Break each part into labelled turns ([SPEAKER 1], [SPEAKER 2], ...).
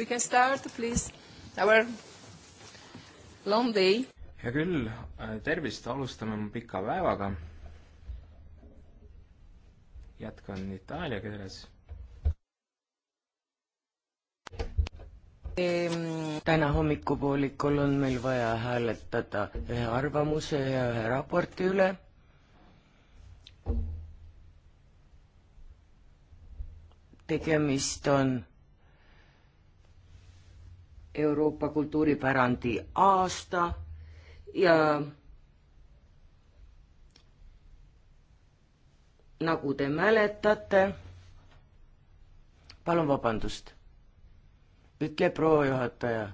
[SPEAKER 1] We can start, please, our long day.
[SPEAKER 2] hea küll, äh, tervist, alustame oma pika päevaga. jätkan itaalia keeles.
[SPEAKER 3] Ehm, täna
[SPEAKER 2] hommikupoolikul on meil vaja hääletada ühe
[SPEAKER 3] arvamuse ja ühe raporti üle tegemist on Euroopa kultuuripärandi aasta ja nagu te mäletate, palun vabandust, ütleb proua juhataja.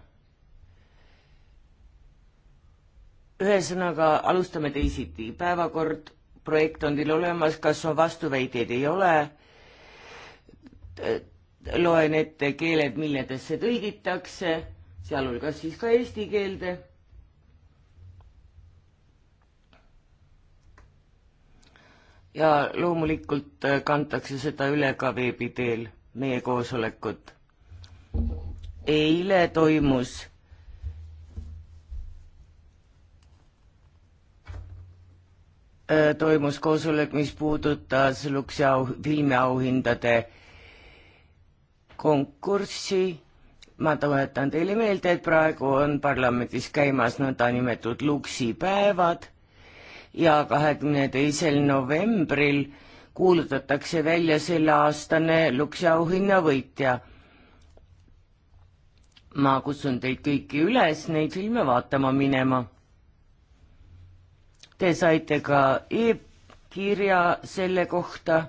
[SPEAKER 3] ühesõnaga, alustame teisiti, päevakord, projekt on teil olemas, kas on vastuväiteid, ei ole loen ette keeled, milledesse tõlgitakse, sealhulgas siis ka eesti keelde. ja loomulikult äh, kantakse seda üle ka veebi teel, meie koosolekut. eile toimus äh, toimus koosolek, mis puudutas Luxia filmiauhindade konkurssi. ma tuletan teile meelde, et praegu on parlamendis käimas nõndanimetatud Luksi päevad ja kahekümne teisel novembril kuulutatakse välja selleaastane Luksi auhinna võitja. ma kutsun teid kõiki üles neid filme vaatama minema. Te saite ka e-kirja selle kohta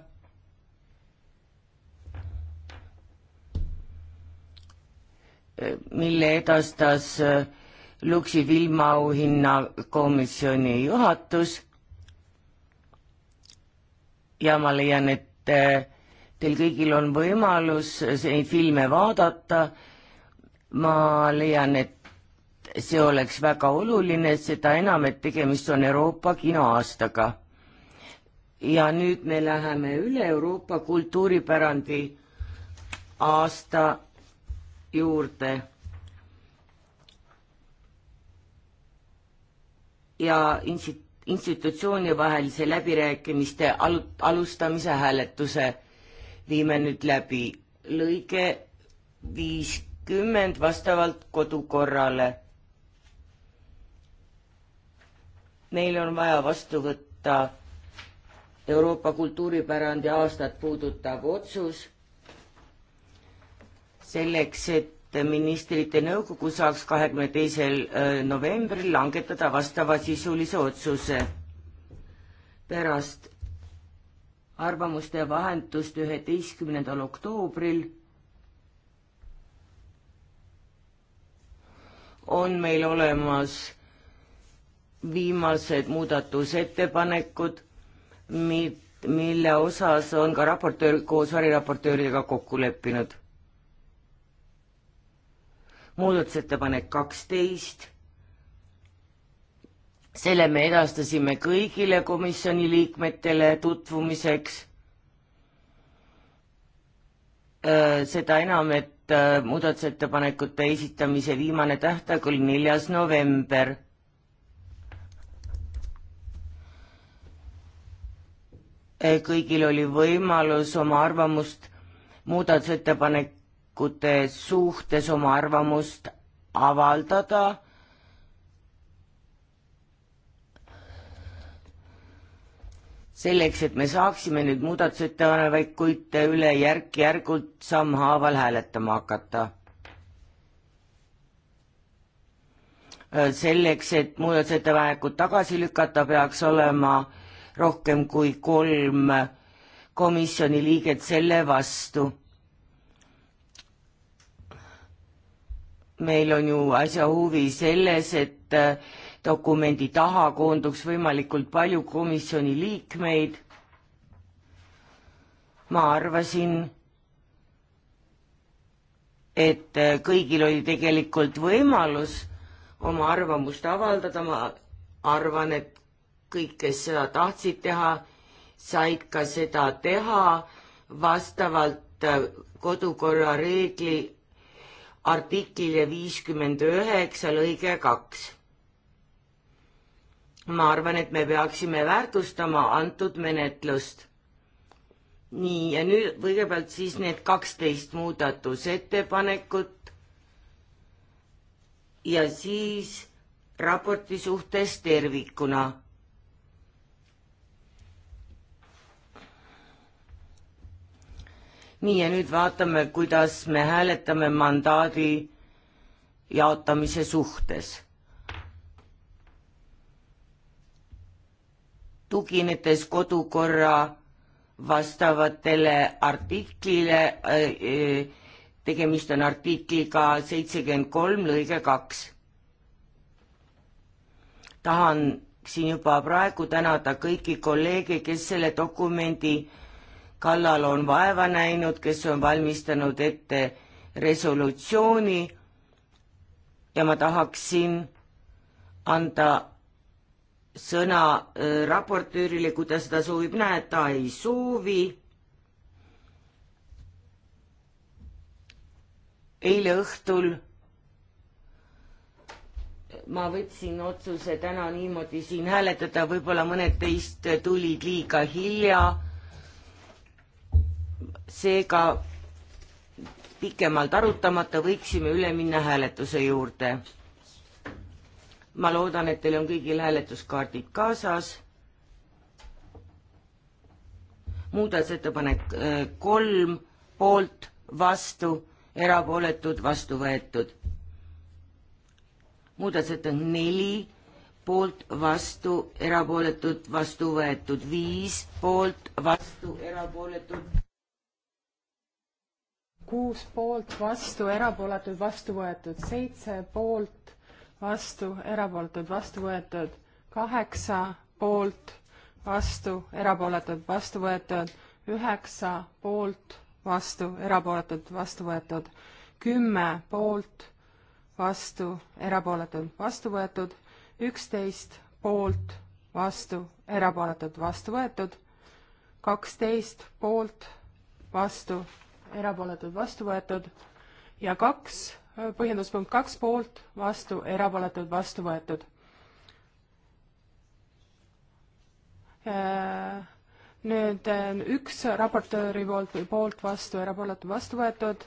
[SPEAKER 3] mille edastas äh, Luksi filmauhinna komisjoni juhatus. ja ma leian, et äh, teil kõigil on võimalus neid filme vaadata. ma leian, et see oleks väga oluline, seda enam, et tegemist on Euroopa kinoaastaga. ja nüüd me läheme üle Euroopa kultuuripärandi aasta juurde. ja insti-, institutsioonivahelise läbirääkimiste al-, alustamise hääletuse viime nüüd läbi. lõige viiskümmend vastavalt kodukorrale. meil on vaja vastu võtta Euroopa kultuuripärandi aastat puudutav otsus selleks, et ministrite nõukogu saaks kahekümne teisel äh, novembril langetada vastavasisulise otsuse. pärast arvamuste vahendust üheteistkümnendal oktoobril on meil olemas viimased muudatusettepanekud, mille osas on ka raportöör koos variraportööridega kokku leppinud muudatusettepanek kaksteist, selle me edastasime kõigile komisjoni liikmetele tutvumiseks. Äh, seda enam, et äh, muudatusettepanekute esitamise viimane tähtaeg oli neljas november äh, kõigil oli võimalus oma arvamust muudatusettepanek isikute suhtes oma arvamust avaldada. selleks, et me saaksime nüüd muudatusettepanekuid üle järk-järgult sammhaaval hääletama hakata. selleks, et muudatusettepanekud tagasi lükata, peaks olema rohkem kui kolm komisjoni liiget selle vastu meil on ju asja huvi selles, et äh, dokumendi taha koonduks võimalikult palju komisjoni liikmeid. ma arvasin, et äh, kõigil oli tegelikult võimalus oma arvamust avaldada, ma arvan, et kõik, kes seda tahtsid teha, said ka seda teha vastavalt äh, kodukorra reegli artiklile viiskümmend üheksa lõige kaks. ma arvan, et me peaksime väärtustama antud menetlust. nii, ja nüüd kõigepealt siis need kaksteist muudatusettepanekut ja siis raporti suhtes tervikuna nii, ja nüüd vaatame, kuidas me hääletame mandaadi jaotamise suhtes. tuginedes kodukorra vastavatele artiklile, äh, äh, tegemist on artikliga seitsekümmend kolm lõige kaks. tahan siin juba praegu tänada kõiki kolleege, kes selle dokumendi kallal on vaeva näinud, kes on valmistanud ette resolutsiooni ja ma tahaksin anda sõna äh, raportöörile, kui ta seda soovib, näed, ta ei soovi. eile õhtul ma võtsin otsuse täna niimoodi siin hääletada, võib-olla mõned teist tulid liiga hilja seega pikemalt arutamata võiksime üle minna hääletuse juurde. ma loodan, et teil on kõigil hääletuskaardid kaasas. muudatusettepanek äh, kolm, poolt, vastu, erapooletud, vastu võetud. muudatusettepanek neli, poolt, vastu, erapooletud, vastu võetud, viis, poolt, vastu,
[SPEAKER 1] erapooletud kuus poolt, vastu, erapooletud, vastu võetud, seitse poolt, vastu, erapooletud, vastu võetud, kaheksa poolt, vastu, erapooletud, vastu võetud, üheksa poolt, vastu, erapooletud, vastu võetud, kümme poolt, vastu, erapooletud, vastu võetud, üksteist poolt, vastu, erapooletud, vastu võetud, kaksteist poolt, vastu, erapooletud, vastu võetud ja kaks, põhjenduspunkt kaks poolt, vastu, erapooletud, vastu võetud. Äh, nüüd äh, üks raportööri poolt, poolt vastu, erapooletu vastu võetud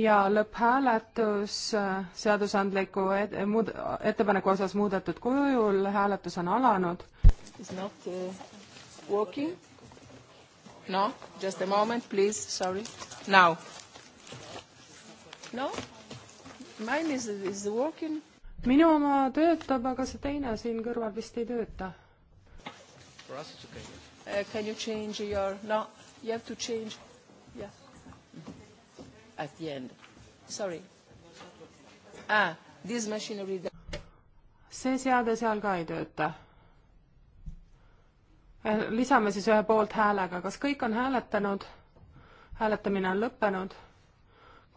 [SPEAKER 1] ja lõpphääletus äh, seadusandliku et, muud, ettepaneku osas muudetud kujul, hääletus on alanud. It's not uh, working No? Just a moment, please. Sorry. Now. No? Mine is, is working. minu oma töötab, aga see teine siin kõrval vist ei tööta. Uh, can you change your, no, you have to change, yeah, at the end, sorry. Ah, this machinery. see seade seal ka ei tööta Äh, lisame siis ühe poolthäälega, kas kõik on hääletanud? hääletamine on lõppenud.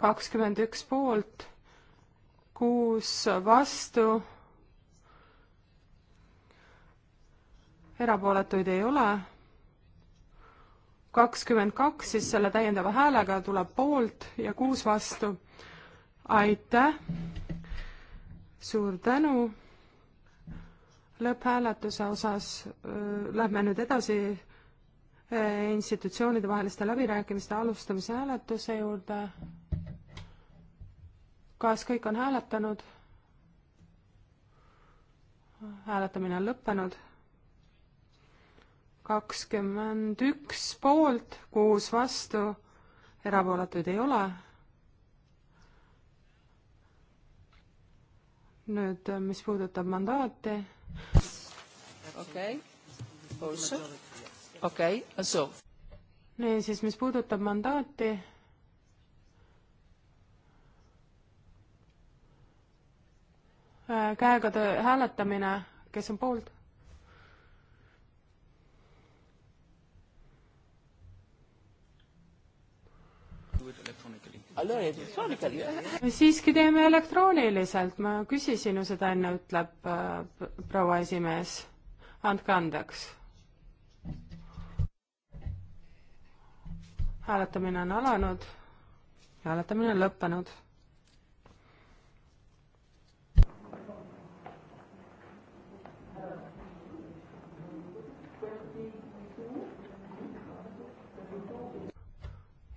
[SPEAKER 1] kakskümmend üks poolt, kuus vastu. erapooletuid ei ole. kakskümmend kaks, siis selle täiendava häälega tuleb poolt ja kuus vastu. aitäh. suur tänu lõpphääletuse osas lähme nüüd edasi institutsioonide vaheliste läbirääkimiste alustamise hääletuse juurde. kas kõik on hääletanud? hääletamine on lõppenud. kakskümmend üks poolt, kuus vastu, erapooletuid ei ole nüüd, mis puudutab mandaati, okei okay., also, okei okay., so. nii, siis mis puudutab mandaati, äh, käega hääletamine, kes on poolt? siiski teeme elektrooniliselt, ma küsisin ju seda enne, ütleb äh, proua esimees. andke andeks. hääletamine on alanud. hääletamine on lõppenud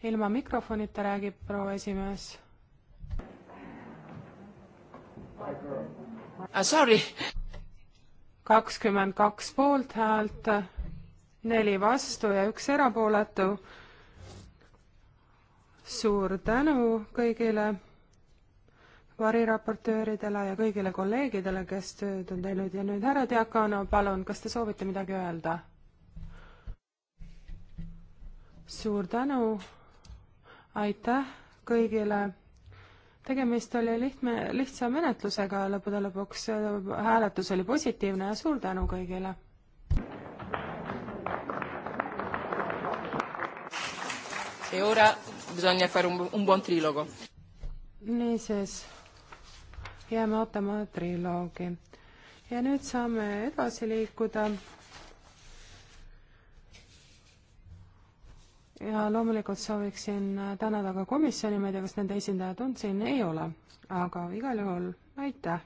[SPEAKER 1] ilma mikrofonita räägib proua esimees. Ah, sorry. kakskümmend kaks poolthäält, neli vastu ja üks erapooletu. suur tänu kõigile variraportööridele ja kõigile kolleegidele, kes tööd on teinud ja nüüd härra Diakono, palun, kas te soovite midagi öelda? suur tänu aitäh kõigile. tegemist oli lihtne, lihtsa menetlusega lõppude lõpuks, hääletus oli positiivne ja suur tänu kõigile. E ora bisogna fare un, un buon trilogo. Niisiis, jääme ootama triloogi. ja nüüd saame edasi liikuda ja loomulikult sooviksin tänada ka komisjoni, ma ei tea, kas nende esindajad on siin, ei ole, aga igal juhul aitäh.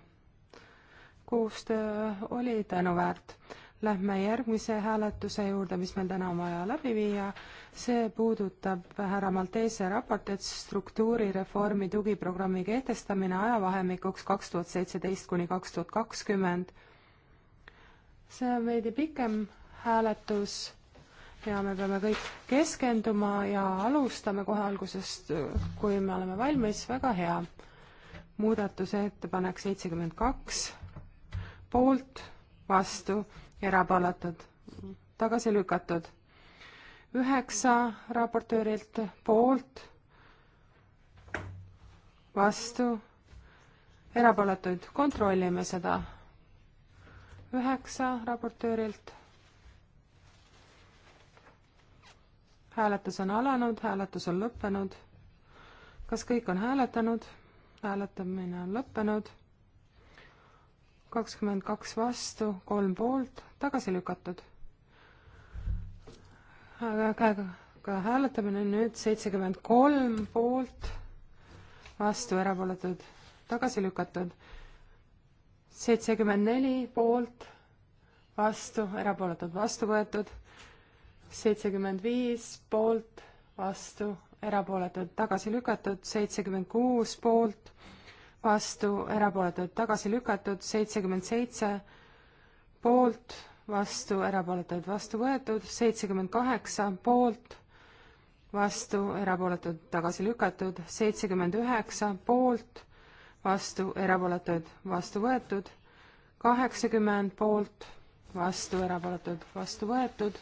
[SPEAKER 1] koostöö äh, oli tänuväärt. Lähme järgmise hääletuse juurde, mis meil täna on vaja läbi viia. see puudutab härra Maltese raportit struktuurireformi tugiprogrammi kehtestamine ajavahemikuks kaks tuhat seitseteist kuni kaks tuhat kakskümmend. see on veidi pikem hääletus ja me peame kõik keskenduma ja alustame kohe algusest, kui me oleme valmis, väga hea. muudatuse ettepanek seitsekümmend kaks, poolt, vastu, erapooletud, tagasi lükatud. üheksa raportöörilt poolt, vastu, erapooletuid, kontrollime seda. üheksa raportöörilt hääletus on alanud, hääletus on lõppenud. kas kõik on hääletanud? hääletamine on lõppenud. kakskümmend kaks vastu, kolm poolt, tagasi lükatud. käega hääletamine on nüüd seitsekümmend kolm poolt, vastu erapooletud, tagasi lükatud. seitsekümmend neli poolt, vastu, erapooletud, vastu võetud seitsekümmend viis poolt, vastu, erapooletud, tagasi lükatud, seitsekümmend kuus poolt, vastu, erapooletud, tagasi lükatud, seitsekümmend seitse poolt, vastu, erapooletud, vastu võetud, seitsekümmend kaheksa poolt, vastu, erapooletud, tagasi lükatud, seitsekümmend üheksa poolt, vastu, erapooletud, vastu võetud, kaheksakümmend poolt, vastu, erapooletud, vastu võetud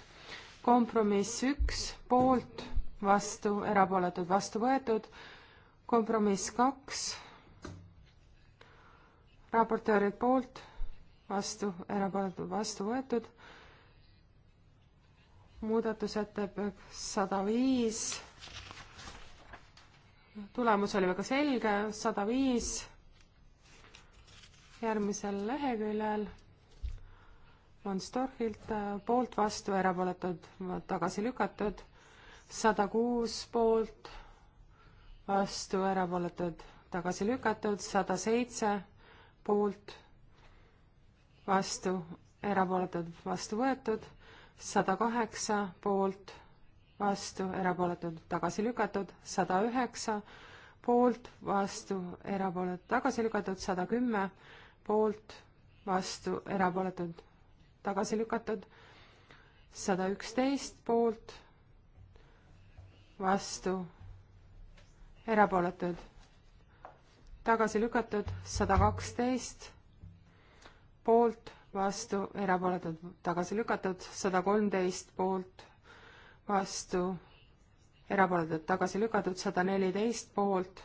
[SPEAKER 1] kompromiss üks, poolt, vastu, erapooletud, vastu võetud, kompromiss kaks, raportöörid poolt, vastu, erapooletud, vastu võetud, muudatusettepanek sada viis, tulemus oli väga selge, sada viis, järgmisel leheküljel Monstorfilt äh, poolt, vastu, erapooletud, tagasi lükatud, sada kuus poolt, vastu, erapooletud, tagasi lükatud, sada seitse poolt, vastu, erapooletud, vastu võetud, sada kaheksa poolt, vastu, erapooletud, tagasi lükatud, sada üheksa poolt, vastu, erapooletud, tagasi lükatud, sada kümme poolt, vastu, erapooletud tagasi lükatud, sada üksteist poolt, vastu, erapooletud, tagasi lükatud, sada kaksteist poolt, vastu, erapooletud, tagasi lükatud, sada kolmteist poolt, vastu, erapooletud, tagasi lükatud, sada neliteist poolt,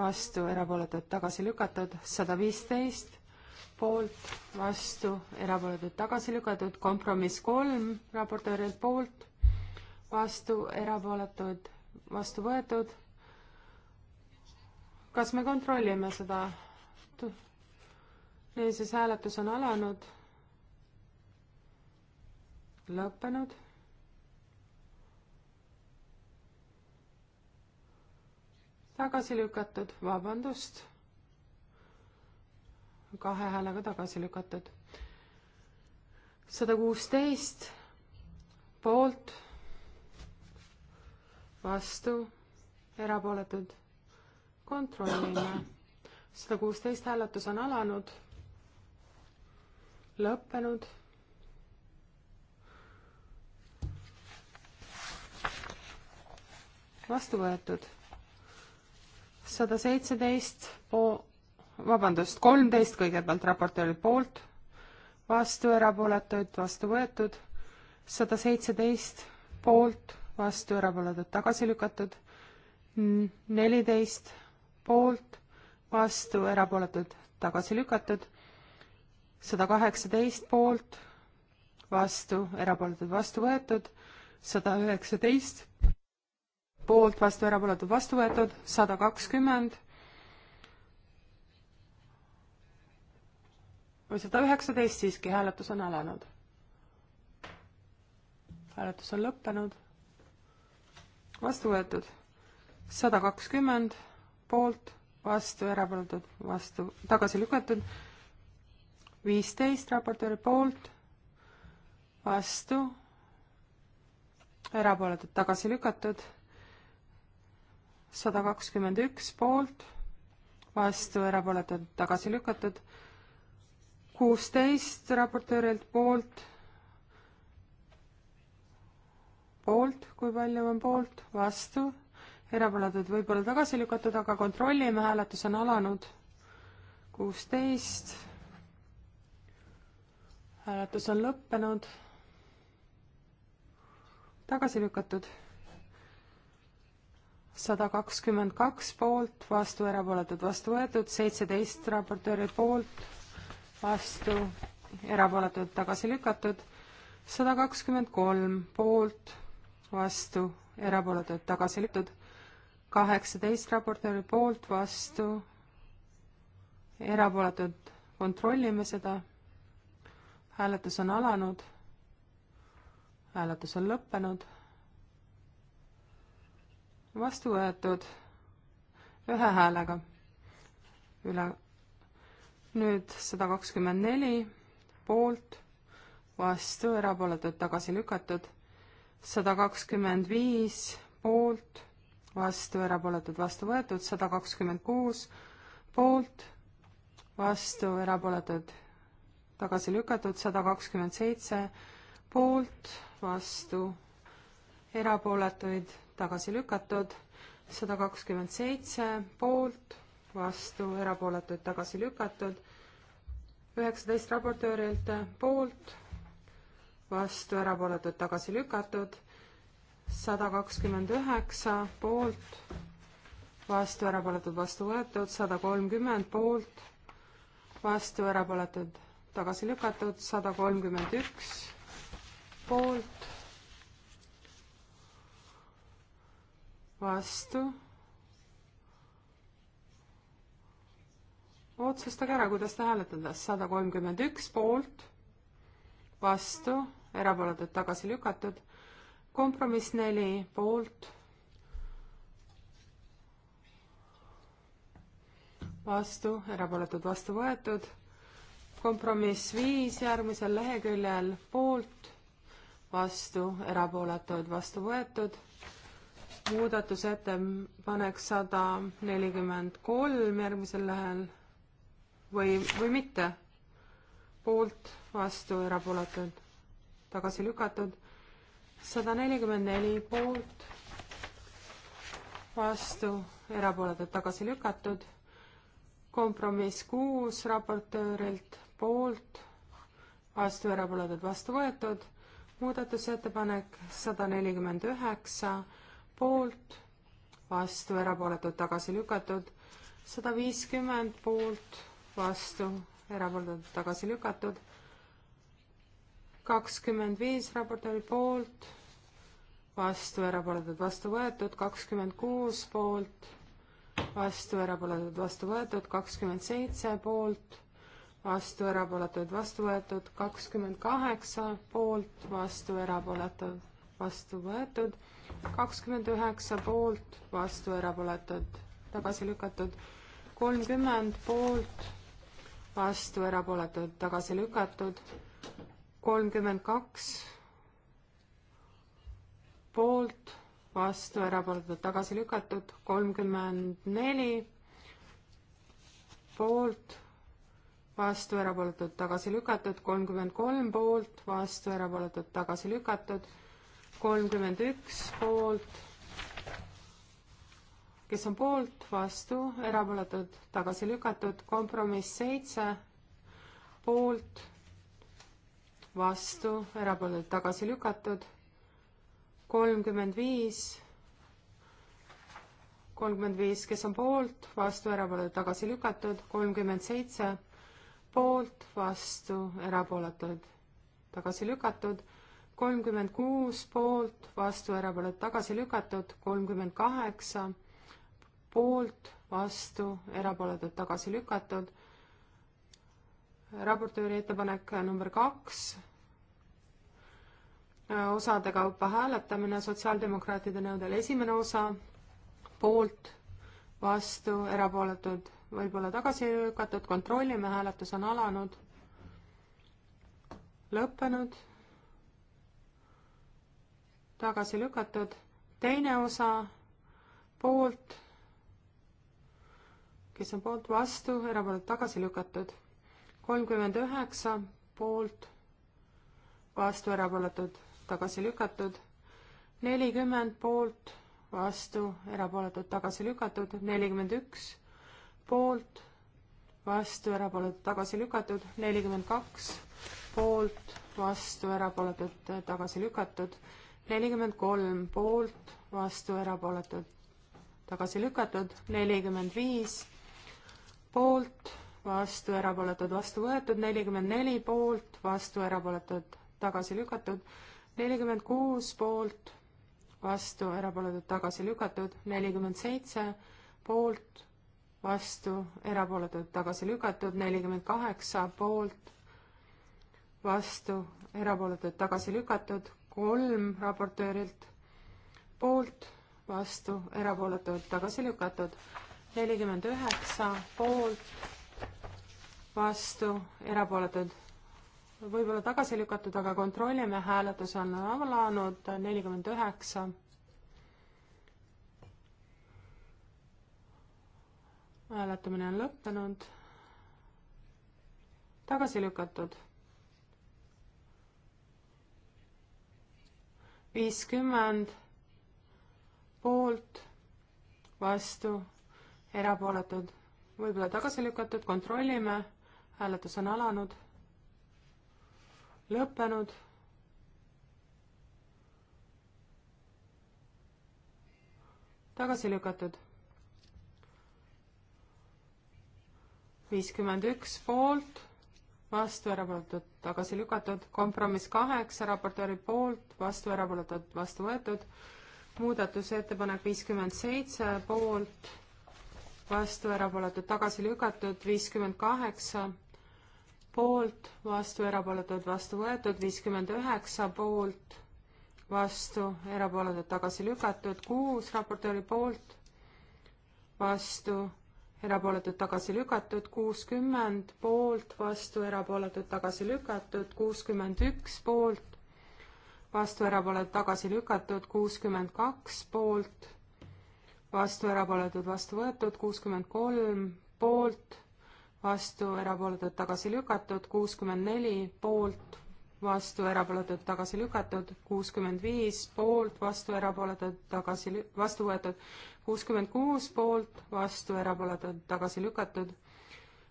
[SPEAKER 1] vastu, erapooletud, tagasi lükatud, sada viisteist poolt, vastu, erapooletud tagasi lükatud, kompromiss kolm raportöörilt poolt, vastu, erapooletud, vastu võetud. kas me kontrollime seda? niisiis, hääletus on alanud, lõppenud. tagasi lükatud, vabandust kahe häälega tagasi lükatud. sada kuusteist poolt, vastu, erapooletud. kontrollime. sada kuusteist hääletus on alanud, lõppenud. vastu võetud sada seitseteist po-, vabandust, kolmteist kõigepealt raportööri poolt, vastu erapooletuid, vastu võetud, sada seitseteist poolt, vastu erapooletuid tagasi lükatud, neliteist poolt, vastu erapooletuid tagasi lükatud, sada kaheksateist poolt, vastu erapooletuid vastu võetud, sada üheksateist poolt, vastu erapooletuid vastu võetud, sada kakskümmend või sada üheksateist siiski, hääletus on alanud. hääletus on lõppenud. vastu võetud sada kakskümmend poolt, vastu, erapooletud, vastu, tagasi lükatud, viisteist raportööri poolt, vastu, erapooletud, tagasi lükatud, sada kakskümmend üks poolt, vastu, erapooletud, tagasi lükatud, kuusteist raportöörilt poolt, poolt, kui palju on poolt, vastu, erapooletud võib-olla tagasi lükatud, aga kontrollime, hääletus on alanud, kuusteist, hääletus on lõppenud, tagasi lükatud sada kakskümmend kaks poolt, vastu erapooletud, vastu võetud, seitseteist raportööri poolt, vastu, erapooletud tagasi lükatud, sada kakskümmend kolm poolt, vastu, erapooletud tagasi lükatud, kaheksateist raportööri poolt, vastu, erapooletud, kontrollime seda, hääletus on alanud, hääletus on lõppenud, vastu võetud ühe häälega üle nüüd sada kakskümmend neli poolt, vastu, erapooletud, tagasi lükatud, sada kakskümmend viis poolt, vastu, erapooletud, vastu võetud, sada kakskümmend kuus poolt, vastu, erapooletud, tagasi lükatud, sada kakskümmend seitse poolt, vastu, erapooletuid, tagasi lükatud, sada kakskümmend seitse poolt vastu, erapooletuid tagasi lükatud, üheksateist raportöörilt poolt, vastu, erapooletuid tagasi lükatud, sada kakskümmend üheksa poolt, vastu, erapooletud, vastu võetud, sada kolmkümmend poolt, vastu, erapooletud, tagasi lükatud, sada kolmkümmend üks poolt, vastu otsustage ära, kuidas te hääletate, sada kolmkümmend üks poolt, vastu, erapooletud tagasi lükatud, kompromiss neli poolt, vastu, erapooletud vastu võetud, kompromiss viis järgmisel leheküljel poolt, vastu, erapooletud vastu võetud muudatusettepanek sada nelikümmend kolm järgmisel lehel või, või mitte. poolt, vastu, erapooletud, tagasi lükatud. sada nelikümmend neli poolt, vastu, erapooletud, tagasi lükatud. kompromiss kuus raportöörilt poolt, vastu, erapooletud, vastu võetud. muudatusettepanek sada nelikümmend üheksa poolt vastu, erapooletud tagasi lükatud, sada viiskümmend poolt, vastu, erapooletud tagasi lükatud. kakskümmend viis raportööri poolt, vastu, erapooletud vastu võetud, kakskümmend kuus poolt, vastu, erapooletud vastu võetud, kakskümmend seitse poolt, vastu, erapooletud vastu võetud, kakskümmend kaheksa poolt, vastu, erapooletud vastu võetud, kakskümmend üheksa poolt, vastu erapooletud, tagasi lükatud, kolmkümmend poolt, vastu, erapooletud, tagasi lükatud, kolmkümmend kaks poolt, vastu, erapooletud, tagasi lükatud, kolmkümmend neli poolt, vastu, erapooletud, tagasi lükatud, kolmkümmend kolm poolt, vastu, erapooletud, tagasi lükatud, kolmkümmend üks poolt kes on poolt, vastu, erapooletud, tagasi lükatud, kompromiss seitse, poolt, vastu, erapooletud, tagasi lükatud, kolmkümmend viis, kolmkümmend viis, kes on poolt, vastu, erapooletud, tagasi lükatud, kolmkümmend seitse, poolt, vastu, erapooletud, tagasi lükatud, kolmkümmend kuus poolt, vastu, erapooletud, tagasi lükatud, kolmkümmend kaheksa poolt, vastu, erapooletud, tagasi lükatud. raportööri ettepanek number kaks, osade kaupa hääletamine sotsiaaldemokraatide nõudel, esimene osa, poolt, vastu, erapooletud, võib-olla tagasi lükatud, kontrollime, hääletus on alanud, lõppenud, tagasi lükatud, teine osa, poolt kes on poolt, vastu, erapooletud, tagasi lükatud. kolmkümmend üheksa poolt, vastu, erapooletud, tagasi lükatud. nelikümmend poolt, vastu, erapooletud, tagasi lükatud. nelikümmend üks poolt, vastu, erapooletud, tagasi lükatud. nelikümmend kaks poolt, vastu, erapooletud, tagasi lükatud. nelikümmend kolm poolt, vastu, erapooletud, tagasi lükatud. nelikümmend viis poolt, vastu, erapooletud, vastu võetud, nelikümmend neli poolt, vastu, erapooletud, tagasi lükatud, nelikümmend kuus poolt, vastu, erapooletud, tagasi lükatud, nelikümmend seitse poolt, vastu, erapooletud, tagasi lükatud, nelikümmend kaheksa poolt, vastu, erapooletud, tagasi lükatud, kolm raportöörilt poolt, vastu, erapooletud, tagasi lükatud nelikümmend üheksa poolt, vastu, erapooletud. võib-olla tagasi lükatud, aga kontrollime, hääletus on alanud, nelikümmend üheksa. hääletamine on lõppenud. tagasi lükatud. viiskümmend poolt, vastu erapooletud, võib-olla tagasi lükatud, kontrollime, hääletus on alanud, lõppenud, tagasi lükatud. viiskümmend üks poolt, vastu erapooletud, tagasi lükatud, kompromiss kaheksa, raportööri poolt, vastu erapooletud, vastu võetud, muudatusettepanek viiskümmend seitse poolt vastu, erapooletud, tagasi lükatud, viiskümmend kaheksa poolt, vastu, erapooletud, vastu võetud, viiskümmend üheksa poolt, vastu, erapooletud, tagasi lükatud, kuus raportööri poolt, vastu, erapooletud, tagasi lükatud, kuuskümmend poolt, vastu, erapooletud, tagasi lükatud, kuuskümmend üks poolt, vastu, erapooletud, tagasi lükatud, kuuskümmend kaks poolt vastu, erapooletud, vastu võetud, kuuskümmend kolm poolt, vastu, erapooletud, tagasi lükatud, kuuskümmend neli poolt, vastu, erapooletud, tagasi lükatud, kuuskümmend viis poolt, vastu, erapooletud, tagasi lü-, vastu võetud, kuuskümmend kuus poolt, vastu, erapooletud, tagasi lükatud,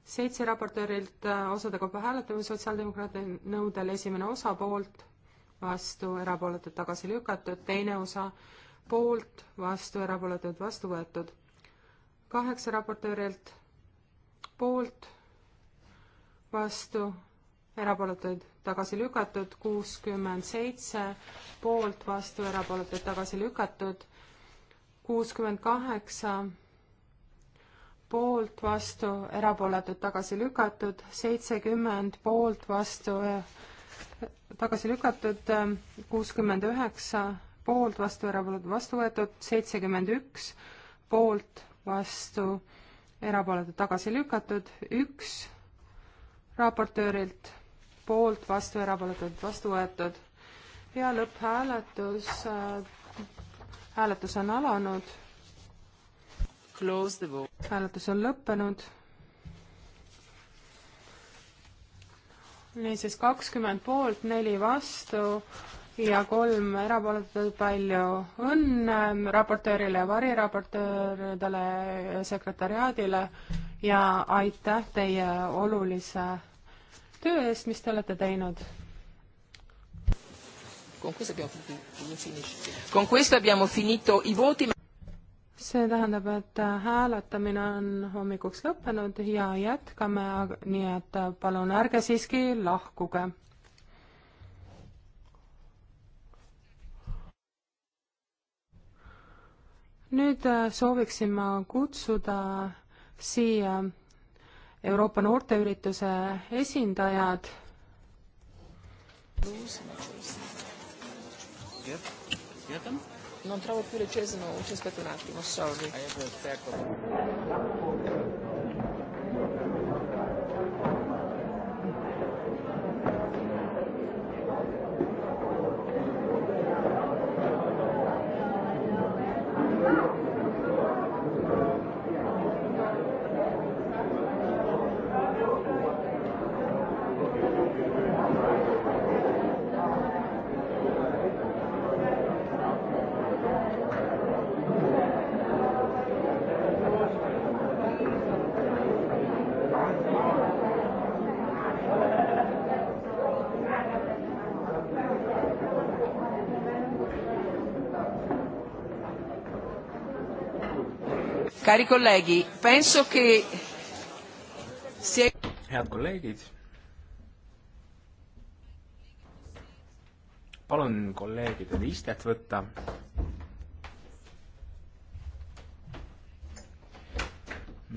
[SPEAKER 1] seitse raportöörilt äh, osade kaupa hääletame sotsiaaldemokraatide nõudel, esimene osa poolt, vastu, erapooletud, tagasi lükatud, teine osa poolt, vastu, erapooletud, vastu võetud. kaheksa raportöörilt poolt, vastu, erapooletuid tagasi lükatud, kuuskümmend seitse poolt, vastu, erapooletuid tagasi lükatud, kuuskümmend kaheksa poolt, vastu, erapooletud tagasi lükatud, seitsekümmend poolt, vastu, eh, tagasi lükatud, kuuskümmend üheksa poolt, vastu, erapooletud, vastu võetud, seitsekümmend üks poolt, vastu, erapooletud, tagasi lükatud, üks raportöörilt poolt, vastu, erapooletud, vastu võetud ja lõpphääletus äh,, hääletus on alanud. hääletus on lõppenud. niisiis kakskümmend poolt, neli vastu ja kolm erapooletut, palju õnne raportöörile, variraportööridele, sekretäriaadile ja aitäh teie olulise töö eest, mis te olete teinud. see tähendab, et hääletamine on hommikuks lõppenud ja jätkame, nii et palun ärge siiski lahkuge nüüd äh, sooviksin ma kutsuda siia Euroopa noorteürituse esindajad.
[SPEAKER 2] Non trovo più le cese,
[SPEAKER 1] no, c'è stato un attimo, sorry. Cari colleghi, penso che
[SPEAKER 2] se... Head kolleegid, palun kolleegidel istet võtta.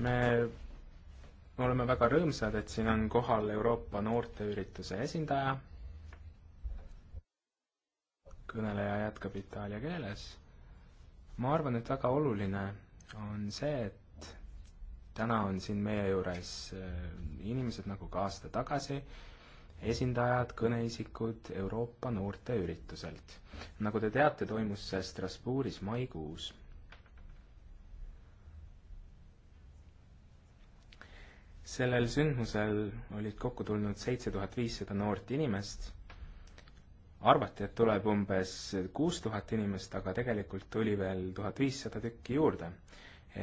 [SPEAKER 2] me oleme väga rõõmsad, et siin on kohal Euroopa noorteürituse esindaja. kõneleja jätkab itaalia keeles. ma arvan, et väga oluline on see, et täna on siin meie juures äh, inimesed nagu ka aasta tagasi, esindajad, kõneisikud Euroopa noorteürituselt. nagu te teate, toimus see Strasbourgis maikuus. sellel sündmusel olid kokku tulnud seitse tuhat viissada noort inimest arvati, et tuleb umbes kuus tuhat inimest, aga tegelikult tuli veel tuhat viissada tükki juurde.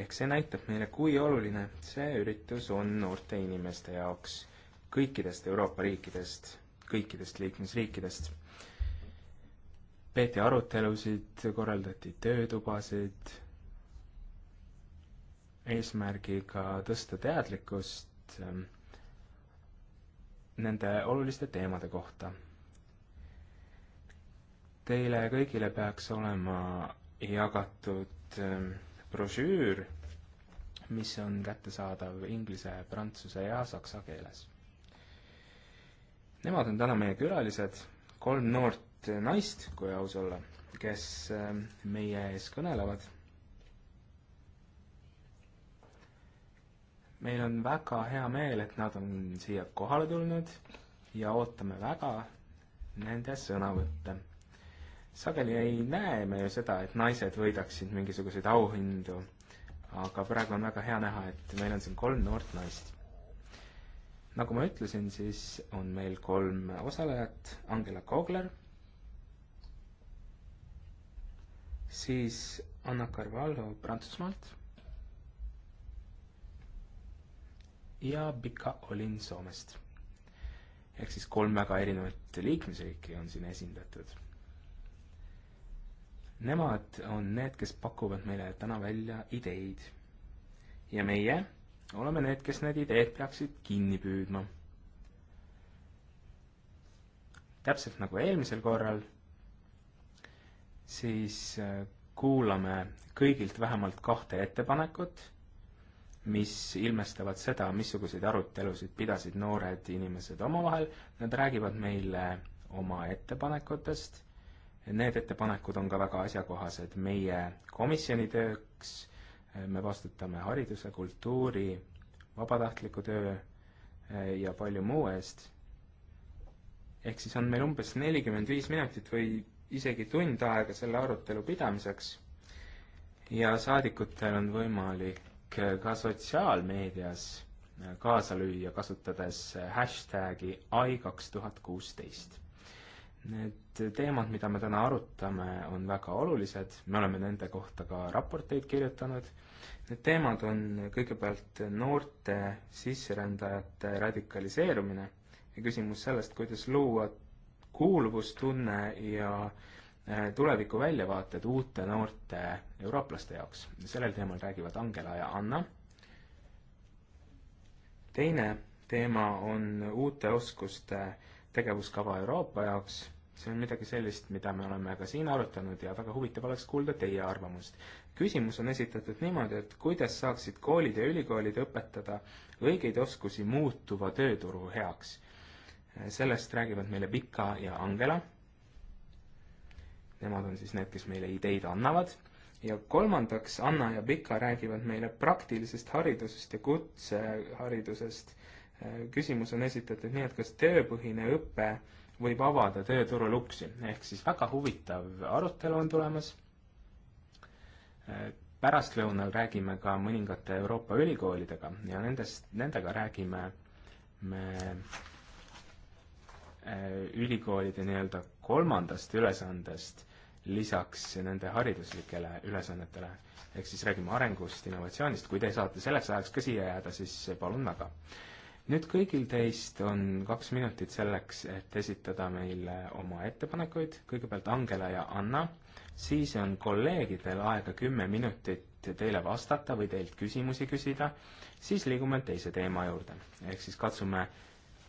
[SPEAKER 2] ehk see näitab meile, kui oluline see üritus on noorte inimeste jaoks kõikidest Euroopa riikidest, kõikidest liikmesriikidest. peeti arutelusid, korraldati töötubasid, eesmärgiga tõsta teadlikkust ehm, nende oluliste teemade kohta Teile kõigile peaks olema jagatud ähm, brošüür, mis on kättesaadav inglise, prantsuse ja saksa keeles. Nemad on täna meie külalised, kolm noort naist, kui aus olla, kes ähm, meie ees kõnelevad. meil on väga hea meel, et nad on siia kohale tulnud ja ootame väga nende sõnavõtte sageli ei näe me ju seda, et naised võidaksid mingisuguseid auhindu, aga praegu on väga hea näha, et meil on siin kolm noort naist. nagu ma ütlesin, siis on meil kolm osalejat, Angela Kogler, siis Anna Carvalho Prantsusmaalt ja Pika Olin Soomest. ehk siis kolm väga erinevat liikmesriiki on siin esindatud Nemad on need, kes pakuvad meile täna välja ideid. ja meie oleme need, kes need ideed peaksid kinni püüdma. täpselt nagu eelmisel korral, siis äh, kuulame kõigilt vähemalt kahte ettepanekut, mis ilmestavad seda, missuguseid arutelusid pidasid noored inimesed omavahel, nad räägivad meile oma ettepanekutest Need ettepanekud on ka väga asjakohased meie komisjoni tööks, me vastutame hariduse, kultuuri, vabatahtliku töö eh, ja palju muu eest. ehk siis on meil umbes nelikümmend viis minutit või isegi tund aega selle arutelu pidamiseks ja saadikutel on võimalik eh, ka sotsiaalmeedias eh, kaasa lüüa, kasutades hashtag'i i kaks tuhat kuusteist Need teemad, mida me täna arutame, on väga olulised, me oleme nende kohta ka raporteid kirjutanud. Need teemad on kõigepealt noorte sisserändajate radikaliseerumine ja küsimus sellest, kuidas luua kuuluvustunne ja eh, tuleviku väljavaated uute noorte eurooplaste jaoks. sellel teemal räägivad Angela ja Anna. teine teema on uute oskuste tegevuskava Euroopa jaoks, see on midagi sellist, mida me oleme ka siin arutanud ja väga huvitav oleks kuulda teie arvamust. küsimus on esitatud niimoodi, et kuidas saaksid koolid ja ülikoolid õpetada õigeid oskusi muutuva tööturu heaks. sellest räägivad meile Pika ja Angela. Nemad on siis need, kes meile ideid annavad ja kolmandaks, Anna ja Pika räägivad meile praktilisest haridusest ja kutseharidusest Äh, küsimus on esitatud nii, et kas tööpõhine õpe võib avada tööturul uksi, ehk siis väga huvitav arutelu on tulemas. Äh, pärastlõunal räägime ka mõningate Euroopa ülikoolidega ja nendest, nendega räägime me äh, ülikoolide nii-öelda kolmandast ülesandest lisaks nende hariduslikele ülesannetele. ehk siis räägime arengust, innovatsioonist, kui te saate selleks ajaks ka siia jääda, siis palun väga nüüd kõigil teist on kaks minutit selleks, et esitada meile oma ettepanekuid, kõigepealt Angela ja Anna, siis on kolleegidel aega kümme minutit teile vastata või teilt küsimusi küsida, siis liigume teise teema juurde. ehk siis katsume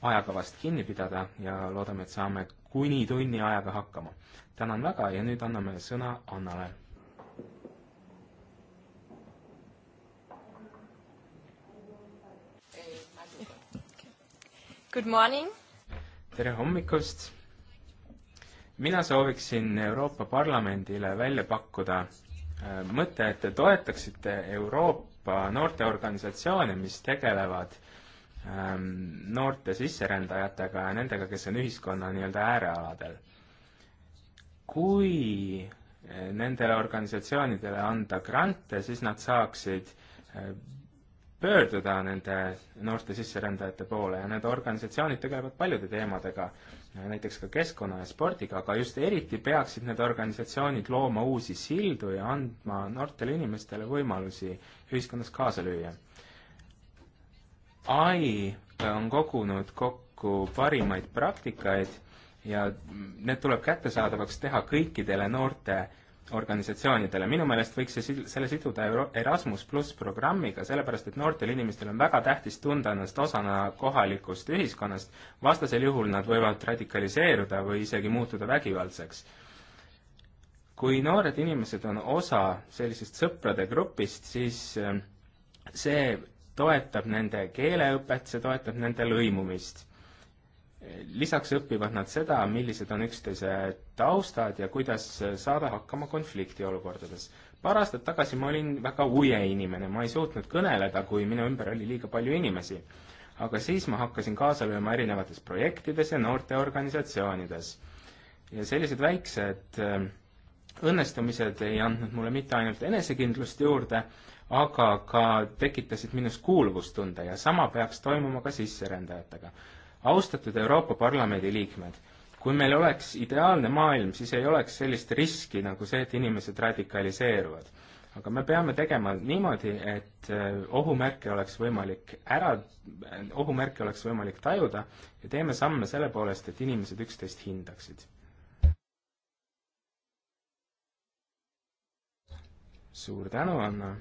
[SPEAKER 2] ajakavast kinni pidada ja loodame, et saame kuni tunni ajaga hakkama. tänan väga ja nüüd anname sõna Annale Good morning! tere hommikust! mina sooviksin Euroopa Parlamendile välja pakkuda äh, mõte, et te toetaksite Euroopa noorteorganisatsioone, mis tegelevad ähm, noorte sisserändajatega ja nendega, kes on ühiskonna nii-öelda äärealadel. kui äh, nendele organisatsioonidele anda grante, siis nad saaksid äh, pöörduda nende noorte sisserändajate poole ja need organisatsioonid tegelevad paljude teemadega, näiteks ka keskkonna ja spordiga, aga just eriti peaksid need organisatsioonid looma uusi sildu ja andma noortele inimestele võimalusi ühiskonnas kaasa lüüa. ai on kogunud kokku parimaid praktikaid ja need tuleb kättesaadavaks teha kõikidele noorte organisatsioonidele, minu meelest võiks see, selle siduda Euro-, Erasmus pluss programmiga, sellepärast et noortel inimestel on väga tähtis tunda ennast osana kohalikust ühiskonnast, vastasel juhul nad võivad radikaliseeruda või isegi muutuda vägivaldseks. kui noored inimesed on osa sellisest sõprade grupist, siis eh, see toetab nende keeleõpet, see toetab nende lõimumist lisaks õpivad nad seda, millised on üksteise taustad ja kuidas saada hakkama konfliktiolukordades. paar aastat tagasi ma olin väga uje inimene, ma ei suutnud kõneleda, kui minu ümber oli liiga palju inimesi. aga siis ma hakkasin kaasa lööma erinevates projektides ja noorteorganisatsioonides. ja sellised väiksed äh, õnnestumised ei andnud mulle mitte ainult enesekindlust juurde, aga ka tekitasid minus kuuluvustunde ja sama peaks toimuma ka sisserändajatega austatud Euroopa Parlamendi liikmed, kui meil oleks ideaalne maailm, siis ei oleks sellist riski nagu see, et inimesed radikaliseeruvad. aga me peame tegema niimoodi, et äh, ohumärke oleks võimalik ära, ohumärke oleks võimalik tajuda ja teeme samme selle poolest, et inimesed üksteist hindaksid. suur tänu, Anna.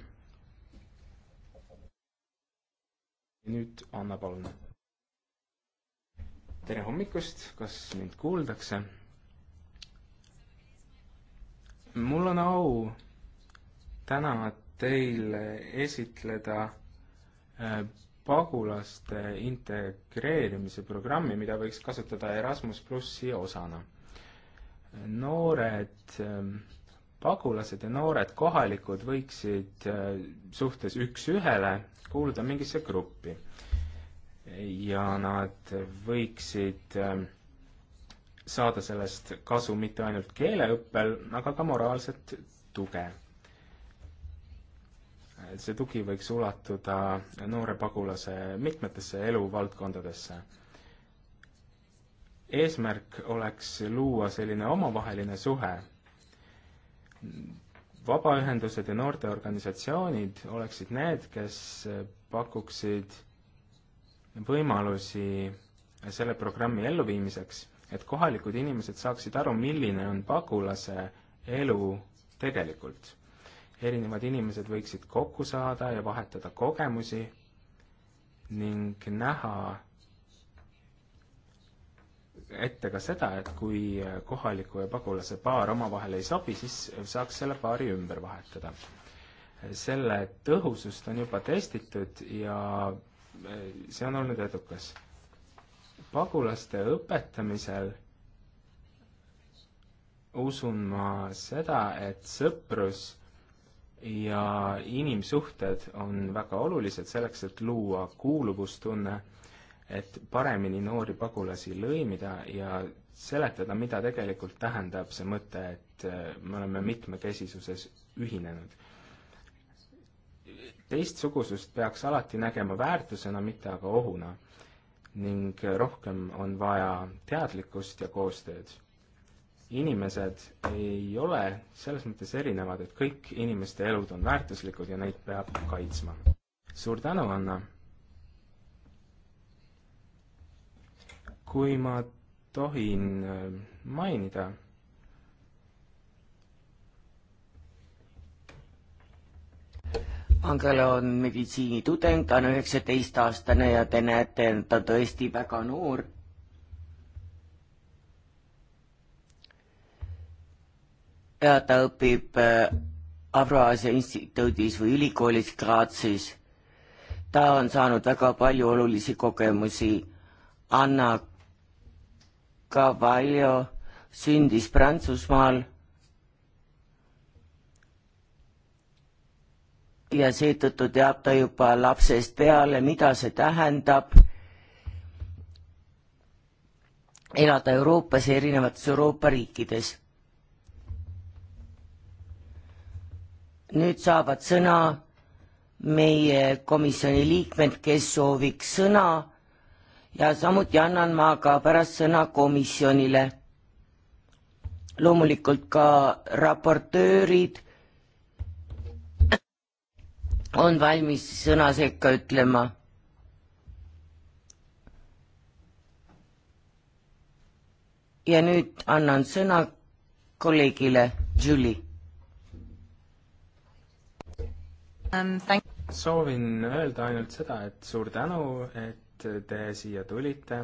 [SPEAKER 2] nüüd Anna, palun tere hommikust, kas mind kuuldakse? mul on au täna teile esitleda äh, pagulaste integreerimise programmi, mida võiks kasutada Erasmus plussi osana. noored äh, pagulased ja noored kohalikud võiksid äh, suhtes üks-ühele kuuluda mingisse gruppi ja nad võiksid ähm, saada sellest kasu mitte ainult keeleõppel, aga ka moraalset tuge. see tugi võiks ulatuda noore pagulase mitmetesse eluvaldkondadesse. eesmärk oleks luua selline omavaheline suhe. vabaühendused ja noorteorganisatsioonid oleksid need, kes pakuksid võimalusi selle programmi elluviimiseks, et kohalikud inimesed saaksid aru, milline on pagulase elu tegelikult. erinevad inimesed võiksid kokku saada ja vahetada kogemusi ning näha ette ka seda, et kui kohaliku ja pagulase paar omavahel ei sobi, siis saaks selle paari ümber vahetada. selle tõhusust on juba testitud ja Äh, see on olnud edukas. pagulaste õpetamisel usun ma seda, et sõprus ja inimsuhted on väga olulised selleks, et luua kuuluvustunne, et paremini noori pagulasi lõimida ja seletada, mida tegelikult tähendab see mõte, et äh, me oleme mitmekesisuses ühinenud teistsugusust peaks alati nägema väärtusena, mitte aga ohuna. ning rohkem on vaja teadlikkust ja koostööd. inimesed ei ole selles mõttes erinevad, et kõik inimeste elud on väärtuslikud ja neid peab kaitsma. suur tänu, Anna! kui ma tohin äh, mainida
[SPEAKER 3] Angela on meditsiinitudeng, ta on üheksateistaastane ja te näete, ta on tõesti väga noor. ja ta õpib äh, Abroasia instituudis või ülikoolis Graatsis. ta on saanud väga palju olulisi kogemusi. Anna Cavallo sündis Prantsusmaal ja seetõttu teab ta juba lapsest peale, mida see tähendab elada Euroopas ja erinevates Euroopa riikides. nüüd saavad sõna meie komisjoni liikmed, kes sooviks sõna ja samuti annan ma ka pärast sõna komisjonile. loomulikult ka raportöörid on valmis sõna sekka ütlema. ja nüüd annan sõna kolleegile Julie
[SPEAKER 2] um,. soovin öelda ainult seda, et suur tänu, et te siia tulite,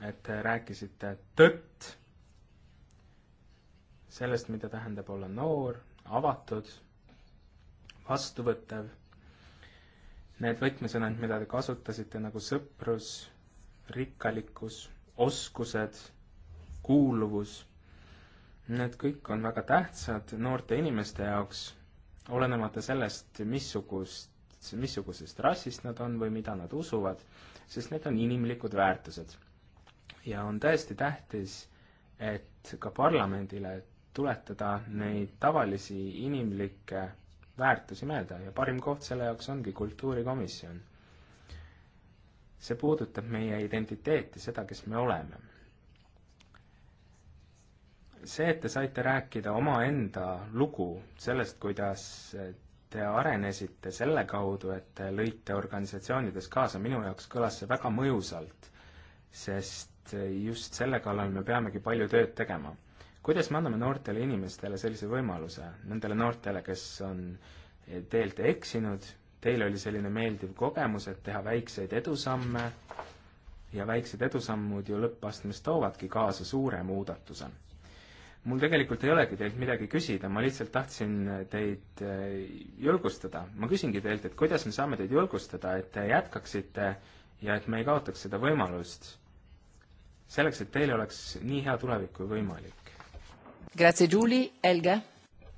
[SPEAKER 2] et te rääkisite tõtt sellest, mida tähendab olla noor, avatud, vastuvõttev Need võtmesõnad, mida te kasutasite, nagu sõprus, rikkalikkus, oskused, kuuluvus, need kõik on väga tähtsad noorte inimeste jaoks, olenemata sellest, missugust, missugusest rassist nad on või mida nad usuvad, sest need on inimlikud väärtused. ja on tõesti tähtis, et ka parlamendile tuletada neid tavalisi inimlikke väärtusi mõelda ja parim koht selle jaoks ongi kultuurikomisjon. see puudutab meie identiteeti, seda, kes me oleme. see, et te saite rääkida omaenda lugu sellest, kuidas te arenesite selle kaudu, et te lõite organisatsioonides kaasa, minu jaoks kõlas see väga mõjusalt, sest just selle kallal me peamegi palju tööd tegema kuidas me anname noortele inimestele sellise võimaluse, nendele noortele, kes on eh, teelt eksinud, teil oli selline meeldiv kogemus, et teha väikseid edusamme ja väiksed edusammud ju lõppastmes toovadki kaasa suure muudatuse. mul tegelikult ei olegi teilt midagi küsida, ma lihtsalt tahtsin eh, teid eh, julgustada. ma küsingi teilt, et kuidas me saame teid julgustada, et te jätkaksite ja et me ei kaotaks seda võimalust selleks, et teil oleks nii hea tulevik kui võimalik.
[SPEAKER 3] Grazie, Julie, Helga.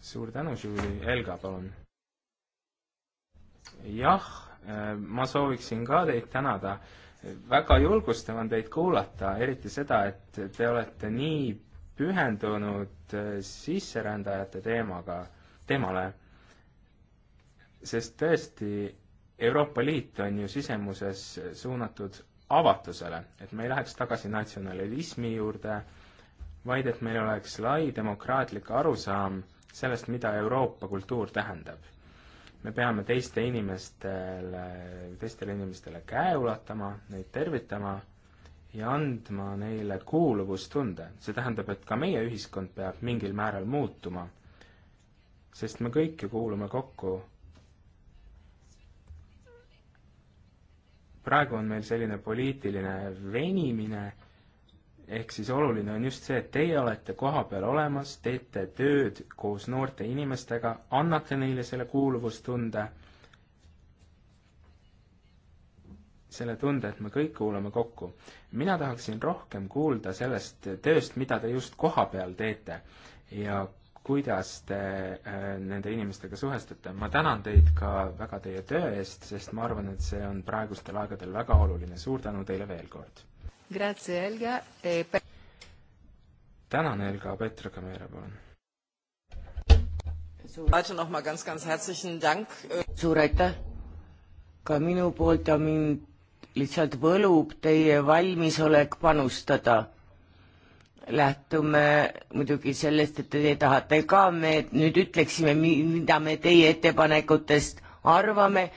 [SPEAKER 2] suur tänu, Julie, Helga, palun. jah, äh, ma sooviksin ka teid tänada. väga julgustav on teid kuulata, eriti seda, et te olete nii pühendunud äh, sisserändajate teemaga, teemale. sest tõesti, Euroopa Liit on ju sisemuses suunatud avatusele, et me ei läheks tagasi natsionalismi juurde vaid et meil oleks lai demokraatlik arusaam sellest, mida Euroopa kultuur tähendab. me peame teiste inimestele, teistele inimestele käe ulatama, neid tervitama ja andma neile kuuluvustunde. see tähendab, et ka meie ühiskond peab mingil määral muutuma, sest me kõik ju kuulume kokku praegu on meil selline poliitiline venimine ehk siis oluline on just see, et teie olete kohapeal olemas, teete tööd koos noorte inimestega, annate neile selle kuuluvustunde, selle tunde, et me kõik kuulame kokku. mina tahaksin rohkem kuulda sellest tööst, mida te just kohapeal teete ja kuidas te äh, nende inimestega suhestute. ma tänan teid ka väga teie töö eest, sest ma arvan, et see on praegustel aegadel väga oluline. suur tänu teile veel kord!
[SPEAKER 1] Grazie, Helga e....
[SPEAKER 2] tänan, Helga, Petra Kamera, palun.
[SPEAKER 3] suur aitäh ka minu poolt ja mind lihtsalt võlub teie valmisolek panustada. lähtume muidugi sellest, et te tahate ka, me nüüd ütleksime, mida me teie ettepanekutest arvame,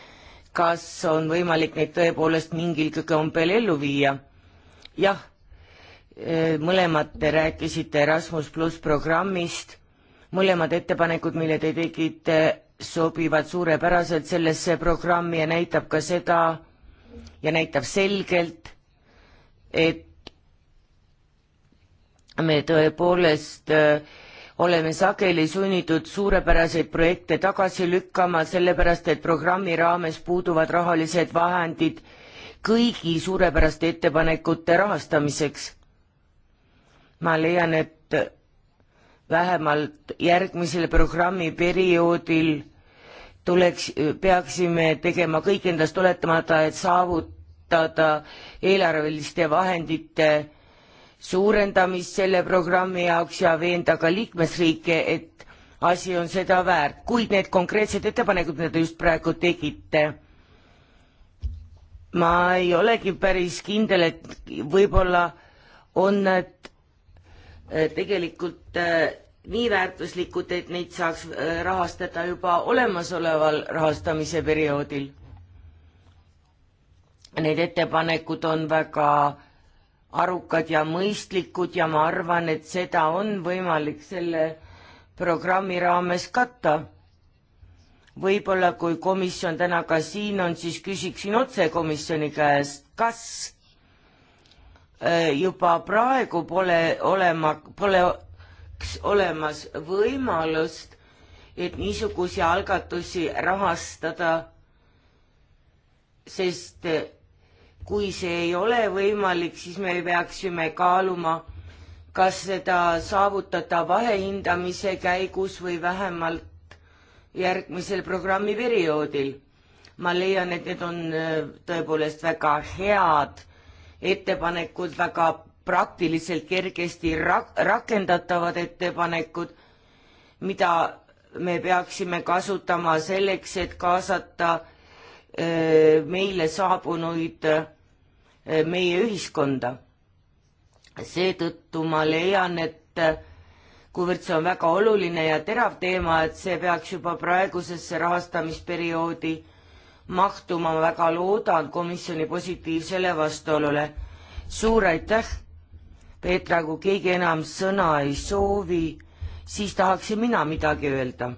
[SPEAKER 3] kas on võimalik neid tõepoolest mingil kõige ompel ellu viia jah, e, mõlemad te rääkisite Erasmus pluss programmist, mõlemad ettepanekud, mille te tegite, sobivad suurepäraselt sellesse programmi ja näitab ka seda ja näitab selgelt, et me tõepoolest e, oleme sageli sunnitud suurepäraseid projekte tagasi lükkama, sellepärast et programmi raames puuduvad rahalised vahendid kõigi suurepäraste ettepanekute rahastamiseks. ma leian, et vähemalt järgmisel programmiperioodil tuleks, peaksime tegema kõik endast oletamata, et saavutada eelarveliste vahendite suurendamist selle programmi jaoks ja veenda ka liikmesriike, et asi on seda väärt, kuid need konkreetsed ettepanekud, mida te just praegu tegite ma ei olegi päris kindel, et võib-olla on nad äh, tegelikult äh, nii väärtuslikud, et neid saaks äh, rahastada juba olemasoleval rahastamise perioodil. Need ettepanekud on väga arukad ja mõistlikud ja ma arvan, et seda on võimalik selle programmi raames katta võib-olla kui komisjon täna ka siin on, siis küsiksin otse komisjoni käest, kas äh, juba praegu pole olema, pole olemas võimalust, et niisugusi algatusi rahastada, sest äh, kui see ei ole võimalik, siis me peaksime kaaluma, kas seda saavutada vahehindamise käigus või vähemalt järgmisel programmiperioodil. ma leian, et need on äh, tõepoolest väga head ettepanekud, väga praktiliselt kergesti rak-, rakendatavad ettepanekud, mida me peaksime kasutama selleks, et kaasata äh, meile saabunuid äh, meie ühiskonda. seetõttu ma leian, et kuivõrd see on väga oluline ja terav teema, et see peaks juba praegusesse rahastamisperioodi mahtuma, ma väga loodan komisjoni positiivsele vastuolule. suur aitäh, Peetra, kui keegi enam sõna ei soovi, siis tahaksin mina midagi öelda.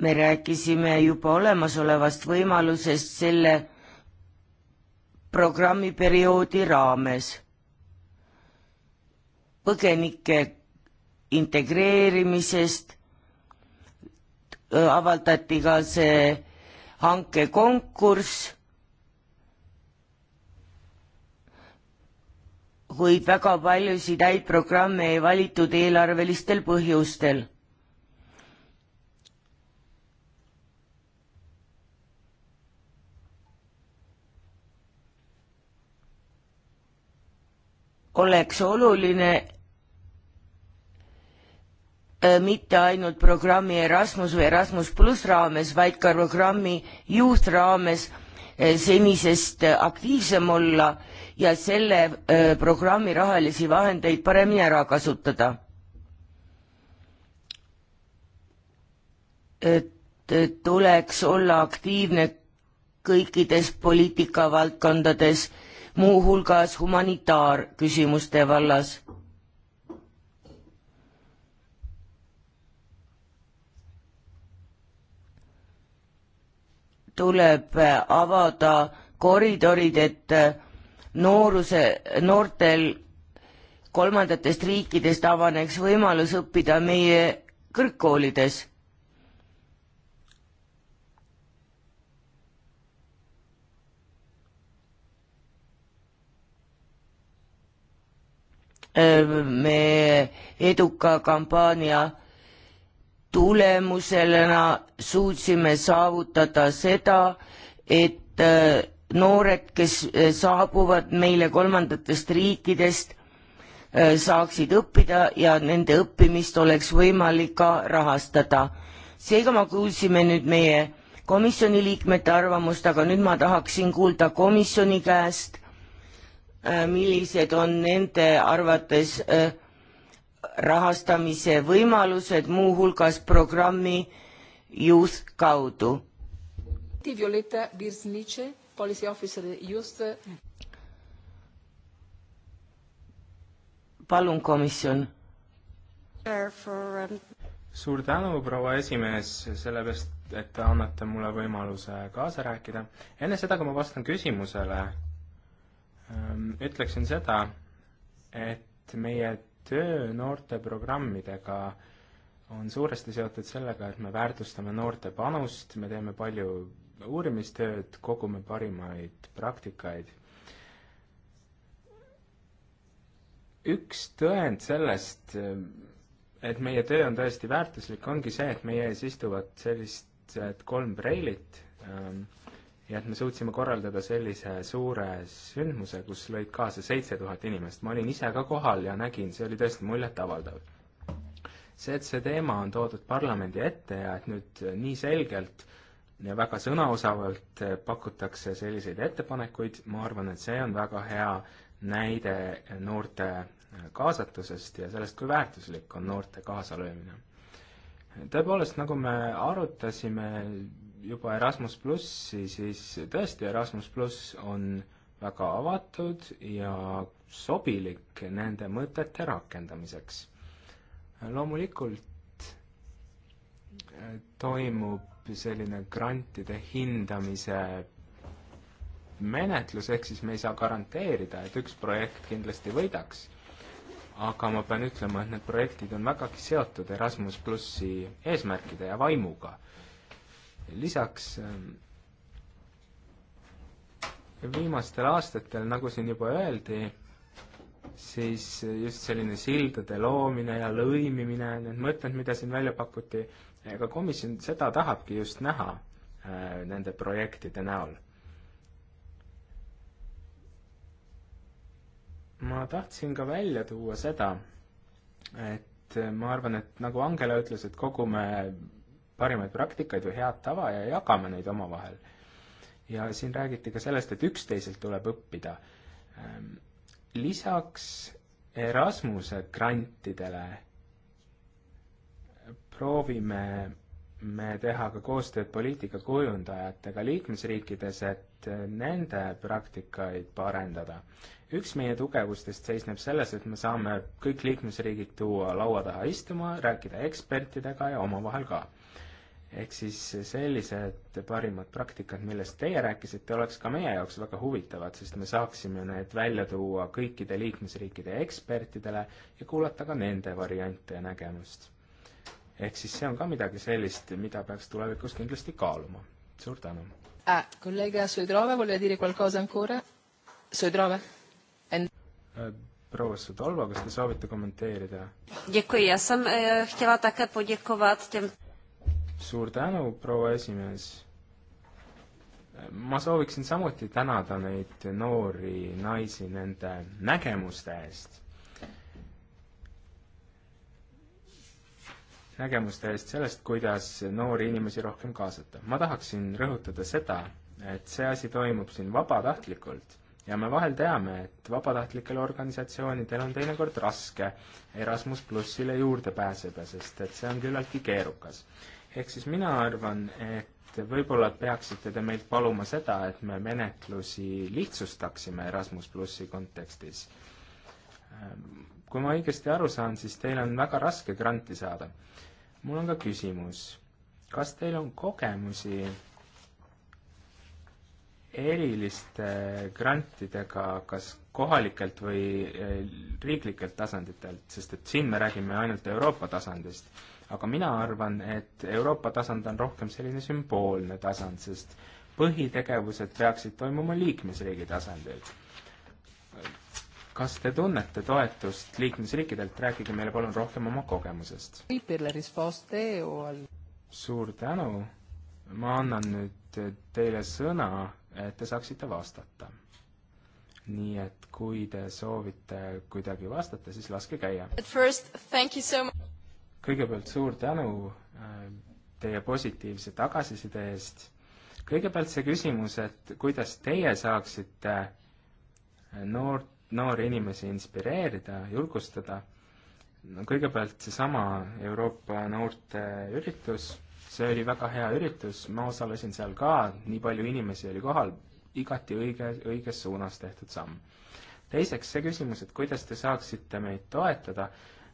[SPEAKER 3] me rääkisime juba olemasolevast võimalusest selle programmiperioodi raames põgenike integreerimisest, avaldati ka see hankekonkurss, kuid väga paljusid häid programme ei valitud eelarvelistel põhjustel oleks oluline äh, mitte ainult programmi Erasmus või Erasmus pluss raames, vaid ka programmi Youth raames äh, senisest äh, aktiivsem olla ja selle programmi rahalisi vahendeid paremini ära kasutada. et tuleks olla aktiivne kõikides poliitikavaldkondades muuhulgas humanitaarküsimuste vallas. tuleb avada koridorid, et nooruse, noortel kolmandatest riikidest avaneks võimalus õppida meie kõrgkoolides me eduka kampaania tulemusena suutsime saavutada seda, et äh, noored, kes äh, saabuvad meile kolmandatest riikidest, äh, saaksid õppida ja nende õppimist oleks võimalik ka rahastada. seega me kuulsime nüüd meie komisjoni liikmete arvamust, aga nüüd ma tahaksin kuulda komisjoni käest Äh, millised on nende arvates äh, rahastamise võimalused, muuhulgas programmi Youth kaudu.
[SPEAKER 1] Violeta Birsnice, policy officer Youth.
[SPEAKER 2] palun, komisjon.
[SPEAKER 1] Um,
[SPEAKER 2] suur tänu, proua esimees, sellepärast, et te annate mulle võimaluse kaasa rääkida. enne seda, kui ma vastan küsimusele, Ehm, ütleksin seda, et meie töö noorteprogrammidega on suuresti seotud sellega, et me väärtustame noorte panust, me teeme palju uurimistööd, kogume parimaid praktikaid. üks tõend sellest, et meie töö on tõesti väärtuslik, ongi see, et meie ees istuvad sellist kolm breilit ähm,, ja et me suutsime korraldada sellise suure sündmuse, kus lõid kaasa seitse tuhat inimest. ma olin ise ka kohal ja nägin, see oli tõesti muljetavaldav. see, et see teema on toodud parlamendi ette ja et nüüd nii selgelt ja väga sõnaosavalt pakutakse selliseid ettepanekuid, ma arvan, et see on väga hea näide noorte kaasatusest ja sellest, kui väärtuslik on noorte kaasalöömine. tõepoolest, nagu me arutasime, juba Erasmus plussi, siis tõesti, Erasmus pluss on väga avatud ja sobilik nende mõtete rakendamiseks. loomulikult äh, toimub selline grantide hindamise menetlus, ehk siis me ei saa garanteerida, et üks projekt kindlasti võidaks. aga ma pean ütlema, et need projektid on vägagi seotud Erasmus plussi eesmärkide ja vaimuga lisaks ähm, viimastel aastatel, nagu siin juba öeldi, siis just selline sildade loomine ja lõimimine, need mõtted, mida siin välja pakuti, ega komisjon seda tahabki just näha äh, nende projektide näol. ma tahtsin ka välja tuua seda, et ma arvan, et nagu Angela ütles, et kogume parimaid praktikaid või head tava ja jagame neid omavahel. ja siin räägiti ka sellest, et üksteiselt tuleb õppida. Ähm, lisaks Erasmuse grantidele proovime me teha ka koostööd poliitikakujundajatega liikmesriikides, et nende praktikaid parendada. üks meie tugevustest seisneb selles, et me saame kõik liikmesriigid tuua laua taha istuma, rääkida ekspertidega ja omavahel ka ehk siis sellised parimad praktikad, millest teie rääkisite, oleks ka meie jaoks väga huvitavad, sest me saaksime need välja tuua kõikide liikmesriikide ekspertidele ja kuulata ka nende variante ja nägemust. ehk siis see on ka midagi sellist, mida peaks tulevikus kindlasti kaaluma. suur tänu
[SPEAKER 1] ah,! kolleeg Sõidrova, voleva dire qualcosa ancora?
[SPEAKER 2] Sõidrova And...? Äh, proua Sudolva, kas te soovite kommenteerida?
[SPEAKER 1] Děkuji, já jsem eh, chtěla také poděkovat těm
[SPEAKER 2] suur tänu, proua esimees. ma sooviksin samuti tänada neid noori naisi nende nägemuste eest. nägemuste eest sellest, kuidas noori inimesi rohkem kaasata. ma tahaksin rõhutada seda, et see asi toimub siin vabatahtlikult ja me vahel teame, et vabatahtlikel organisatsioonidel on teinekord raske Erasmus plussile juurde pääseda, sest et see on küllaltki keerukas ehk siis mina arvan, et võib-olla peaksite te meilt paluma seda, et me menetlusi lihtsustaksime Erasmus plussi kontekstis. Ehm, kui ma õigesti aru saan, siis teil on väga raske granti saada. mul on ka küsimus, kas teil on kogemusi eriliste grantidega kas kohalikelt või eh, riiklikelt tasanditelt, sest et siin me räägime ainult Euroopa tasandist. aga mina arvan, et Euroopa tasand on rohkem selline sümboolne tasand, sest põhitegevused peaksid toimuma liikmesriigi tasandil. kas te tunnete toetust liikmesriikidelt, rääkige meile palun rohkem oma kogemusest. suur tänu, ma annan nüüd teile sõna et te saaksite vastata. nii et kui te soovite kuidagi vastata, siis laske käia.
[SPEAKER 1] So
[SPEAKER 2] kõigepealt suur tänu äh, teie positiivse tagasiside eest. kõigepealt see küsimus, et kuidas teie saaksite äh, noort, noori inimesi inspireerida, julgustada. no kõigepealt seesama Euroopa noorteüritus see oli väga hea üritus, ma osalesin seal ka, nii palju inimesi oli kohal, igati õige, õiges suunas tehtud samm. teiseks see küsimus, et kuidas te saaksite meid toetada,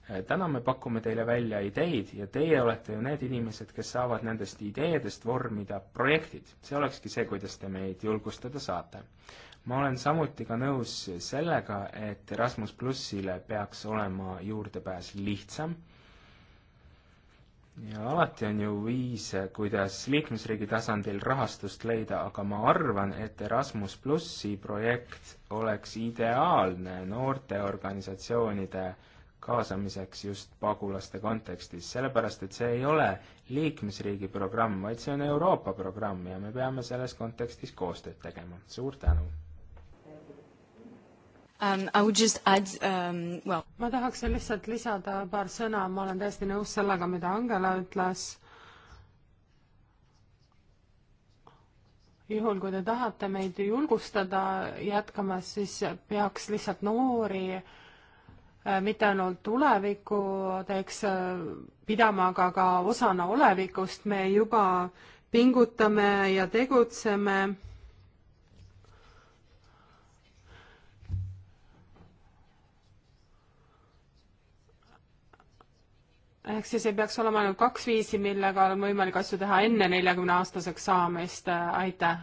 [SPEAKER 2] eh, täna me pakume teile välja ideid ja teie olete ju need inimesed, kes saavad nendest ideedest vormida projektid. see olekski see, kuidas te meid julgustada saate. ma olen samuti ka nõus sellega, et Erasmus plussile peaks olema juurdepääs lihtsam ja alati on ju viise, kuidas liikmesriigi tasandil rahastust leida, aga ma arvan, et Erasmus plussi projekt oleks ideaalne noorteorganisatsioonide kaasamiseks just pagulaste kontekstis, sellepärast et see ei ole liikmesriigi programm, vaid see on Euroopa programm ja me peame selles kontekstis koostööd tegema. suur tänu!
[SPEAKER 1] Um, I would just add, um, well. ma tahaksin lihtsalt lisada paar sõna, ma olen täiesti nõus sellega, mida Angela ütles. juhul, kui te tahate meid julgustada jätkamas, siis peaks lihtsalt noori äh, mitte ainult tuleviku teeks äh, pidama, aga ka osana olevikust me juba pingutame ja tegutseme ehk siis ei peaks olema ainult kaks viisi, millega on võimalik asju teha enne neljakümne aastaseks saamist, aitäh.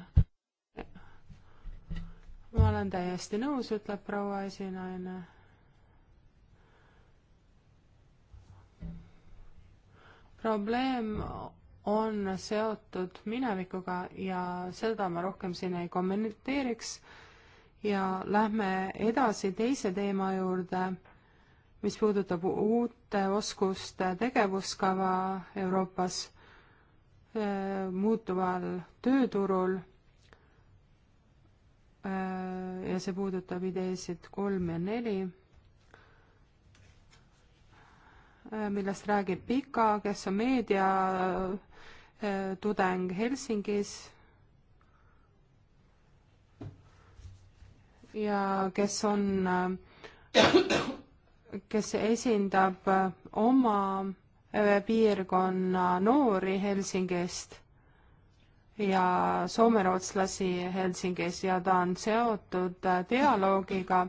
[SPEAKER 1] ma olen täiesti nõus, ütleb proua esinaine. probleem on seotud minevikuga ja seda ma rohkem siin ei kommenteeriks ja lähme edasi teise teema juurde mis puudutab uute oskuste tegevuskava Euroopas eh, muutuval tööturul eh, ja see puudutab ideesid kolm ja neli, eh, millest räägib Pika, kes on meediatudeng Helsingis ja kes on kes esindab äh, oma äh, piirkonna noori Helsingist ja soomerootslasi Helsingis ja ta on seotud äh, dialoogiga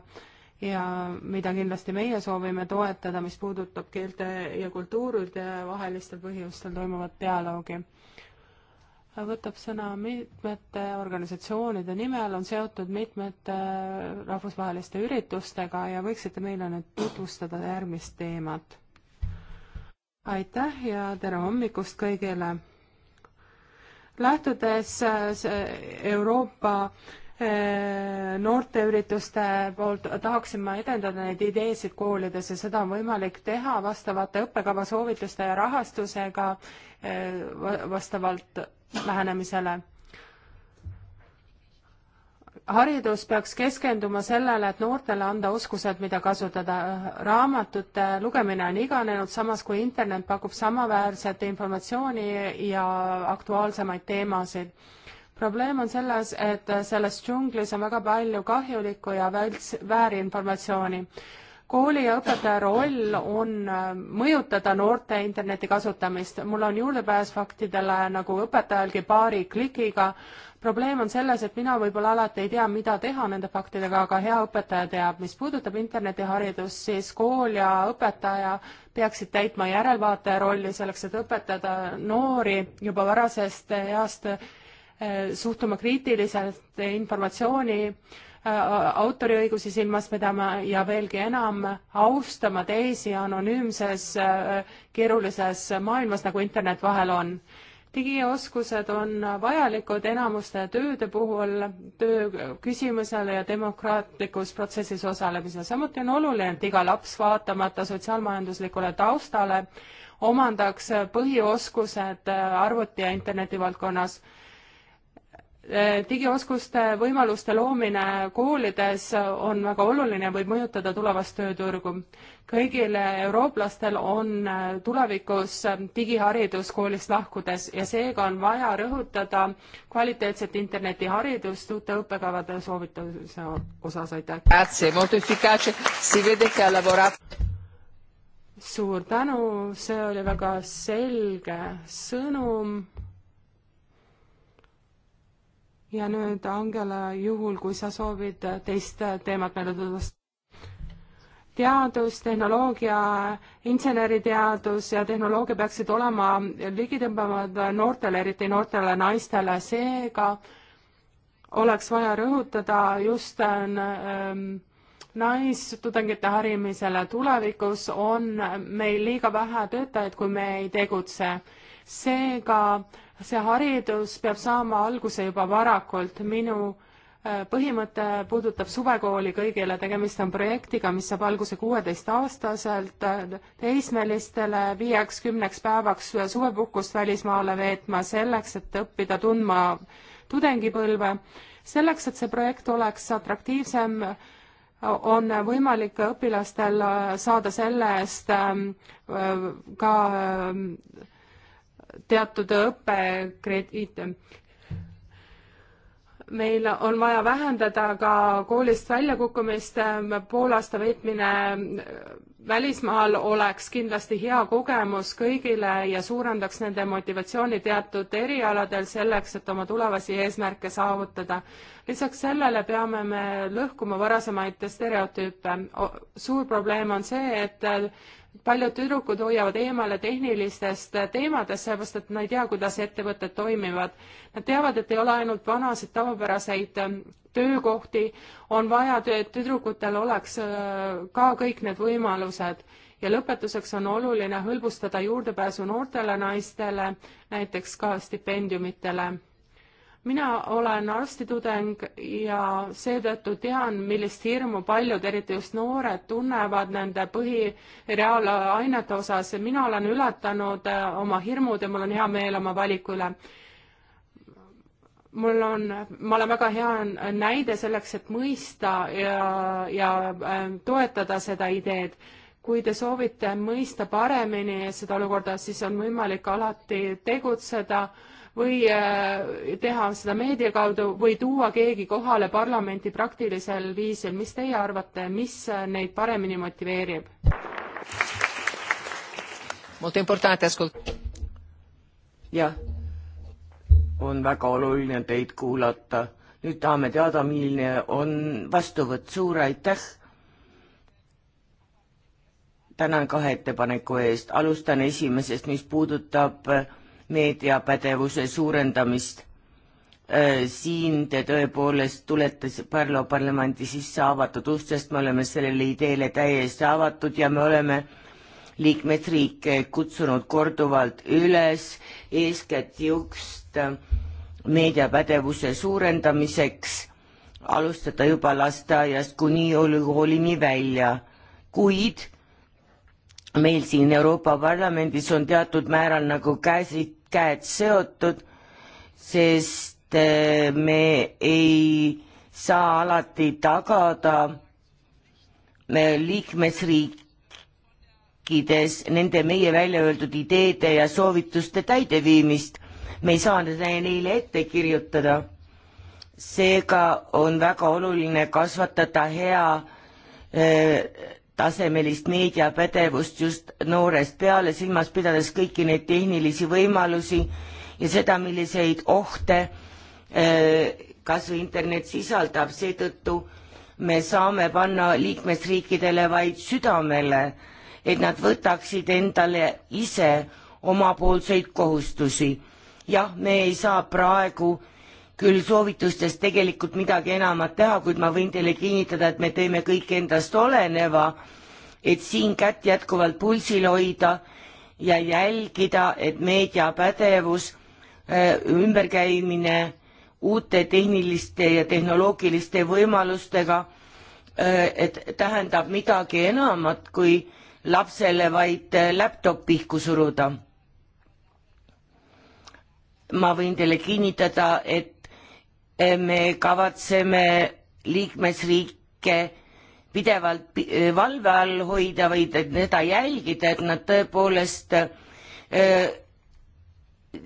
[SPEAKER 1] ja mida kindlasti meie soovime toetada, mis puudutab keelte ja kultuuride vahelistel põhjustel toimuvat dialoogi võtab sõna mitmete organisatsioonide nimel, on seotud mitmete äh, rahvusvaheliste üritustega ja võiksite meile nüüd tutvustada järgmist teemat. aitäh ja tere hommikust kõigile! lähtudes äh, Euroopa äh, noorteürituste poolt tahaksin ma edendada neid ideesid koolides ja seda on võimalik teha vastavate õppekava soovituste ja rahastusega vastavalt lähenemisele. haridus peaks keskenduma sellele, et noortele anda oskused, mida kasutada. raamatute lugemine on iganenud, samas kui internet pakub samaväärset informatsiooni ja aktuaalsemaid teemasid probleem on selles, et selles džunglis on väga palju kahjulikku ja välts-, väärinformatsiooni kooli ja õpetaja roll on äh, mõjutada noorte interneti kasutamist. mul on juurdepääs faktidele nagu õpetajalgi paari klikiga. probleem on selles, et mina võib-olla alati ei tea, mida teha nende faktidega, aga hea õpetaja teab. mis puudutab internetiharidust, siis kool ja õpetaja peaksid täitma järelvaataja rolli selleks, et õpetada noori juba varasest east äh, suhtuma kriitiliselt informatsiooni Äh, autoriõigusi silmas pidama ja veelgi enam austama teisi anonüümses äh, keerulises maailmas, nagu internet vahel on. digioskused on vajalikud enamuste tööde puhul, töö küsimusele ja demokraatlikus protsessis osalemisele. samuti on oluline, et iga laps vaatamata sotsiaalmajanduslikule taustale omandaks põhioskused äh, arvuti ja interneti valdkonnas Äh, digioskuste võimaluste loomine koolides on väga oluline, võib mõjutada tulevast tööturgu. kõigil eurooplastel on äh, tulevikus äh, digiharidus koolist lahkudes ja seega on vaja rõhutada kvaliteetset internetiharidust uute õppekavade soovituse osas, aitäh! suur tänu, see oli väga selge sõnum ja nüüd Angela, juhul kui sa soovid teist teemat meile tutvustada. teadus, tehnoloogia, inseneriteadus ja tehnoloogia peaksid olema ligitõmbavad noortele, eriti noortele naistele, seega oleks vaja rõhutada just äh, ähm, naistudengite harimisele tulevikus on meil liiga vähe töötajaid, kui me ei tegutse. seega äh, see haridus peab saama alguse juba varakult, minu äh, põhimõte puudutab suvekooli kõigile, tegemist on projektiga, mis saab alguse kuueteistaastaselt, teismelistele viieks kümneks päevaks suvepuhkust välismaale veetma, selleks et õppida tundma tudengipõlve. selleks, et see projekt oleks atraktiivsem, on võimalik õpilastel saada selle eest ähm, ka ähm, teatud õppekrediite. meil on vaja vähendada ka koolist väljakukkumist, poolaasta veetmine välismaal oleks kindlasti hea kogemus kõigile ja suurendaks nende motivatsiooni teatud erialadel selleks, et oma tulevasi eesmärke saavutada. lisaks sellele peame me lõhkuma varasemaid stereotüüpe. suur probleem on see, et paljud tüdrukud hoiavad eemale tehnilistest teemadest, sellepärast et nad ei tea, kuidas ettevõtted toimivad. Nad teavad, et ei ole ainult vanasid tavapäraseid ähm, töökohti, on vaja, et tüdrukutel oleks äh, ka kõik need võimalused. ja lõpetuseks on oluline hõlbustada juurdepääsu noortele naistele, näiteks ka stipendiumitele mina olen arstitudeng ja seetõttu tean, millist hirmu paljud, eriti just noored, tunnevad nende põhireaalainete osas. mina olen ületanud äh, oma hirmud ja mul on hea meel oma valiku üle. mul on, ma olen väga hea näide selleks, et mõista ja, ja äh, toetada seda ideed kui te soovite mõista paremini seda olukorda, siis on võimalik alati tegutseda äh, või äh, teha seda meedia kaudu või tuua keegi kohale parlamenti praktilisel viisil, mis teie arvate, mis äh, neid paremini motiveerib? jah,
[SPEAKER 3] on väga oluline teid kuulata. nüüd tahame teada, milline on vastuvõtt, suur aitäh tänan kahe ettepaneku eest. alustan esimesest, mis puudutab äh, meediapädevuse suurendamist. Äh, siin te tõepoolest tuletas Pärnu parlamendi sisse avatud ust, sest me oleme sellele ideele täiesti avatud ja me oleme liikmesriike kutsunud korduvalt üles eeskätt just äh, meediapädevuse suurendamiseks, alustada juba lasteaiast kuni ülikoolini välja, kuid meil siin Euroopa Parlamendis on teatud määral nagu käsi, käed seotud, sest eh, me ei saa alati tagada eh, liikmesriikides nende meie välja öeldud ideede ja soovituste täideviimist. me ei saa neile ette kirjutada. seega on väga oluline kasvatada hea eh, tasemelist meediapädevust just noorest peale, silmas pidades kõiki neid tehnilisi võimalusi ja seda, milliseid ohte eh, kas või internet sisaldab, seetõttu me saame panna liikmesriikidele vaid südamele, et nad võtaksid endale ise omapoolseid kohustusi. jah, me ei saa praegu äh, küll soovitustest tegelikult midagi enamat teha, kuid ma võin teile kinnitada, et me teeme kõik endast oleneva, et siin kätt jätkuvalt pulsil hoida ja jälgida, et meediapädevus, äh, ümberkäimine uute tehniliste ja tehnoloogiliste võimalustega, äh, et tähendab midagi enamat kui lapsele vaid äh, laptop pihku suruda ma võin teile kinnitada, et Eh, me kavatseme liikmesriike pidevalt eh, valve all hoida, vaid et seda jälgida, et nad tõepoolest eh,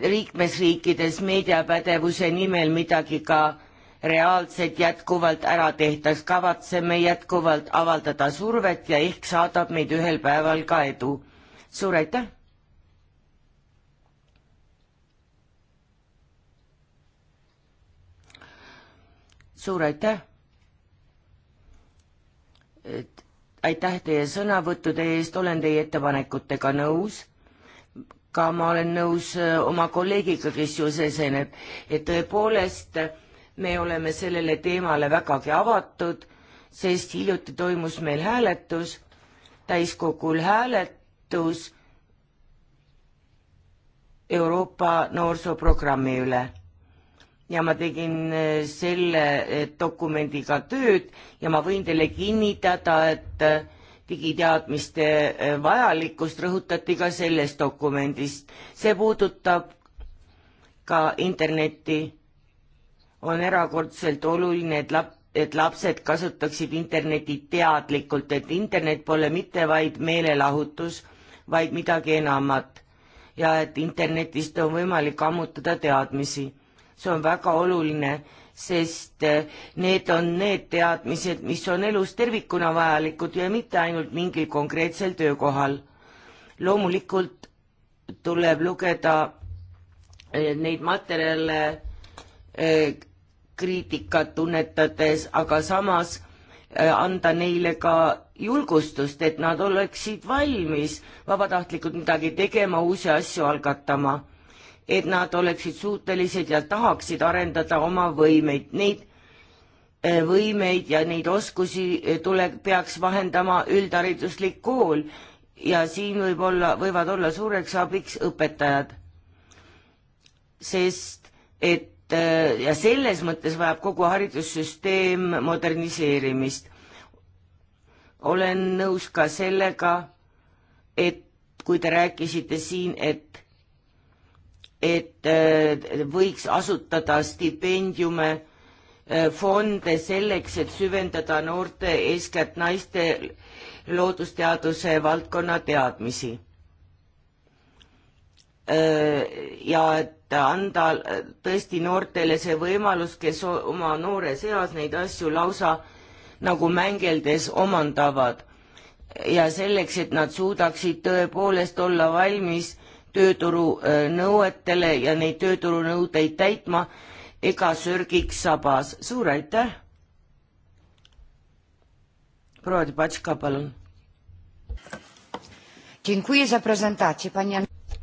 [SPEAKER 3] liikmesriikides meediapädevuse nimel midagi ka reaalselt jätkuvalt ära tehtas, kavatseme jätkuvalt avaldada survet ja ehk saadab meid ühel päeval ka edu. suur aitäh! suur aitäh. et aitäh teie sõnavõttude eest, olen teie ettepanekutega nõus. ka ma olen nõus äh, oma kolleegiga, kes ju eseneb, et tõepoolest me oleme sellele teemale vägagi avatud, sest hiljuti toimus meil hääletus, täiskogul hääletus Euroopa noorsooprogrammi üle ja ma tegin äh, selle äh, dokumendiga tööd ja ma võin teile kinnitada, et äh, digiteadmiste vajalikkust rõhutati ka selles dokumendis. see puudutab ka internetti. on erakordselt oluline, et lap-, et lapsed kasutaksid Internetti teadlikult, et internet pole mitte vaid meelelahutus, vaid midagi enamat ja et internetist on võimalik ammutada teadmisi see on väga oluline, sest eh, need on need teadmised, mis on elus tervikuna vajalikud ja mitte ainult mingil konkreetsel töökohal. loomulikult tuleb lugeda eh, neid materjale eh, kriitikat tunnetades, aga samas anda neile ka julgustust, et nad oleksid valmis vabatahtlikult midagi tegema, uusi asju algatama et nad oleksid suutelised ja tahaksid arendada oma võimeid, neid eh, võimeid ja neid oskusi eh, tule, peaks vahendama üldhariduslik kool ja siin võib olla, võivad olla suureks abiks õpetajad. sest et eh, ja selles mõttes vajab kogu haridussüsteem moderniseerimist. olen nõus ka sellega, et kui te rääkisite siin, et et äh, võiks asutada stipendiume, äh, fonde selleks, et süvendada noorte, eeskätt naiste loodusteaduse valdkonna teadmisi. Äh, ja et anda tõesti noortele see võimalus, kes oma noores eas neid asju lausa nagu mängeldes omandavad ja selleks, et nad suudaksid tõepoolest olla valmis äh, tööturu äh, nõuetele ja neid tööturunõudeid täitma ega sörgiks sabas. suur aitäh! proua Tepatška, palun.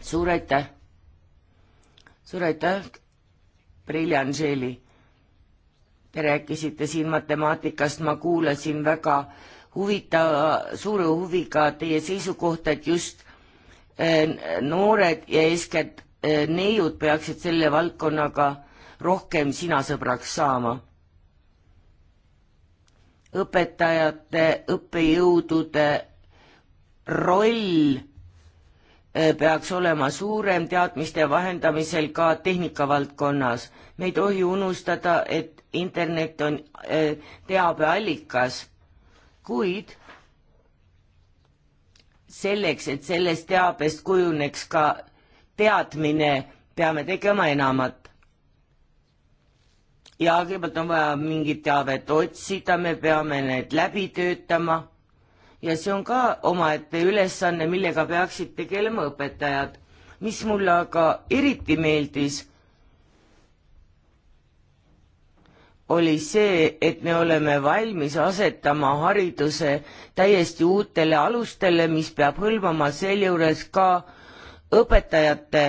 [SPEAKER 3] suur aitäh! suur aitäh, Preili Anželi! Te rääkisite siin matemaatikast, ma kuulasin väga huvitava, suure huviga teie seisukohta, et just Äh, noored ja eeskätt äh, neiud peaksid selle valdkonnaga rohkem sinasõbraks saama. õpetajate, õppejõudude roll äh, peaks olema suurem teadmiste vahendamisel ka tehnikavaldkonnas. me ei tohi unustada, et internet on teabeallikas, kuid selleks, et sellest teabest kujuneks ka teadmine, peame tegema enamat. ja kõigepealt on vaja mingit teavet otsida, me peame need läbi töötama ja see on ka omaette ülesanne, millega peaksid tegelema õpetajad. mis mulle aga eriti meeldis oli see, et me oleme valmis asetama hariduse täiesti uutele alustele, mis peab hõlmama sealjuures ka õpetajate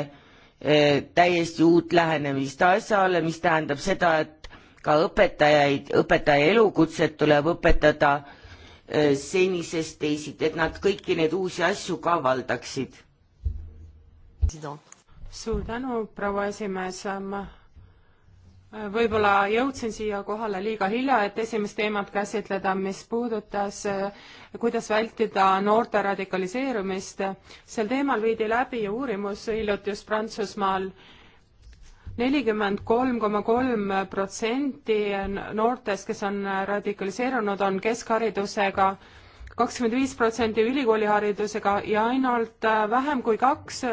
[SPEAKER 3] eh, täiesti uut lähenemist asjale, mis tähendab seda, et ka õpetajaid, õpetaja elukutset tuleb õpetada eh, senisest teisiti, et nad kõiki neid uusi asju ka valdaksid.
[SPEAKER 1] suur tänu, proua esimees, ma võib-olla jõudsin siia kohale liiga hilja, et esimest teemat käsitleda, mis puudutas, äh, kuidas vältida noorte radikaliseerumist. sel teemal viidi läbi uurimus hiljuti just Prantsusmaal. nelikümmend kolm koma kolm protsenti noortest, kes on radikaliseerunud, on keskharidusega kakskümmend viis protsenti ülikooliharidusega ja ainult äh, vähem kui kaks äh,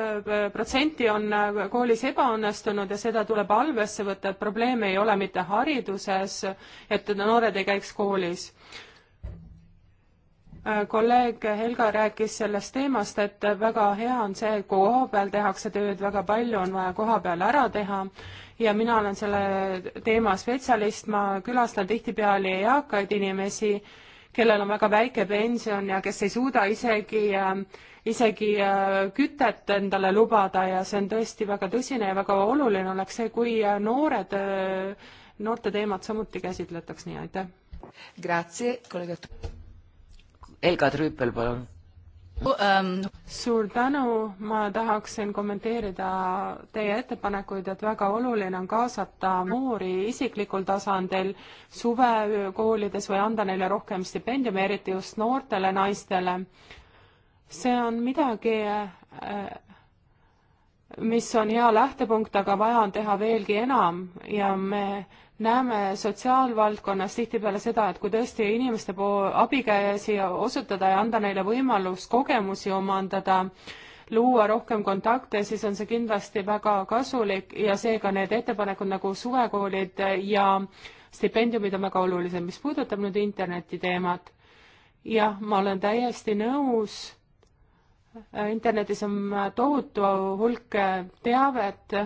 [SPEAKER 1] protsenti on äh, koolis ebaõnnestunud ja seda tuleb halvesse võtta, et probleem ei ole mitte hariduses, et noored ei käiks koolis. kolleeg Helga rääkis sellest teemast, et väga hea on see, et koha peal tehakse tööd, väga palju on vaja koha peal ära teha ja mina olen selle teema spetsialist, ma külastan tihtipeale eakaid inimesi kellel on väga väike pension ja kes ei suuda isegi, äh, isegi äh, kütet endale lubada ja see on tõesti väga tõsine ja väga oluline oleks see, kui äh, noored, noorte teemat samuti käsitletaks, nii aitäh. Grazie, kolleeg.
[SPEAKER 3] Helga Trüüpel, palun
[SPEAKER 1] Um... suur tänu, ma tahaksin kommenteerida teie ettepanekuid, et väga oluline on kaasata noori isiklikul tasandil suvekoolides või anda neile rohkem stipendiume, eriti just noortele naistele. see on midagi, äh, mis on hea lähtepunkt, aga vaja on teha veelgi enam ja me äh, näeme sotsiaalvaldkonnas tihtipeale seda, et kui tõesti inimeste pool abikäsi osutada ja anda neile võimalus kogemusi omandada, luua rohkem kontakte, siis on see kindlasti väga kasulik ja seega need ettepanekud nagu suvekoolid ja stipendiumid on väga olulised. mis puudutab nüüd interneti teemat, jah, ma olen täiesti nõus, internetis on tohutu hulk teavet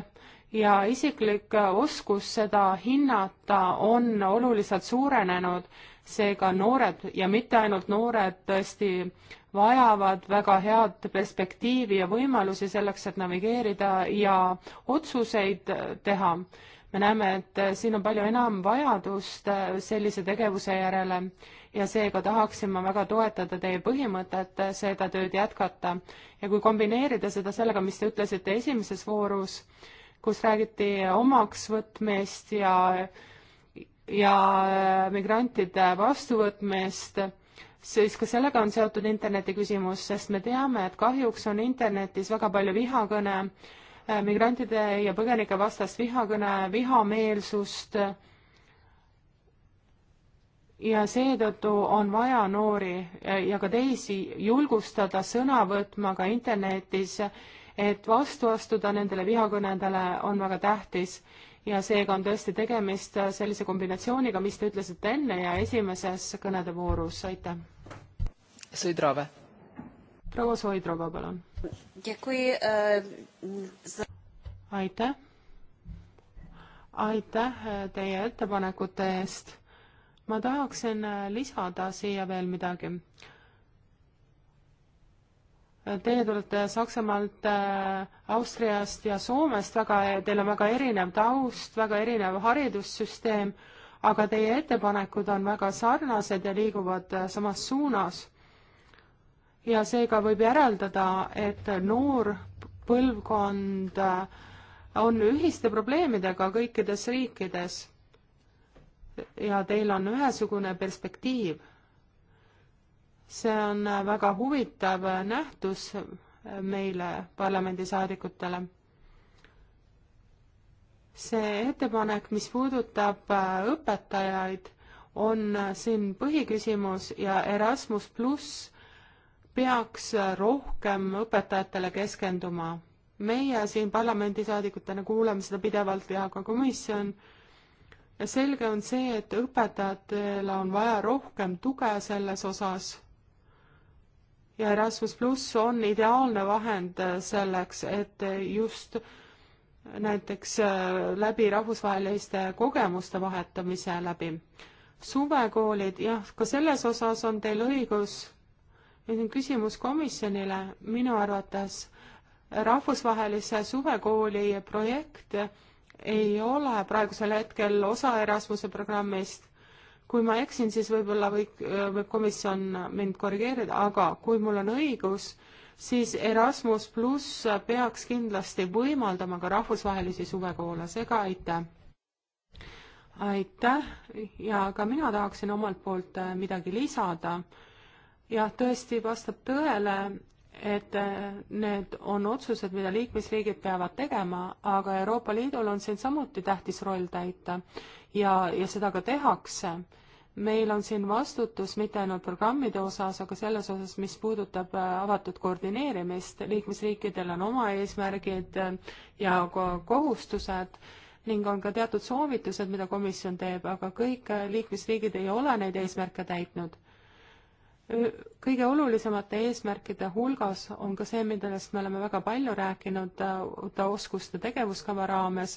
[SPEAKER 1] ja isiklik oskus seda hinnata on oluliselt suurenenud, seega noored ja mitte ainult noored tõesti vajavad väga head perspektiivi ja võimalusi selleks, et navigeerida ja otsuseid teha. me näeme, et siin on palju enam vajadust sellise tegevuse järele ja seega tahaksin ma väga toetada teie põhimõtet seda tööd jätkata. ja kui kombineerida seda sellega, mis te ütlesite esimeses voorus, kus räägiti omaks võtmist ja, ja migrantide vastuvõtmist, siis ka sellega on seotud interneti küsimus, sest me teame, et kahjuks on internetis väga palju vihakõne, äh, migrantide ja põgenike vastast vihakõne, vihameelsust ja seetõttu on vaja noori äh, ja ka teisi julgustada sõna võtma ka internetis et vastu astuda nendele vihakõnedele on väga tähtis ja seega on tõesti tegemist sellise kombinatsiooniga, mis te ütlesite enne ja esimeses kõnede voorus, aitäh. Sõidrave. proua Soidrova, palun. Eh, aitäh. aitäh eh, teie ettepanekute eest. ma tahaksin eh, lisada siia veel midagi Teie tulete Saksamaalt, äh, Austriast ja Soomest väga, teil on väga erinev taust, väga erinev haridussüsteem, aga teie ettepanekud on väga sarnased ja liiguvad äh, samas suunas. ja seega võib järeldada, et noor põlvkond äh, on ühiste probleemidega kõikides riikides. ja teil on ühesugune perspektiiv see on väga huvitav nähtus meile, parlamendisaadikutele. see ettepanek, mis puudutab äh, õpetajaid, on äh, siin põhiküsimus ja Erasmus pluss peaks äh, rohkem õpetajatele keskenduma. meie siin parlamendisaadikutena kuuleme seda pidevalt ja ka komisjon ja selge on see, et õpetajatel on vaja rohkem tuge selles osas ja Erasmus pluss on ideaalne vahend selleks, et just näiteks äh, läbi rahvusvaheliste kogemuste vahetamise läbi. suvekoolid, jah, ka selles osas on teil õigus. nüüd on küsimus komisjonile, minu arvates rahvusvahelise suvekooli projekt ei ole praegusel hetkel osa Erasmuse programmist kui ma eksin, siis võib-olla võib, võib komisjon mind korrigeerida, aga kui mul on õigus, siis Erasmus pluss peaks kindlasti võimaldama ka rahvusvahelisi suvekoole, seega aitäh! aitäh ja ka mina tahaksin omalt poolt äh, midagi lisada. jah, tõesti vastab tõele, et äh, need on otsused, mida liikmesriigid peavad tegema, aga Euroopa Liidul on siin samuti tähtis roll täita ja, ja seda ka tehakse. meil on siin vastutus mitte ainult programmide osas, aga selles osas, mis puudutab äh, avatud koordineerimist, liikmesriikidel on oma eesmärgid äh, ja ka kohustused ning on ka teatud soovitused, mida komisjon teeb, aga kõik äh, liikmesriigid ei ole neid eesmärke täitnud kõige olulisemate eesmärkide hulgas on ka see, millest me oleme väga palju rääkinud uute oskuste tegevuskava raames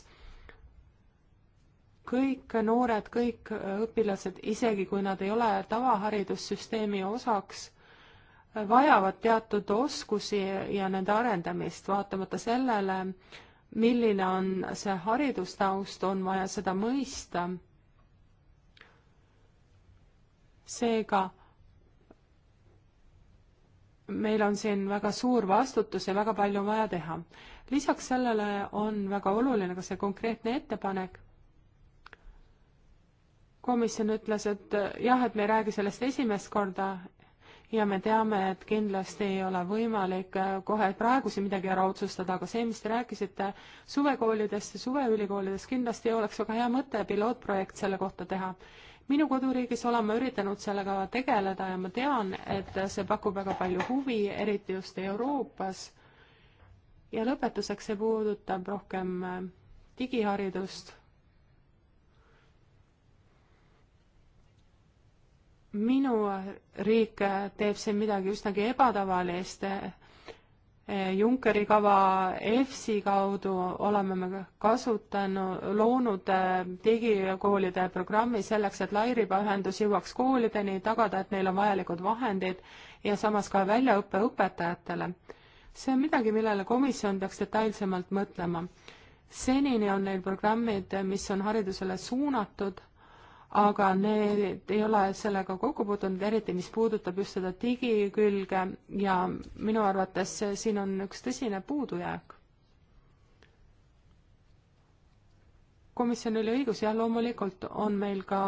[SPEAKER 1] kõik noored, kõik õpilased, isegi kui nad ei ole tavaharidussüsteemi osaks, vajavad teatud oskusi ja nende arendamist, vaatamata sellele, milline on see haridustaust, on vaja seda mõista. seega meil on siin väga suur vastutus ja väga palju on vaja teha. lisaks sellele on väga oluline ka see konkreetne ettepanek komisjon ütles, et äh, jah, et me ei räägi sellest esimest korda ja me teame, et kindlasti ei ole võimalik äh, kohe praegu siin midagi ära otsustada, aga see, mis te rääkisite suvekoolidest ja suveülikoolidest, kindlasti oleks väga hea mõte pilootprojekt selle kohta teha. minu koduriigis olen ma üritanud sellega tegeleda ja ma tean, et see pakub väga palju huvi, eriti just Euroopas. ja lõpetuseks see puudutab rohkem äh, digiharidust minu riik teeb siin midagi üsnagi ebatavalist. Junckeri kava EFSI kaudu oleme me kasutanud, loonud digikoolide programmi selleks, et lairibaühendus jõuaks koolideni, tagada, et neil on vajalikud vahendid ja samas ka väljaõpe õpetajatele. see on midagi, millele komisjon peaks detailsemalt mõtlema. senini on neil programmid, mis on haridusele suunatud aga need ei ole sellega kokku puutunud, eriti mis puudutab just seda digikülge ja minu arvates siin on üks tõsine puudujääk. komisjonil õigus, jah, loomulikult on meil ka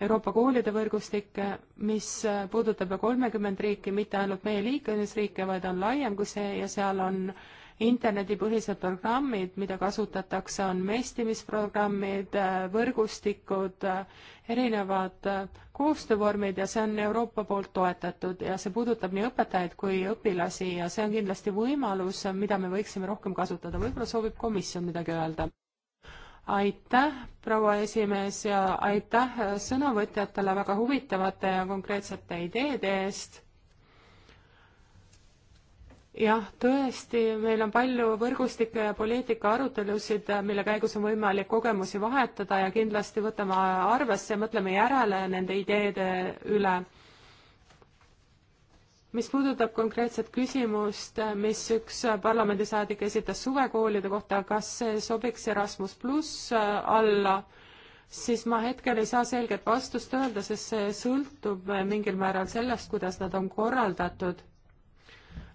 [SPEAKER 1] Euroopa koolide võrgustik, mis puudutab kolmekümmend riiki, mitte ainult meie liikmesriike, vaid on laiem kui see ja seal on äh, internetipõhised programmid, mida kasutatakse, on mestimisprogrammid, võrgustikud, erinevad koostöövormid ja see on Euroopa poolt toetatud ja see puudutab nii õpetajaid kui õpilasi ja see on kindlasti võimalus, mida me võiksime rohkem kasutada, võib-olla soovib komisjon midagi öelda aitäh, proua esimees ja aitäh sõnavõtjatele väga huvitavate ja konkreetsete ideede eest jah, tõesti, meil on palju võrgustike ja poliitika arutelusid, mille käigus on võimalik kogemusi vahetada ja kindlasti võtame arvesse, mõtleme järele nende ideede üle. mis puudutab konkreetset küsimust, mis üks parlamendisaadik esitas suvekoolide kohta, kas see sobiks Erasmus pluss äh, alla, siis ma hetkel ei saa selget vastust öelda, sest see sõltub mingil määral sellest, kuidas nad on korraldatud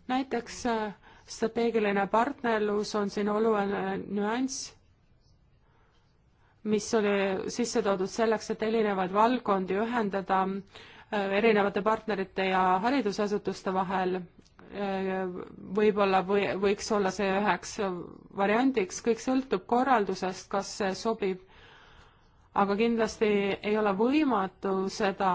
[SPEAKER 1] näiteks äh, strateegiline partnerlus on siin oluline nüanss, mis oli sisse toodud selleks, et erinevaid valdkondi ühendada äh, erinevate partnerite ja haridusasutuste vahel. Äh, võib-olla või võiks olla see üheks variandiks, kõik sõltub korraldusest, kas see sobib aga kindlasti ei ole võimatu seda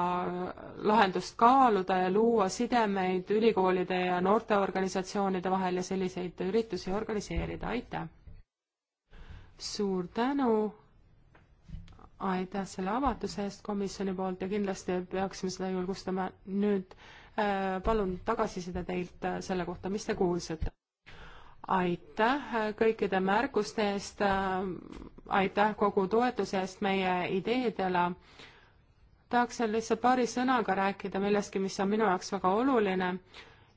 [SPEAKER 1] lahendust kaaluda ja luua sidemeid ülikoolide ja noorteorganisatsioonide vahel ja selliseid üritusi organiseerida, aitäh! suur tänu, aitäh selle avatuse eest komisjoni poolt ja kindlasti peaksime seda julgustama nüüd äh,, palun tagasiside teilt äh, selle kohta, mis te kuulsite. aitäh kõikide märkuste eest äh, aitäh kogu toetuse eest meie ideedele. tahaksin lihtsalt paari sõnaga rääkida millestki, mis on minu jaoks väga oluline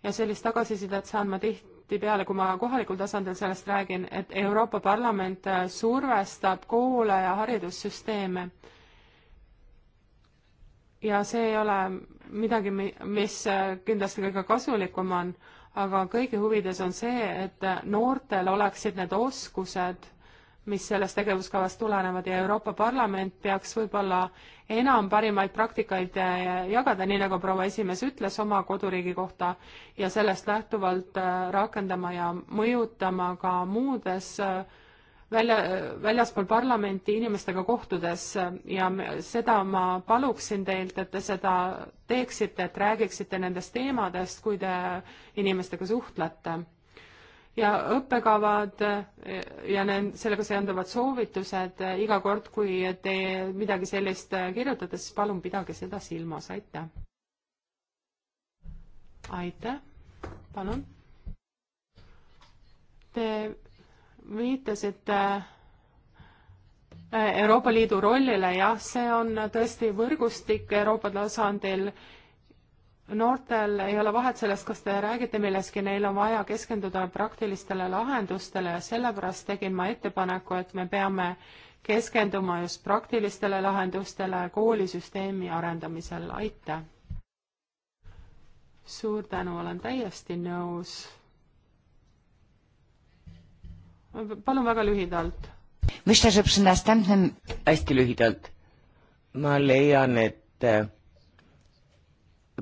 [SPEAKER 1] ja sellist tagasisidet saan ma tihtipeale, kui ma kohalikul tasandil sellest räägin, et Euroopa Parlament äh, survestab koole ja haridussüsteeme. ja see ei ole midagi, mis äh, kindlasti kõige kasulikum on, aga kõigi huvides on see, et äh, noortel oleksid need oskused mis sellest tegevuskavast tulenevad ja Euroopa Parlament peaks võib-olla enam parimaid praktikaid eh, jagada, nii nagu proua esimees ütles oma koduriigi kohta, ja sellest lähtuvalt eh, rakendama ja mõjutama ka muudes eh, välja, väljaspool parlamenti inimestega kohtudes ja seda ma paluksin teilt, et te seda teeksite, et räägiksite nendest teemadest, kui te inimestega suhtlete ja õppekavad ja nend-, sellega seonduvad soovitused, eh, iga kord, kui te midagi sellist eh, kirjutate, siis palun pidage seda silmas, aitäh. aitäh, palun. Te viitasite eh, Euroopa Liidu rollile, jah, see on tõesti võrgustik Euroopa tasandil noortel ei ole vahet sellest, kas te räägite milleski, neil on vaja keskenduda praktilistele lahendustele ja sellepärast tegin ma ettepaneku, et me peame keskenduma just praktilistele lahendustele koolisüsteemi arendamisel, aitäh! suur tänu, olen täiesti nõus. palun väga lühidalt.
[SPEAKER 3] hästi lühidalt. ma leian, et äh,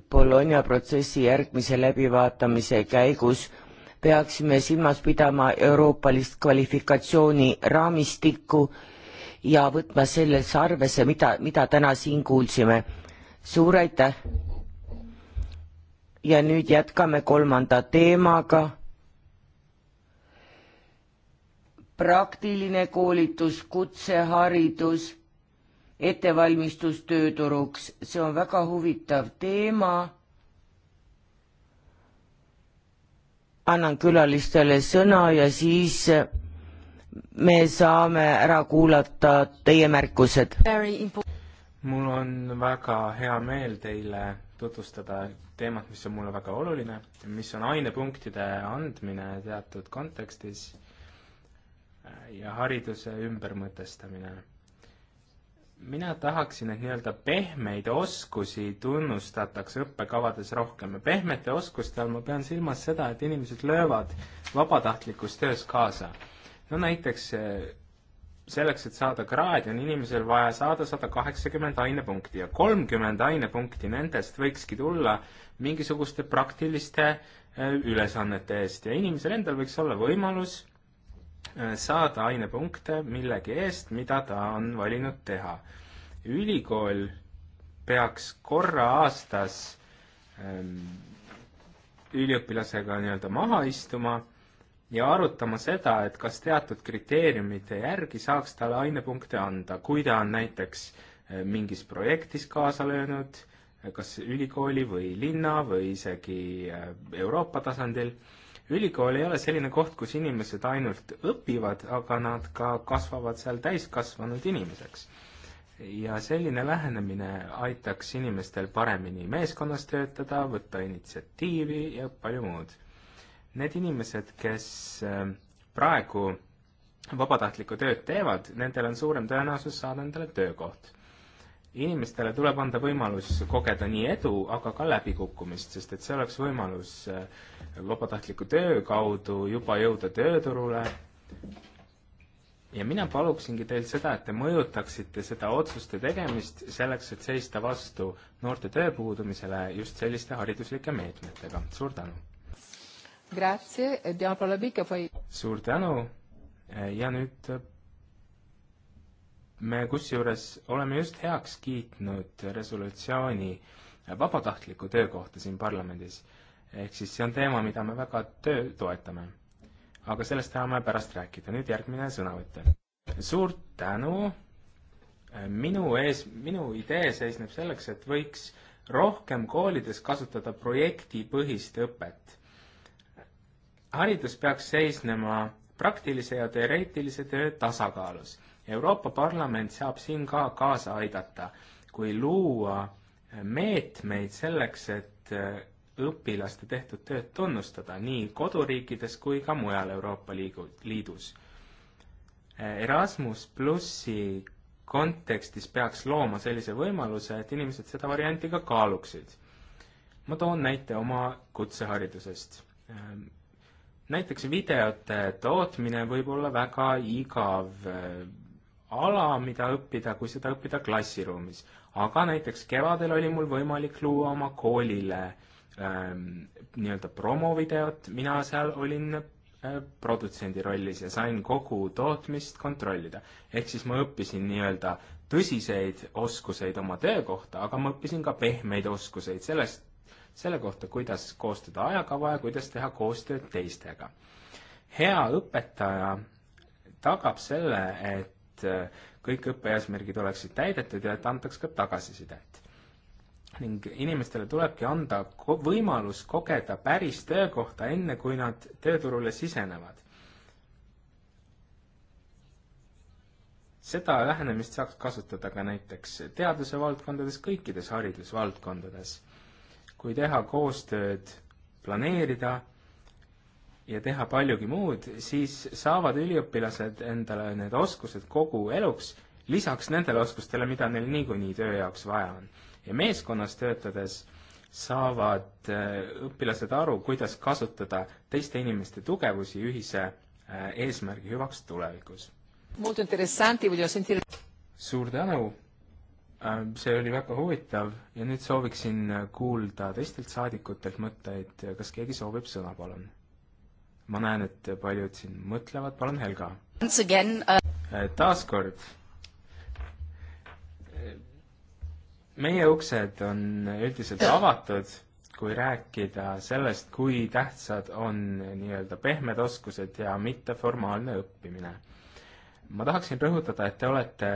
[SPEAKER 3] Bologna protsessi järgmise läbivaatamise käigus peaksime silmas pidama euroopalist kvalifikatsiooniraamistikku ja võtma selles arvesse, mida, mida täna siin kuulsime. suur aitäh! ja nüüd jätkame kolmanda teemaga. praktiline koolitus, kutseharidus ettevalmistus tööturuks, see on väga huvitav teema. annan külalistele sõna ja siis me saame ära kuulata teie märkused.
[SPEAKER 2] mul on väga hea meel teile tutvustada teemat, mis on mulle väga oluline, mis on ainepunktide andmine teatud kontekstis ja hariduse ümbermõtestamine mina tahaksin, et nii-öelda pehmeid oskusi tunnustatakse õppekavades rohkem ja pehmete oskuste all ma pean silmas seda, et inimesed löövad vabatahtlikus töös kaasa. no näiteks eh, selleks, et saada kraadi, on inimesel vaja saada sada kaheksakümmend ainepunkti ja kolmkümmend ainepunkti nendest võikski tulla mingisuguste praktiliste eh, ülesannete eest ja inimesel endal võiks olla võimalus Äh, saada ainepunkte millegi eest, mida ta on valinud teha. ülikool peaks korra aastas ähm, üliõpilasega nii-öelda maha istuma ja arutama seda, et kas teatud kriteeriumite järgi saaks talle ainepunkte anda, kui ta on näiteks äh, mingis projektis kaasa löönud, äh, kas ülikooli või linna või isegi Euroopa tasandil ülikool ei ole selline koht, kus inimesed ainult õpivad, aga nad ka kasvavad seal täiskasvanud inimeseks. ja selline lähenemine aitaks inimestel paremini meeskonnas töötada, võtta initsiatiivi ja palju muud. Need inimesed, kes äh, praegu vabatahtlikku tööd teevad, nendel on suurem tõenäosus saada endale töökoht inimestele tuleb anda võimalus kogeda nii edu, aga ka läbikukkumist, sest et see oleks võimalus äh, vabatahtliku töö kaudu juba jõuda tööturule. ja mina paluksingi teil seda, et te mõjutaksite seda otsuste tegemist selleks, et seista vastu noorte tööpuudumisele just selliste hariduslike meetmetega. suur tänu!
[SPEAKER 1] E
[SPEAKER 2] suur tänu äh, ja nüüd me kusjuures oleme just heaks kiitnud resolutsiooni vabatahtliku töö kohta siin parlamendis. ehk siis see on teema, mida me väga töö toetame. aga sellest tahame pärast rääkida, nüüd järgmine sõnavõtja. suur tänu, minu ees, minu idee seisneb selleks, et võiks rohkem koolides kasutada projektipõhist õpet. haridus peaks seisnema praktilise ja teoreetilise töö tasakaalus Euroopa Parlament saab siin ka kaasa aidata, kui luua meetmeid selleks, et äh, õpilaste tehtud tööd tunnustada nii koduriikides kui ka mujal Euroopa Liigu, Liidus. Erasmus plussi kontekstis peaks looma sellise võimaluse, et inimesed seda varianti ka kaaluksid. ma toon näite oma kutseharidusest. Ehm, näiteks videote tootmine võib olla väga igav äh, ala, mida õppida, kui seda õppida klassiruumis. aga näiteks kevadel oli mul võimalik luua oma koolile ähm, nii-öelda promovideot, mina seal olin äh, produtsendi rollis ja sain kogu tootmist kontrollida. ehk siis ma õppisin nii-öelda tõsiseid oskuseid oma töö kohta, aga ma õppisin ka pehmeid oskuseid sellest, selle kohta, kuidas koostada ajakava ja kuidas teha koostööd teistega. hea õpetaja tagab selle, et et äh, kõik õppeeesmärgid oleksid täidetud ja et antaks ka tagasisidet. ning inimestele tulebki anda ko võimalus kogeda päris töökohta, enne kui nad tööturule sisenevad. seda lähenemist saaks kasutada ka näiteks teaduse valdkondades, kõikides haridusvaldkondades. kui teha koostööd, planeerida ja teha paljugi muud, siis saavad üliõpilased endale need oskused kogu eluks, lisaks nendele oskustele, mida neil niikuinii töö jaoks vaja on. ja meeskonnas töötades saavad äh, õpilased aru, kuidas kasutada teiste inimeste tugevusi ühise äh, eesmärgi hüvaks tulevikus. suur tänu, äh, see oli väga huvitav ja nüüd sooviksin kuulda teistelt saadikutelt mõtteid, kas keegi soovib sõna, palun ma näen, et paljud siin mõtlevad, palun, Helga.
[SPEAKER 3] Uh, äh,
[SPEAKER 2] taaskord. meie uksed on üldiselt avatud, kui rääkida sellest, kui tähtsad on nii-öelda pehmed oskused ja mitteformaalne õppimine. ma tahaksin rõhutada, et te olete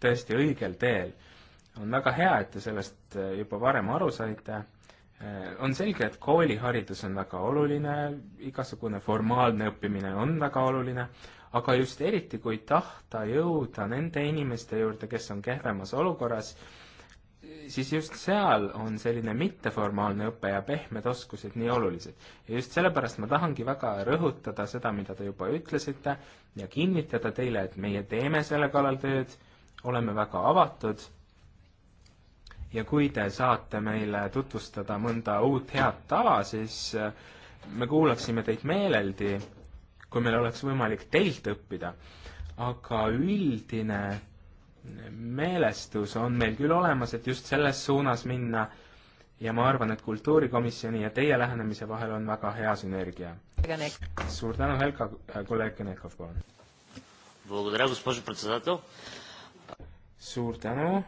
[SPEAKER 2] tõesti õigel teel. on väga hea, et te sellest juba varem aru saite Äh, on selge, et kooliharidus on väga oluline, igasugune formaalne õppimine on väga oluline, aga just eriti, kui tahta jõuda nende inimeste juurde, kes on kehvemas olukorras, siis just seal on selline mitteformaalne õpe ja pehmed oskused nii olulised. ja just sellepärast ma tahangi väga rõhutada seda, mida te juba ütlesite ja kinnitada teile, et meie teeme selle kallal tööd, oleme väga avatud ja kui te saate meile tutvustada mõnda uut head tava, siis äh, me kuulaksime teid meeleldi, kui meil oleks võimalik teilt õppida. aga üldine meelestus on meil küll olemas, et just selles suunas minna ja ma arvan, et kultuurikomisjoni ja teie lähenemise vahel on väga hea sünergia. suur tänu, Helka, äh, kolleeg Genekov, palun. suur tänu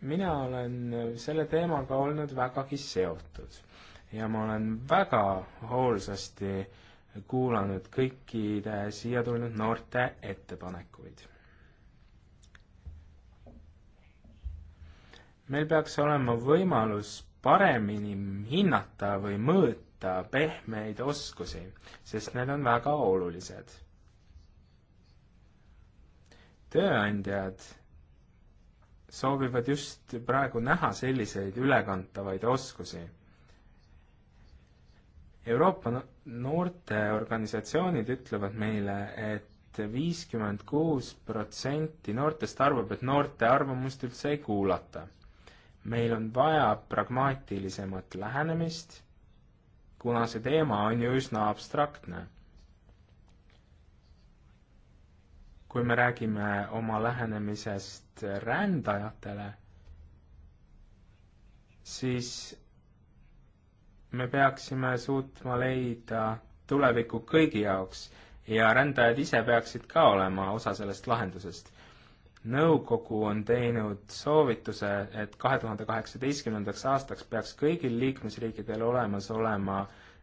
[SPEAKER 2] mina olen selle teemaga olnud vägagi seotud ja ma olen väga hoolsasti kuulanud kõikide siia tulnud noorte ettepanekuid. meil peaks olema võimalus paremini hinnata või mõõta pehmeid oskusi, sest need on väga olulised. tööandjad soovivad just praegu näha selliseid ülekantavaid oskusi. Euroopa noorteorganisatsioonid ütlevad meile et, et viiskümmend kuus protsenti noortest arvab, et noorte arvamust üldse ei kuulata. meil on vaja pragmaatilisemat lähenemist, kuna see teema on ju üsna abstraktne kui me räägime oma lähenemisest rändajatele, siis me peaksime suutma leida tuleviku kõigi jaoks ja rändajad ise peaksid ka olema osa sellest lahendusest. nõukogu on teinud soovituse, et kahe tuhande kaheksateistkümnendaks aastaks peaks kõigil liikmesriikidel olemas olema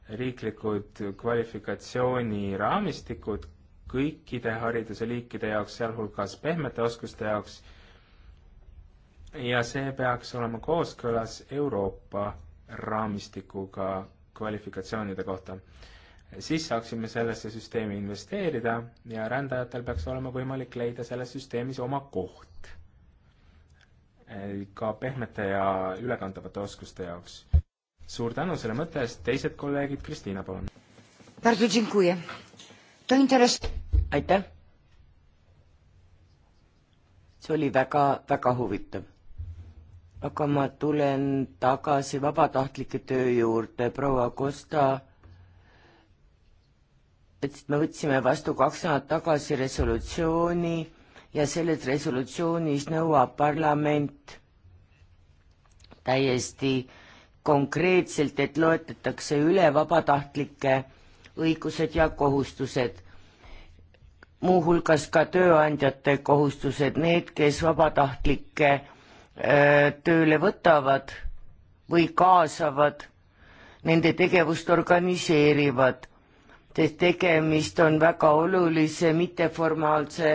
[SPEAKER 2] riiklikud kvalifikatsiooniraamistikud kõikide hariduse liikide jaoks, sealhulgas pehmete oskuste jaoks, ja see peaks olema kooskõlas Euroopa raamistikuga kvalifikatsioonide kohta. siis saaksime sellesse süsteemi investeerida ja rändajatel peaks olema võimalik leida selles süsteemis oma koht. Eh, ka pehmete ja ülekantavate oskuste jaoks. suur tänu selle mõtte eest, teised kolleegid, Kristiina, palun
[SPEAKER 3] ta interes-. aitäh. see oli väga, väga huvitav. aga ma tulen tagasi vabatahtlike töö juurde, proua Kosta et me võtsime vastu kaks nädalat tagasi resolutsiooni ja selles resolutsioonis nõuab parlament täiesti konkreetselt, et loetletakse üle vabatahtlike õigused ja kohustused, muuhulgas ka tööandjate kohustused, need, kes vabatahtlikke äh, tööle võtavad või kaasavad, nende tegevust organiseerivad, sest tegemist on väga olulise mitteformaalse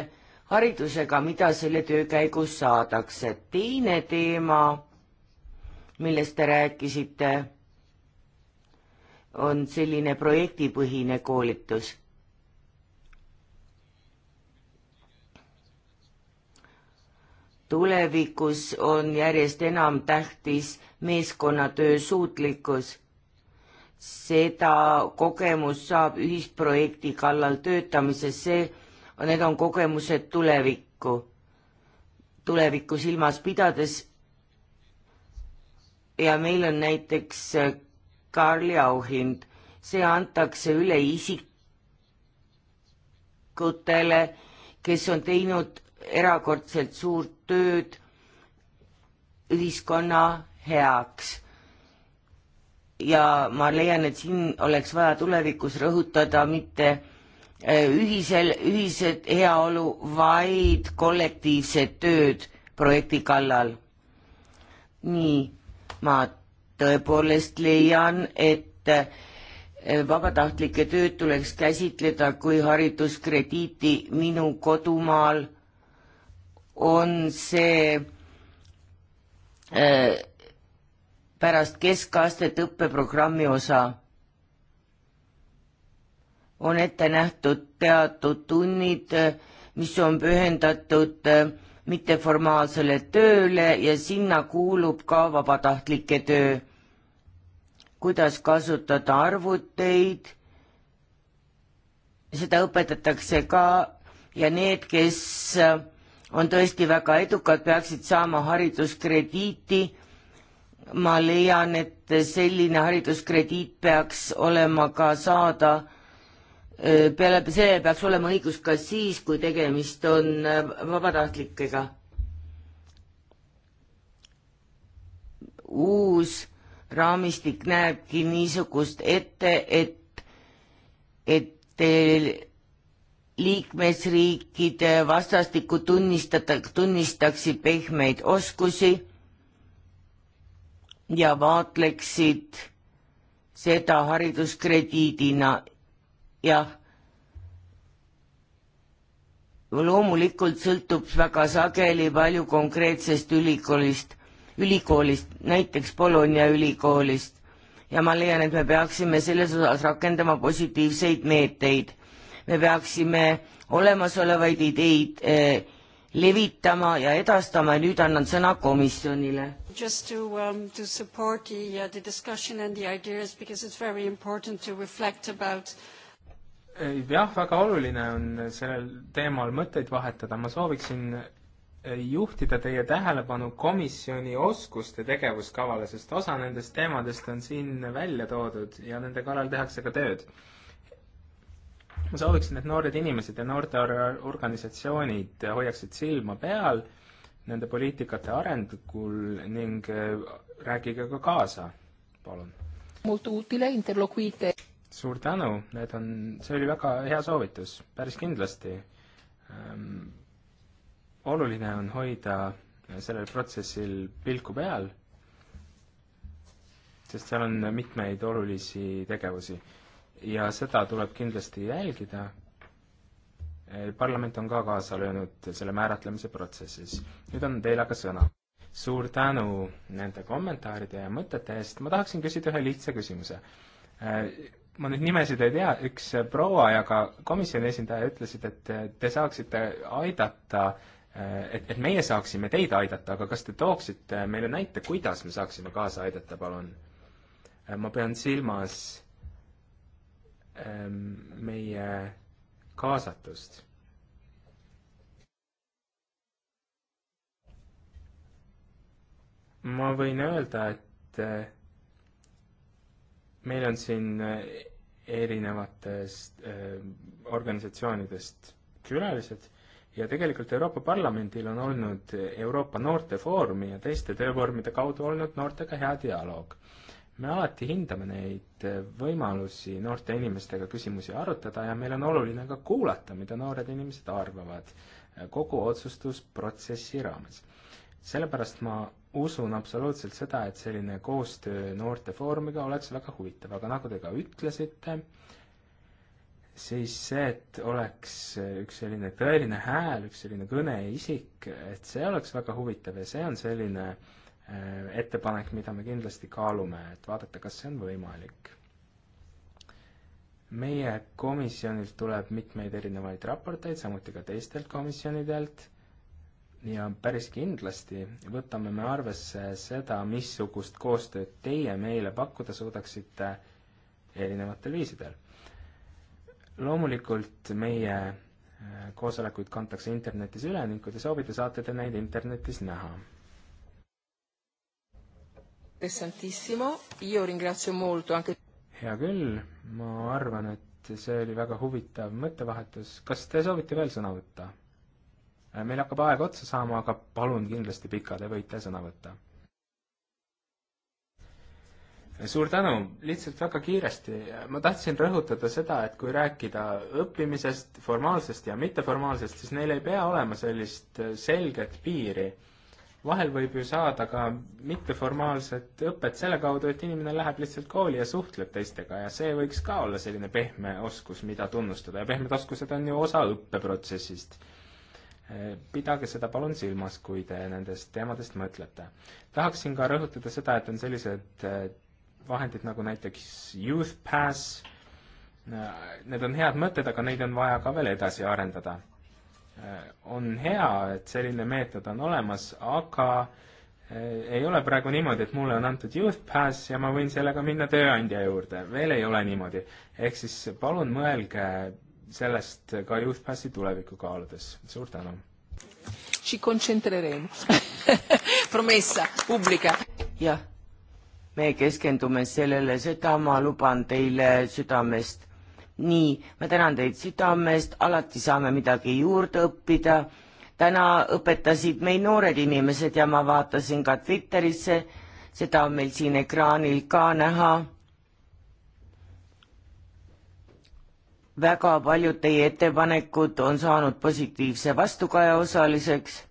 [SPEAKER 3] haridusega, mida selle töö käigus saadakse. teine teema, millest te rääkisite on selline projektipõhine koolitus. tulevikus on järjest enam tähtis meeskonnatöö suutlikkus. seda kogemus saab ühisprojekti kallal töötamises, see, need on kogemused tulevikku, tulevikku silmas pidades. ja meil on näiteks Karli auhind. see antakse üle isikutele, kes on teinud erakordselt suurt tööd ühiskonna heaks. ja ma leian, et siin oleks vaja tulevikus rõhutada mitte e, ühisel, ühised heaolu, vaid kollektiivset tööd projekti kallal. nii, ma tõepoolest leian, et eh, vabatahtlikke tööd tuleks käsitleda kui hariduskrediiti minu kodumaal on see eh, pärast keskastet õppeprogrammi osa on ette nähtud teatud tunnid, mis on pühendatud eh, mitteformaalsele tööle ja sinna kuulub ka vabatahtlike töö kuidas kasutada arvuteid, seda õpetatakse ka ja need, kes on tõesti väga edukad, peaksid saama hariduskrediiti. ma leian, et selline hariduskrediit peaks olema ka saada, peale selle peaks olema õigus ka siis, kui tegemist on vabatahtlikega. uus raamistik näebki niisugust ette, et, et liikmesriikide vastastikku tunnistada, tunnistaksid pehmeid oskusi ja vaatleksid seda hariduskrediidina, jah loomulikult sõltub väga sageli palju konkreetsest ülikoolist, ülikoolist, näiteks Bologna ülikoolist. ja ma leian, et me peaksime selles osas rakendama positiivseid meetmeid. me peaksime olemasolevaid ideid eh, levitama ja edastama ja nüüd annan sõna komisjonile.
[SPEAKER 1] Just to, um, to support the, uh, the discussion and the ideas because it's very important to reflect about
[SPEAKER 2] eh, jah, väga oluline on sellel teemal mõtteid vahetada, ma sooviksin juhtida teie tähelepanu komisjoni oskuste tegevuskavale, sest osa nendest teemadest on siin välja toodud ja nende kallal tehakse ka tööd. ma sooviksin, et noored inimesed ja noorteorganisatsioonid hoiaksid silma peal nende poliitikate arengul ning äh, rääkige ka kaasa, palun. suur tänu, need on, see oli väga hea soovitus, päris kindlasti ähm, oluline on hoida sellel protsessil pilku peal, sest seal on mitmeid olulisi tegevusi ja seda tuleb kindlasti jälgida. parlament on ka kaasa löönud selle määratlemise protsessis. nüüd on teil aga sõna. suur tänu nende kommentaaride ja mõtete eest, ma tahaksin küsida ühe lihtsa küsimuse ma nüüd nimesid ei tea, üks proua ja ka komisjoni esindaja ütlesid, et te saaksite aidata Äh, et, et meie saaksime teid aidata, aga kas te tooksite meile näite, kuidas me saaksime kaasa aidata, palun? Äh, ma pean silmas ähm, meie kaasatust ma võin öelda, et äh, meil on siin erinevatest organisatsioonidest külalised ja tegelikult Euroopa Parlamendil on olnud Euroopa Noortefoorumi ja teiste töövormide kaudu olnud noortega hea dialoog. me alati hindame neid võimalusi noorte inimestega küsimusi arutada ja meil on oluline ka kuulata, mida noored inimesed arvavad kogu otsustusprotsessi raames. sellepärast ma usun absoluutselt seda, et selline koostöö Noortefoorumiga oleks väga huvitav, aga nagu te ka ütlesite, siis see, et oleks üks selline tõeline hääl, üks selline kõneisik, et see oleks väga huvitav ja see on selline äh, ettepanek, mida me kindlasti kaalume, et vaadata, kas see on võimalik. meie komisjonilt tuleb mitmeid erinevaid raporteid, samuti ka teistelt komisjonidelt ja päris kindlasti võtame me arvesse seda, missugust koostööd teie meile pakkuda suudaksite erinevatel viisidel loomulikult meie äh, koosolekuid kantakse internetis üle ning kui te soovite, saate te neid internetis näha. hea küll, ma arvan, et see oli väga huvitav mõttevahetus, kas te soovite veel sõna võtta? Äh, meil hakkab aeg otsa saama, aga palun kindlasti pika, te võite sõna võtta suur tänu, lihtsalt väga kiiresti, ma tahtsin rõhutada seda, et kui rääkida õppimisest, formaalsest ja mitteformaalsest, siis neil ei pea olema sellist äh, selget piiri. vahel võib ju saada ka mitteformaalset õpet selle kaudu, et inimene läheb lihtsalt kooli ja suhtleb teistega ja see võiks ka olla selline pehme oskus, mida tunnustada ja pehmed oskused on ju osa õppeprotsessist äh, pidage seda palun silmas, kui te nendest teemadest mõtlete. tahaksin ka rõhutada seda, et on sellised äh, vahendid nagu näiteks Youth Pass, äh, need on head mõtted, aga neid on vaja ka veel edasi arendada. Äh, on hea, et selline meetod on olemas, aga äh, ei ole praegu niimoodi, et mulle on antud Youth Pass ja ma võin sellega minna tööandja juurde, veel ei ole niimoodi. ehk siis palun mõelge sellest ka Youth Passi tulevikku kaaludes, suur tänu! Ci concentreremo
[SPEAKER 1] promessa pubblica. jah
[SPEAKER 2] me keskendume sellele,
[SPEAKER 3] seda ma luban teile südamest. nii, ma tänan teid südamest, alati saame midagi juurde õppida. täna õpetasid meid noored inimesed ja ma vaatasin ka Twitterisse, seda on meil siin ekraanil ka näha. väga paljud teie ettepanekud on saanud positiivse vastukaja osaliseks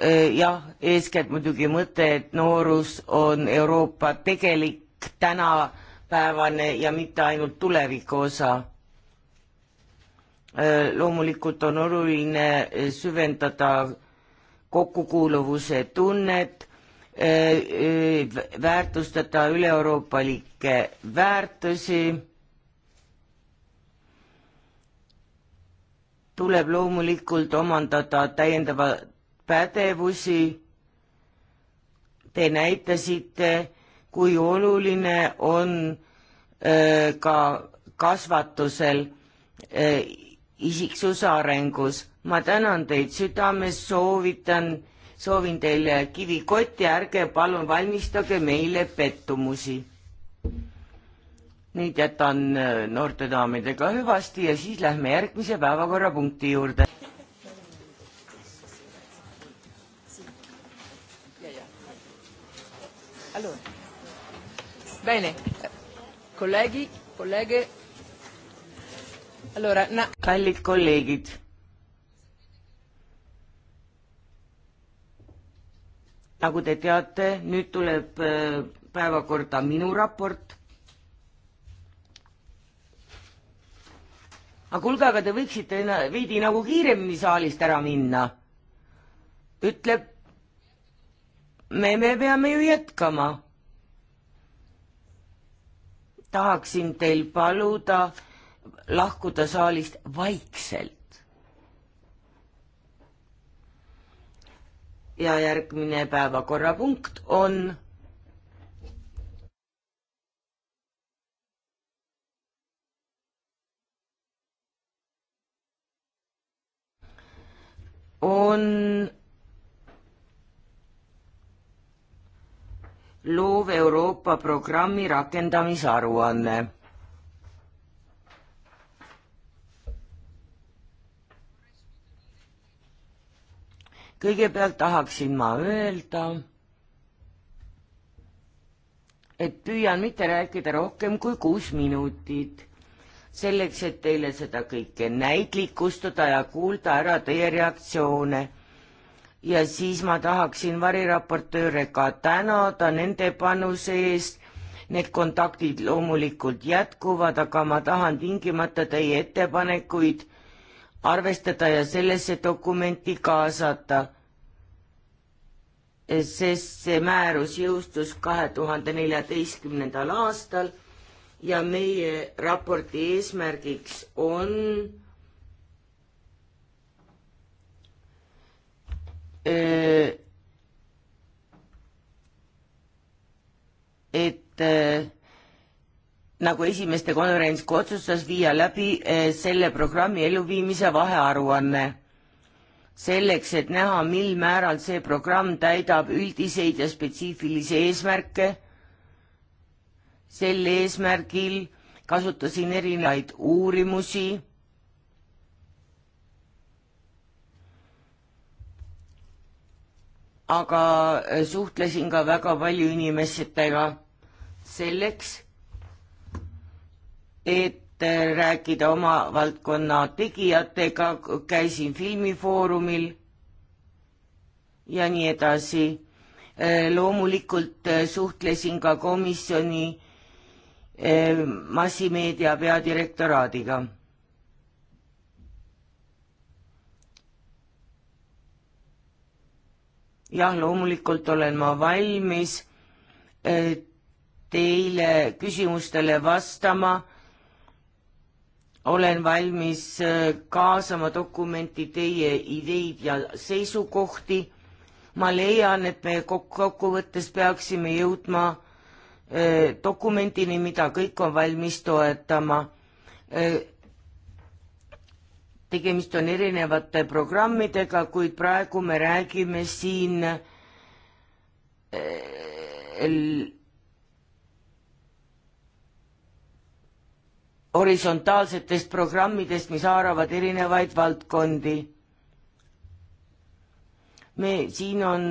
[SPEAKER 3] Äh, jah, eeskätt muidugi mõte, et noorus on Euroopa tegelik tänapäevane ja mitte ainult tuleviku osa. Äh, loomulikult on oluline äh, süvendada kokkukuuluvuse tunnet, väärtustada üle-euroopalikke väärtusi, tuleb loomulikult omandada täiendava pädevusi. Te näitasite, kui oluline on öö, ka kasvatusel öö, isiksuse arengus. ma tänan teid südames, soovitan, soovin teile kivikotti, ärge palun valmistage meile pettumusi. nüüd jätan noorte daamidega hüvasti ja siis lähme järgmise päevakorrapunkti juurde.
[SPEAKER 1] Allora. Bene, kolleegi, kolleege. Allora, na...
[SPEAKER 3] kallid kolleegid. nagu te teate, nüüd tuleb äh, päevakorda minu raport. aga kuulge, aga te võiksite veidi nagu kiiremini saalist ära minna, ütleb me, me peame ju jätkama. tahaksin teil paluda lahkuda saalist vaikselt. ja järgmine päevakorrapunkt on on loov Euroopa programmi rakendamisaruanne. kõigepealt tahaksin ma öelda, et püüan mitte rääkida rohkem kui kuus minutit, selleks et teile seda kõike näitlikustada ja kuulda ära teie reaktsioone ja siis ma tahaksin variraportööre ka tänada nende panuse eest. Need kontaktid loomulikult jätkuvad, aga ma tahan tingimata teie ettepanekuid arvestada ja sellesse dokumenti kaasata. sest see määrus jõustus kahe tuhande neljateistkümnendal aastal ja meie raporti eesmärgiks on Äh, et äh, nagu esimeste konverents ka otsustas, viia läbi äh, selle programmi elluviimise vahearuanne. selleks, et näha, mil määral see programm täidab üldiseid ja spetsiifilisi eesmärke, sel eesmärgil kasutasin erinevaid uurimusi aga suhtlesin ka väga palju inimestega selleks, et rääkida oma valdkonna tegijatega, käisin filmifoorumil ja nii edasi. loomulikult suhtlesin ka komisjoni eh, massimeedia peadirektoraadiga jah, loomulikult olen ma valmis äh, teile küsimustele vastama. olen valmis äh, kaasama dokumenti teie ideid ja seisukohti. ma leian, et me kokkuvõttes peaksime jõudma äh, dokumendini, mida kõik on valmis toetama tegemist on erinevate programmidega, kuid praegu me räägime siin eh, horisontaalsetest programmidest, mis haaravad erinevaid valdkondi. me, siin on,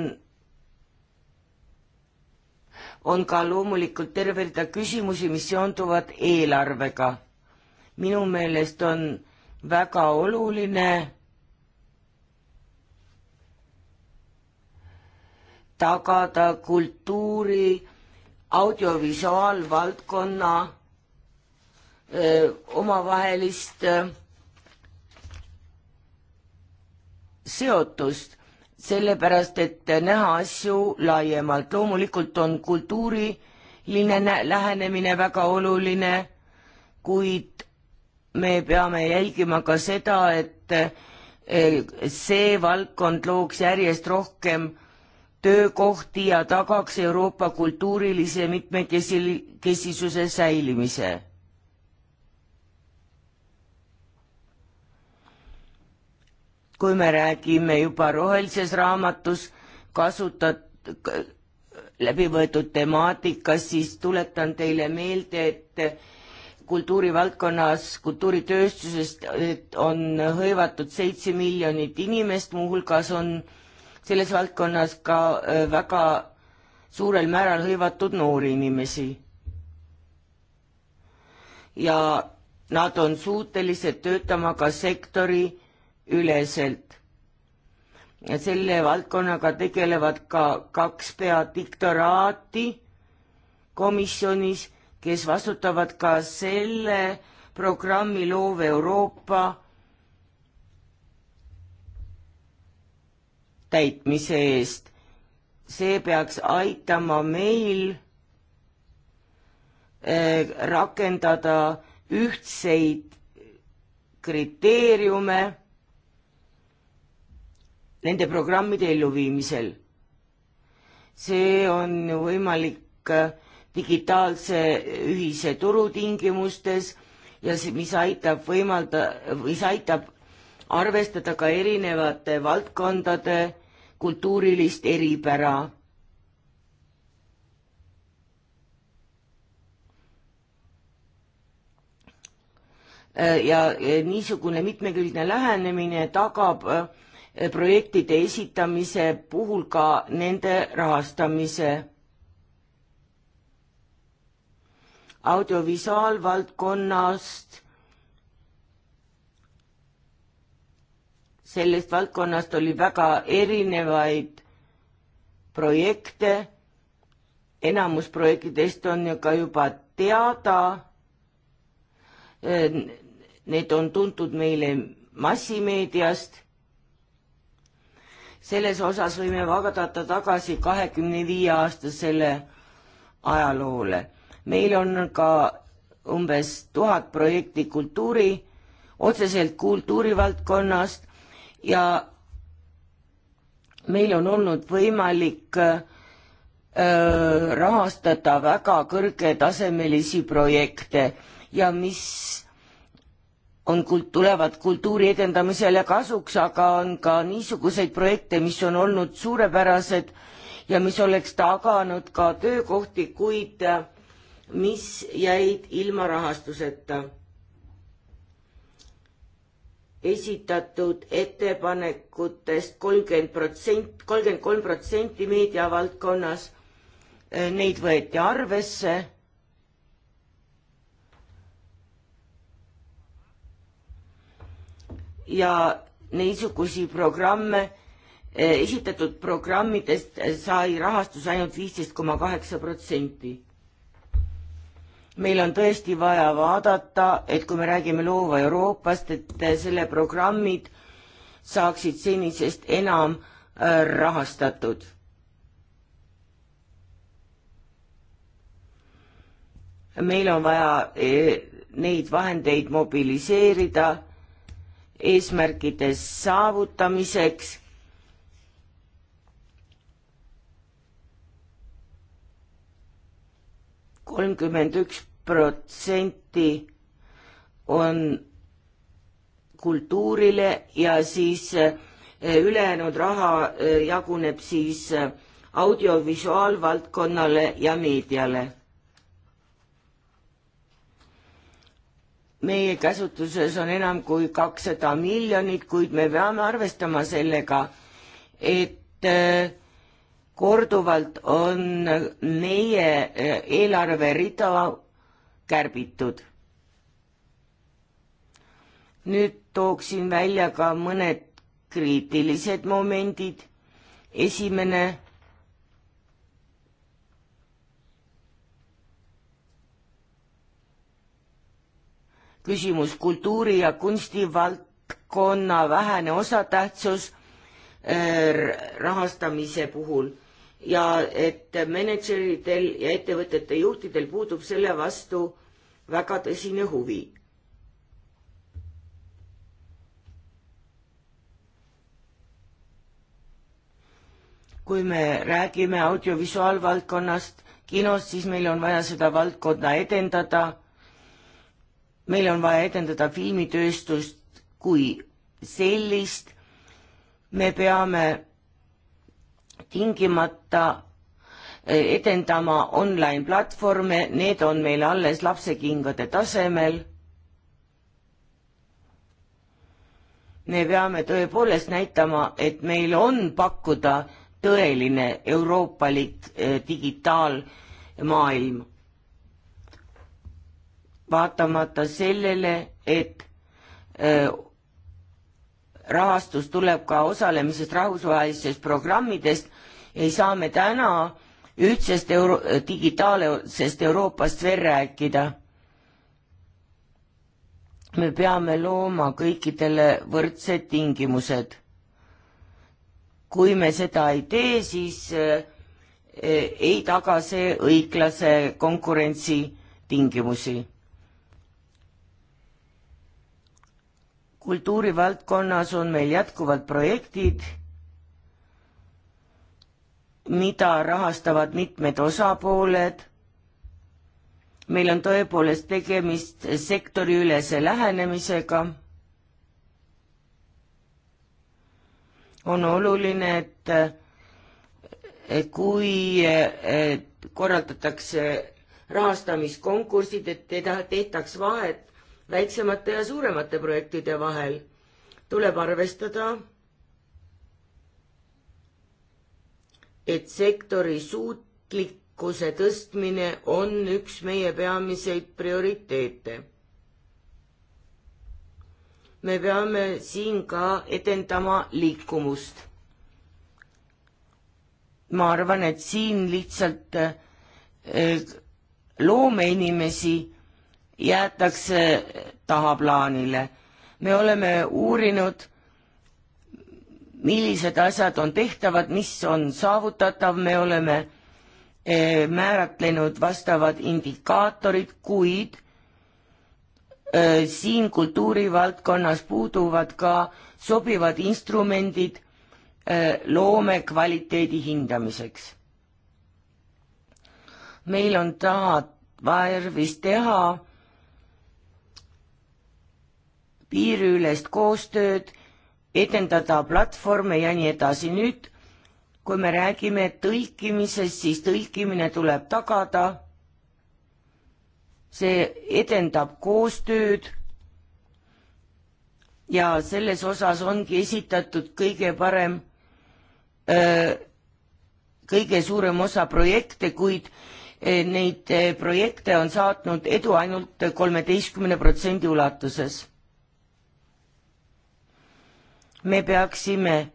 [SPEAKER 3] on ka loomulikult terve rida küsimusi, mis seonduvad eelarvega. minu meelest on väga oluline tagada kultuuri audiovisuaalvaldkonna omavahelist öö, seotust, sellepärast et näha asju laiemalt. loomulikult on kultuuriline lähenemine väga oluline, kuid me peame jälgima ka seda, et eh, see valdkond looks järjest rohkem töökohti ja tagaks Euroopa kultuurilise mitmekesisuse säilimise. kui me räägime juba rohelises raamatus kasutat-, läbi võetud temaatikast, siis tuletan teile meelde, et kultuurivaldkonnas, kultuuritööstusest, et on hõivatud seitse miljonit inimest, muuhulgas on selles valdkonnas ka äh, väga suurel määral hõivatud noori inimesi. ja nad on suutelised töötama ka sektori üleselt. selle valdkonnaga tegelevad ka kaks peadiktoraati komisjonis kes vastutavad ka selle programmi Loov Euroopa täitmise eest. see peaks aitama meil eh, rakendada ühtseid kriteeriume nende programmide elluviimisel. see on võimalik eh, digitaalse ühise turu tingimustes ja see, mis aitab võimalda, mis aitab arvestada ka erinevate valdkondade kultuurilist eripära. ja niisugune mitmekülgne lähenemine tagab eh, projektide esitamise puhul ka nende rahastamise audiovisuaalvaldkonnast, sellest valdkonnast oli väga erinevaid projekte, enamus projektidest on ju ka juba teada, äh, need on tuntud meile massimeediast selles osas võime vaadata tagasi kahekümne viie aastasele ajaloole meil on ka umbes tuhat projekti kultuuri, otseselt kultuurivaldkonnast ja meil on olnud võimalik öö, rahastada väga kõrgetasemelisi projekte ja mis on kult-, tulevad kultuuri edendamisele kasuks, aga on ka niisuguseid projekte, mis on olnud suurepärased ja mis oleks taganud ka töökohti, kuid äh, mis jäid ilma rahastuseta. esitatud ettepanekutest kolmkümmend protsent, kolmkümmend kolm protsenti meediavaldkonnas, eh, neid võeti arvesse ja niisugusi programme, eh, esitatud programmidest eh, sai rahastus ainult viisteist koma kaheksa protsenti meil on tõesti vaja vaadata, et kui me räägime loova Euroopast, et selle programmid saaksid senisest enam äh, rahastatud. meil on vaja äh, neid vahendeid mobiliseerida eesmärkide saavutamiseks kolmkümmend üks protsenti on kultuurile ja siis eh, ülejäänud raha eh, jaguneb siis eh, audiovisuaalvaldkonnale ja meediale. meie käsutuses on enam kui kakssada miljonit, kuid me peame arvestama sellega, et korduvalt on meie eelarverida kärbitud. nüüd tooksin välja ka mõned kriitilised momendid. esimene küsimus kultuuri ja kunstivaldkonna vähene osatähtsus äh, rahastamise puhul ja et mänedžeritel ja ettevõtete juhtidel puudub selle vastu väga tõsine huvi. kui me räägime audiovisuaalvaldkonnast, kinost, siis meil on vaja seda valdkonda edendada. meil on vaja edendada filmitööstust kui sellist. me peame tingimata eh, edendama online platvorme, need on meil alles lapsekingade tasemel. me peame tõepoolest näitama, et meil on pakkuda tõeline euroopalik eh, digitaalmaailm. vaatamata sellele, et öö, eh, rahastus tuleb ka osalemisest rahvusvahelistest programmidest, ei saa me täna ühtsest euro-, digitaalsest Euroopast veel rääkida. me peame looma kõikidele võrdsed tingimused. kui me seda ei tee, siis eh, ei taga see õiglase konkurentsi tingimusi kultuurivaldkonnas on meil jätkuvalt projektid, mida rahastavad mitmed osapooled, meil on tõepoolest tegemist sektoriülese lähenemisega, on oluline, et kui korraldatakse rahastamiskonkursid, et teda tehtaks vahet väiksemate ja suuremate projektide vahel. tuleb arvestada, et sektori suutlikkuse tõstmine on üks meie peamiseid prioriteete. me peame siin ka edendama liikumust. ma arvan, et siin lihtsalt eh, loomeinimesi jäetakse tahaplaanile. me oleme uurinud, millised asjad on tehtavad, mis on saavutatav, me oleme eh, määratlenud vastavad indikaatorid, kuid eh, siin kultuurivaldkonnas puuduvad ka sobivad instrumendid eh, loome kvaliteedi hindamiseks. meil on taha tarvis teha piiriülest koostööd, edendada platvorme ja nii edasi. nüüd, kui me räägime tõlkimisest, siis tõlkimine tuleb tagada, see edendab koostööd ja selles osas ongi esitatud kõige parem öö, kõige suurem osa projekte, kuid neid projekte on saatnud edu ainult kolmeteistkümne protsendi ulatuses me peaksime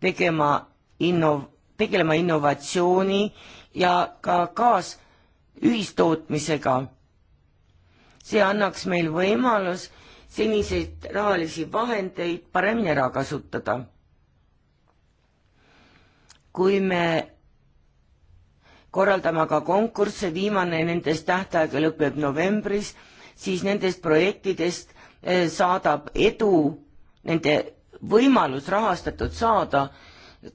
[SPEAKER 3] tegema innov-, tegelema innovatsiooni ja ka kaas ühistootmisega. see annaks meil võimalus seniseid rahalisi vahendeid paremini ära kasutada. kui me korraldame ka konkursse, viimane nendest tähtaeg lõpeb novembris, siis nendest projektidest eh, saadab edu nende võimalus rahastatud saada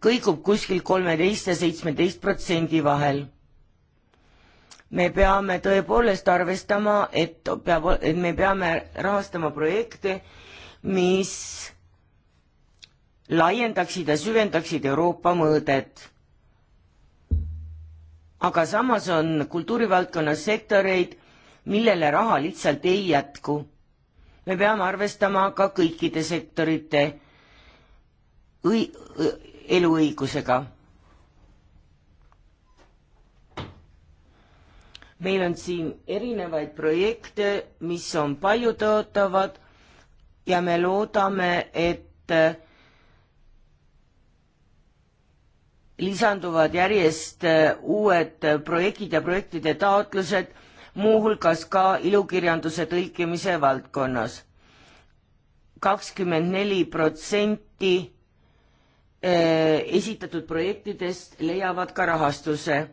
[SPEAKER 3] kõigub kuskil kolmeteist ja seitsmeteist protsendi vahel. me peame tõepoolest arvestama, et peab, et me peame rahastama projekte, mis laiendaksid ja süvendaksid Euroopa mõõdet. aga samas on kultuurivaldkonnas sektoreid, millele raha lihtsalt ei jätku. me peame arvestama ka kõikide sektorite õi-, eluõigusega. meil on siin erinevaid projekte, mis on paljutõotavad ja me loodame, et äh, lisanduvad järjest äh, uued äh, projektid ja projektide taotlused, muuhulgas ka ilukirjanduse tõlkimise valdkonnas. kakskümmend neli protsenti Eh, esitatud projektidest leiavad ka rahastuse.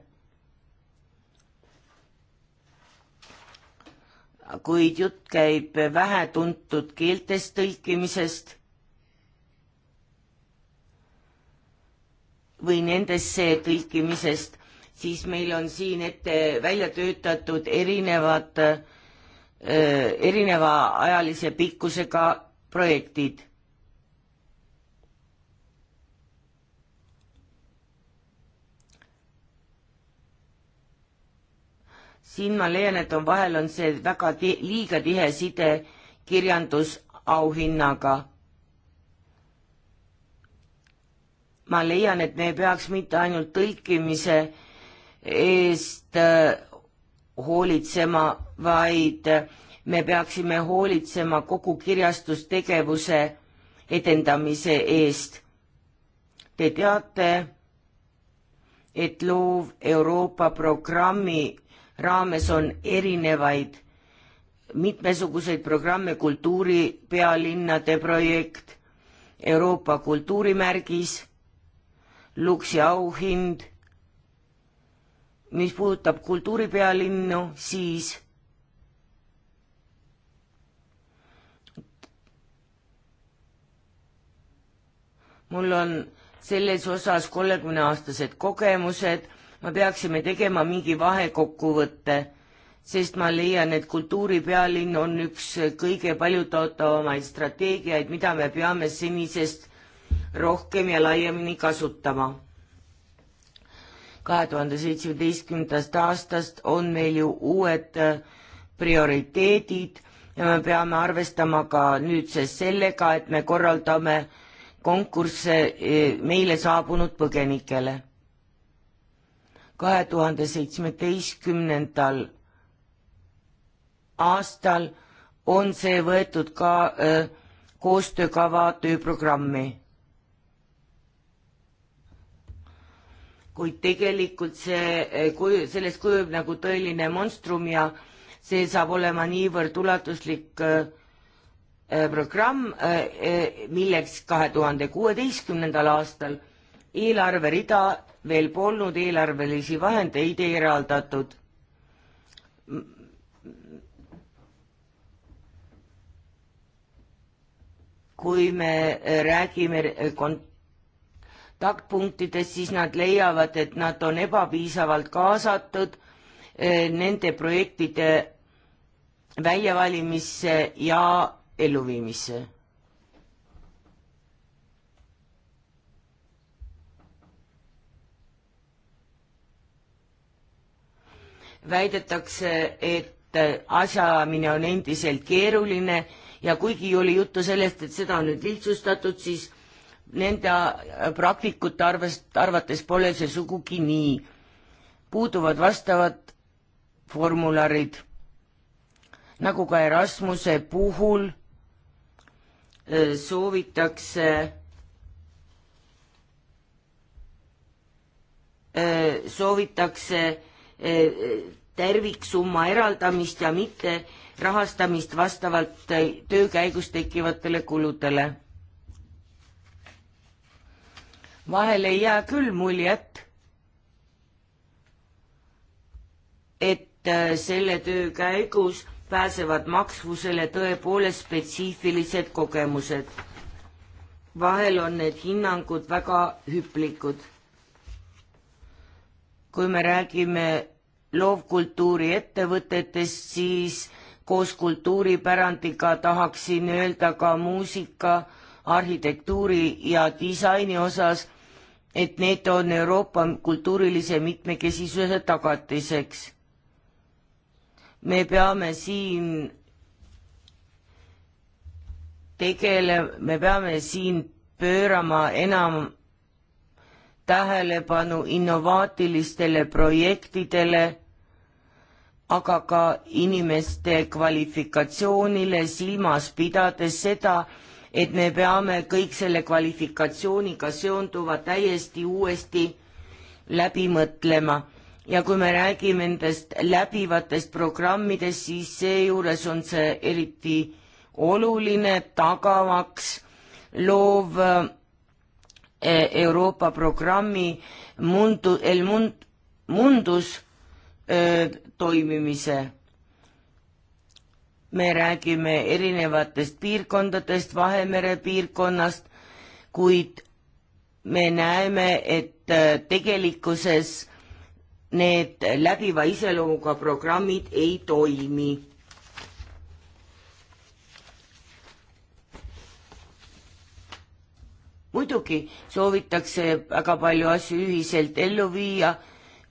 [SPEAKER 3] kuid jutt käib vähetuntud keeltest tõlkimisest või nendesse tõlkimisest, siis meil on siin ette välja töötatud erinevad, eh, erineva ajalise pikkusega projektid siin ma leian, et on vahel on see väga ti liiga tihe side kirjandusauhinnaga. ma leian, et me ei peaks mitte ainult tõlkimise eest äh, hoolitsema, vaid me peaksime hoolitsema kogu kirjastustegevuse edendamise eest. Te teate, et loov Euroopa programmi raames on erinevaid mitmesuguseid programme, kultuuripealinnade projekt, Euroopa kultuurimärgis, Luksi auhind. mis puudutab kultuuripealinnu, siis mul on selles osas kolmekümneaastased kogemused me peaksime tegema mingi vahekokkuvõtte, sest ma leian, et kultuuripealinn on üks kõige paljutaotavamaid strateegiaid, mida me peame senisest rohkem ja laiemini kasutama. kahe tuhande seitsmeteistkümnendast aastast on meil ju uued prioriteedid ja me peame arvestama ka nüüdses sellega, et me korraldame konkursse eh, meile saabunud põgenikele kahe tuhande seitsmeteistkümnendal aastal on see võetud ka öö, äh, koostöökava tööprogrammi. kuid tegelikult see, äh, kui sellest kujub nagu tõeline monstrum ja see saab olema niivõrd ulatuslik öö, äh, programm, milleks kahe tuhande kuueteistkümnendal aastal eelarverida veel polnud eelarvelisi vahendeid eraldatud. kui me räägime kontaktpunktidest, siis nad leiavad, et nad on ebapiisavalt kaasatud eh, nende projektide väljavalimisse ja elluviimisse väidetakse, et asjaajamine on endiselt keeruline ja kuigi oli juttu sellest, et seda on nüüd lihtsustatud, siis nende praktikute arvest, arvates pole see sugugi nii. puuduvad vastavad formularid, nagu ka Erasmuse puhul soovitakse soovitakse terviksumma eraldamist ja mitte rahastamist vastavalt töö käigus tekkivatele kuludele. vahel ei jää küll muljet, et äh, selle töö käigus pääsevad maksvusele tõepoolest spetsiifilised kogemused. vahel on need hinnangud väga hüplikud kui me räägime loovkultuuri ettevõtetest, siis koos kultuuripärandiga tahaksin öelda ka muusika, arhitektuuri ja disaini osas, et need on Euroopa kultuurilise mitmekesisuse tagatiseks. me peame siin tegele-, me peame siin pöörama enam tähelepanu innovaatilistele projektidele, aga ka inimeste kvalifikatsioonile, silmas pidades seda, et me peame kõik selle kvalifikatsiooniga seonduva täiesti uuesti läbi mõtlema ja kui me räägime nendest läbivatest programmidest, siis seejuures on see eriti oluline, tagamaks loov E, Euroopa programmi mundu, El Mund-, Mundus e, toimimise. me räägime erinevatest piirkondadest, Vahemere piirkonnast, kuid me näeme, et e, tegelikkuses need läbiva iseloomuga programmid ei toimi muidugi soovitakse väga palju asju ühiselt ellu viia,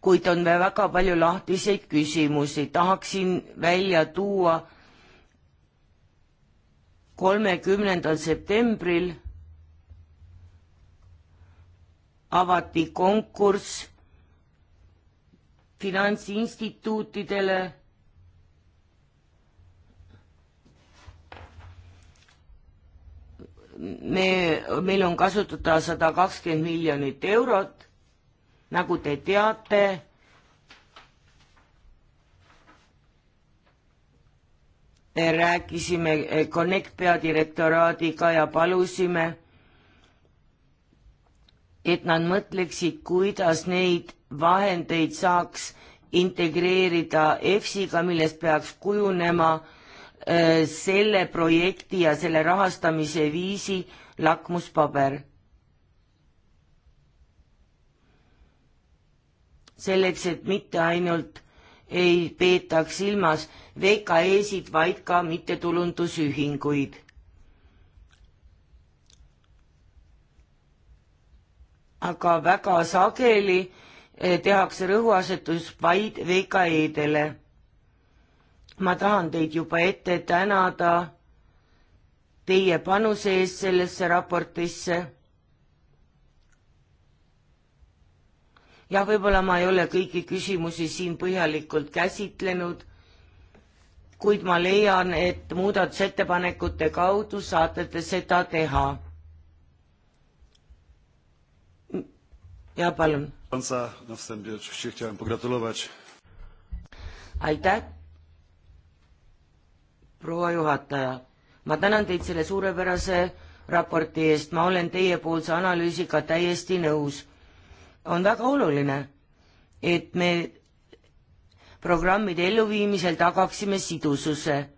[SPEAKER 3] kuid on väga palju lahtiseid küsimusi. tahaksin välja tuua kolmekümnendal septembril avati konkurss finantsinstituutidele me, meil on kasutada sada kakskümmend miljonit eurot, nagu te teate. rääkisime eh, Connect peadirektoraadiga ja palusime, et nad mõtleksid, kuidas neid vahendeid saaks integreerida EFSiga, millest peaks kujunema äh, Äh, selle projekti ja selle rahastamise viisi lakmuspaber. selleks, et mitte ainult ei peetaks silmas VKE-sid, vaid ka mittetulundusühinguid. aga väga sageli äh, tehakse rõhuasetus vaid VKE-dele ma tahan teid juba ette tänada teie panuse eest sellesse raportisse. jah, võib-olla ma ei ole kõiki küsimusi siin põhjalikult käsitlenud, kuid ma leian, et muudatusettepanekute kaudu saate te seda teha. ja palun. aitäh proua juhataja, ma tänan teid selle suurepärase raporti eest, ma olen teiepoolse analüüsiga täiesti nõus. on väga oluline, et me programmide elluviimisel tagaksime sidususe.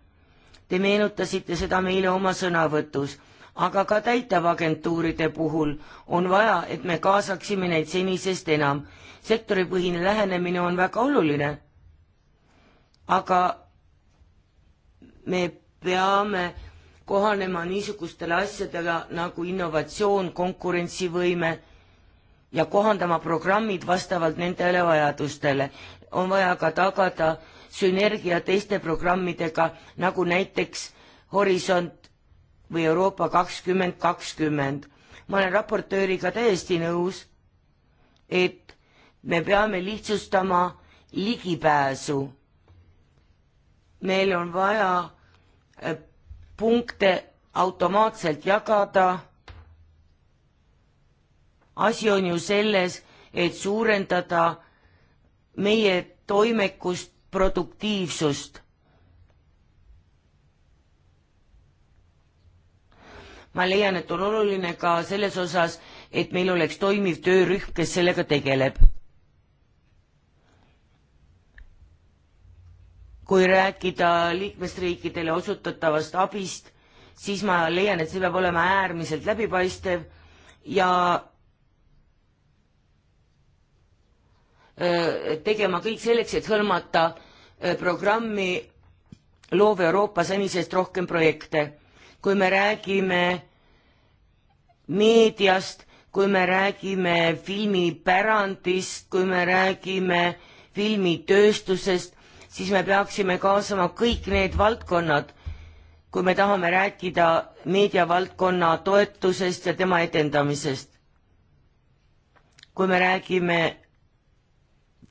[SPEAKER 3] Te meenutasite seda meile oma sõnavõtus, aga ka täitevagentuuride puhul on vaja, et me kaasaksime neid senisest enam. sektoripõhine lähenemine on väga oluline. aga me peame kohanema niisugustele asjadele nagu innovatsioon, konkurentsivõime ja kohandama programmid vastavalt nendele vajadustele. on vaja ka tagada sünergia teiste programmidega, nagu näiteks Horisont või Euroopa kakskümmend kakskümmend. ma olen raportööriga täiesti nõus, et me peame lihtsustama ligipääsu meil on vaja äh, punkte automaatselt jagada. asi on ju selles, et suurendada meie toimekust, produktiivsust. ma leian, et on oluline ka selles osas, et meil oleks toimiv töörühm, kes sellega tegeleb kui rääkida liikmesriikidele osutatavast abist, siis ma leian, et see peab olema äärmiselt läbipaistev ja äh, tegema kõik selleks, et hõlmata äh, programmi Loov Euroopa senisest rohkem projekte. kui me räägime meediast, kui me räägime filmipärandist, kui me räägime filmitööstusest, siis me peaksime kaasama kõik need valdkonnad, kui me tahame rääkida meediavaldkonna toetusest ja tema edendamisest. kui me räägime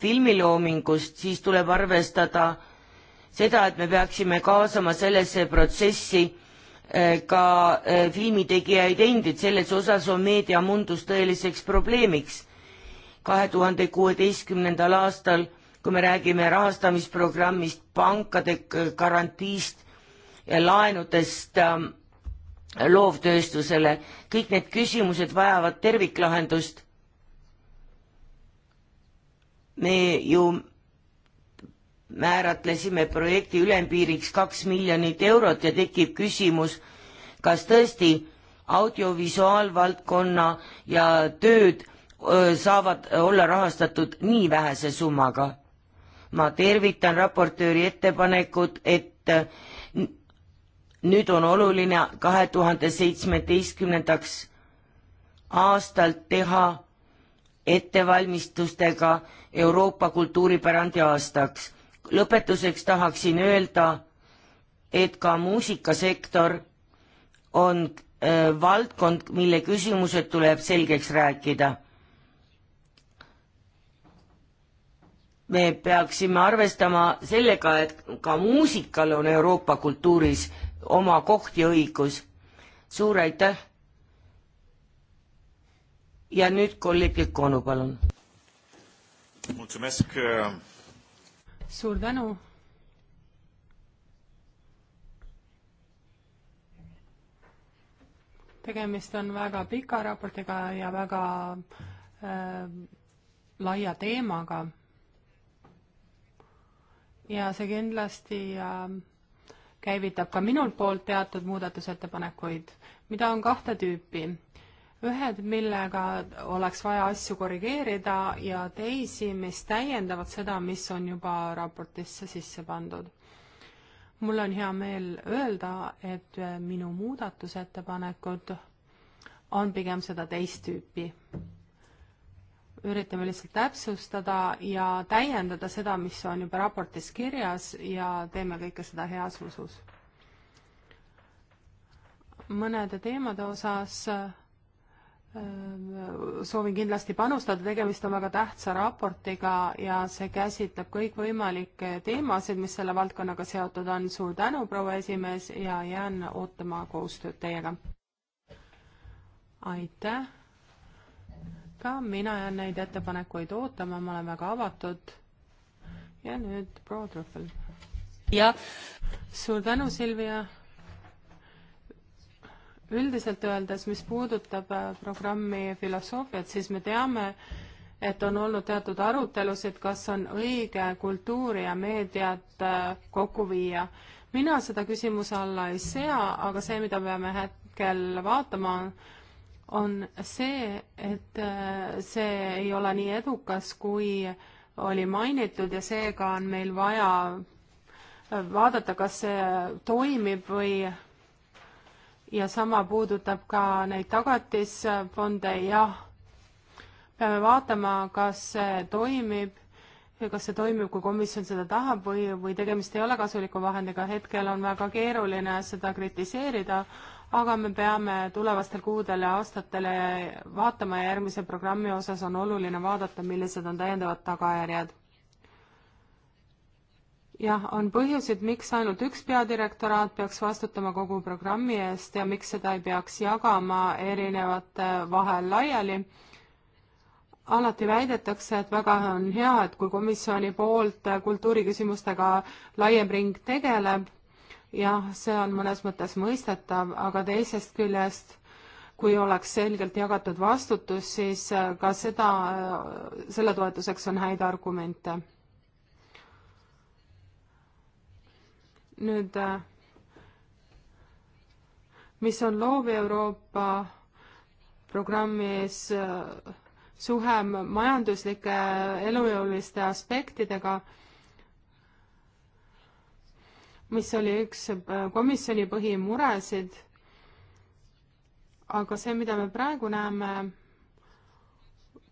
[SPEAKER 3] filmiloomingust, siis tuleb arvestada seda, et me peaksime kaasama sellesse protsessi eh, ka eh, filmitegijaid endid, selles osas on meediamundus tõeliseks probleemiks. kahe tuhande kuueteistkümnendal aastal kui me räägime rahastamisprogrammist, pankade garantiist, laenudest ähm, loovtööstusele, kõik need küsimused vajavad terviklahendust. me ju määratlesime projekti ülempiiriks kaks miljonit eurot ja tekib küsimus, kas tõesti audiovisuaalvaldkonna ja tööd öö, saavad olla rahastatud nii vähese summaga ma tervitan raportööri ettepanekut, et nüüd on oluline kahe tuhande seitsmeteistkümnendaks aastalt teha ettevalmistustega Euroopa kultuuripärandi aastaks. lõpetuseks tahaksin öelda, et ka muusikasektor on äh, valdkond, mille küsimused tuleb selgeks rääkida me peaksime arvestama sellega, et ka muusikal on Euroopa kultuuris oma koht ja õigus. suur aitäh. ja nüüd kolleeg Jekonu, palun.
[SPEAKER 2] Eh,
[SPEAKER 1] suur tänu. tegemist on väga pika raportiga ja väga äh, laia teemaga ja see kindlasti ähm, käivitab ka minult poolt teatud muudatusettepanekuid, mida on kahte tüüpi. ühed, millega oleks vaja asju korrigeerida ja teisi, mis täiendavad seda, mis on juba raportisse sisse pandud. mul on hea meel öelda, et äh, minu muudatusettepanekud on pigem seda teist tüüpi üritame lihtsalt täpsustada ja täiendada seda, mis on juba raportis kirjas ja teeme kõike seda heas usus. mõnede teemade osas äh, soovin kindlasti panustada, tegemist on väga tähtsa raportiga ja see käsitleb kõikvõimalikke teemasid, mis selle valdkonnaga seotud on. suur tänu, proua esimees, ja jään ootama koostööd teiega. aitäh ka mina jään neid ettepanekuid ootama, ma olen väga avatud. ja nüüd proua Trüffel. jah. suur tänu, Silvia. üldiselt öeldes, mis puudutab äh, programmi filosoofiat, siis me teame, et on olnud teatud arutelusid, kas on õige kultuuri ja meediat äh, kokku viia. mina seda küsimuse alla ei sea, aga see, mida peame hetkel vaatama, on on see, et äh, see ei ole nii edukas, kui oli mainitud ja seega on meil vaja vaadata, kas see toimib või ja sama puudutab ka neid tagatisfonde, jah, peame vaatama, kas see toimib ja kas see toimib, kui komisjon seda tahab või, või tegemist ei ole kasuliku vahendiga, hetkel on väga keeruline seda kritiseerida, aga me peame tulevastel kuudel ja aastatel vaatama ja järgmise programmi osas on oluline vaadata, millised on täiendavad tagajärjed. jah, on põhjuseid, miks ainult üks peadirektoraat peaks vastutama kogu programmi eest ja miks seda ei peaks jagama erinevate vahel laiali alati väidetakse, et väga on hea, et kui komisjoni poolt kultuuriküsimustega laiem ring tegeleb, jah, see on mõnes mõttes mõistetav, aga teisest küljest kui oleks selgelt jagatud vastutus, siis äh, ka seda, äh, selle toetuseks on häid argumente. nüüd, äh, mis on loov Euroopa programmis suhe majanduslike elujõuliste aspektidega mis oli üks äh, komisjoni põhimuresid. aga see, mida me praegu näeme,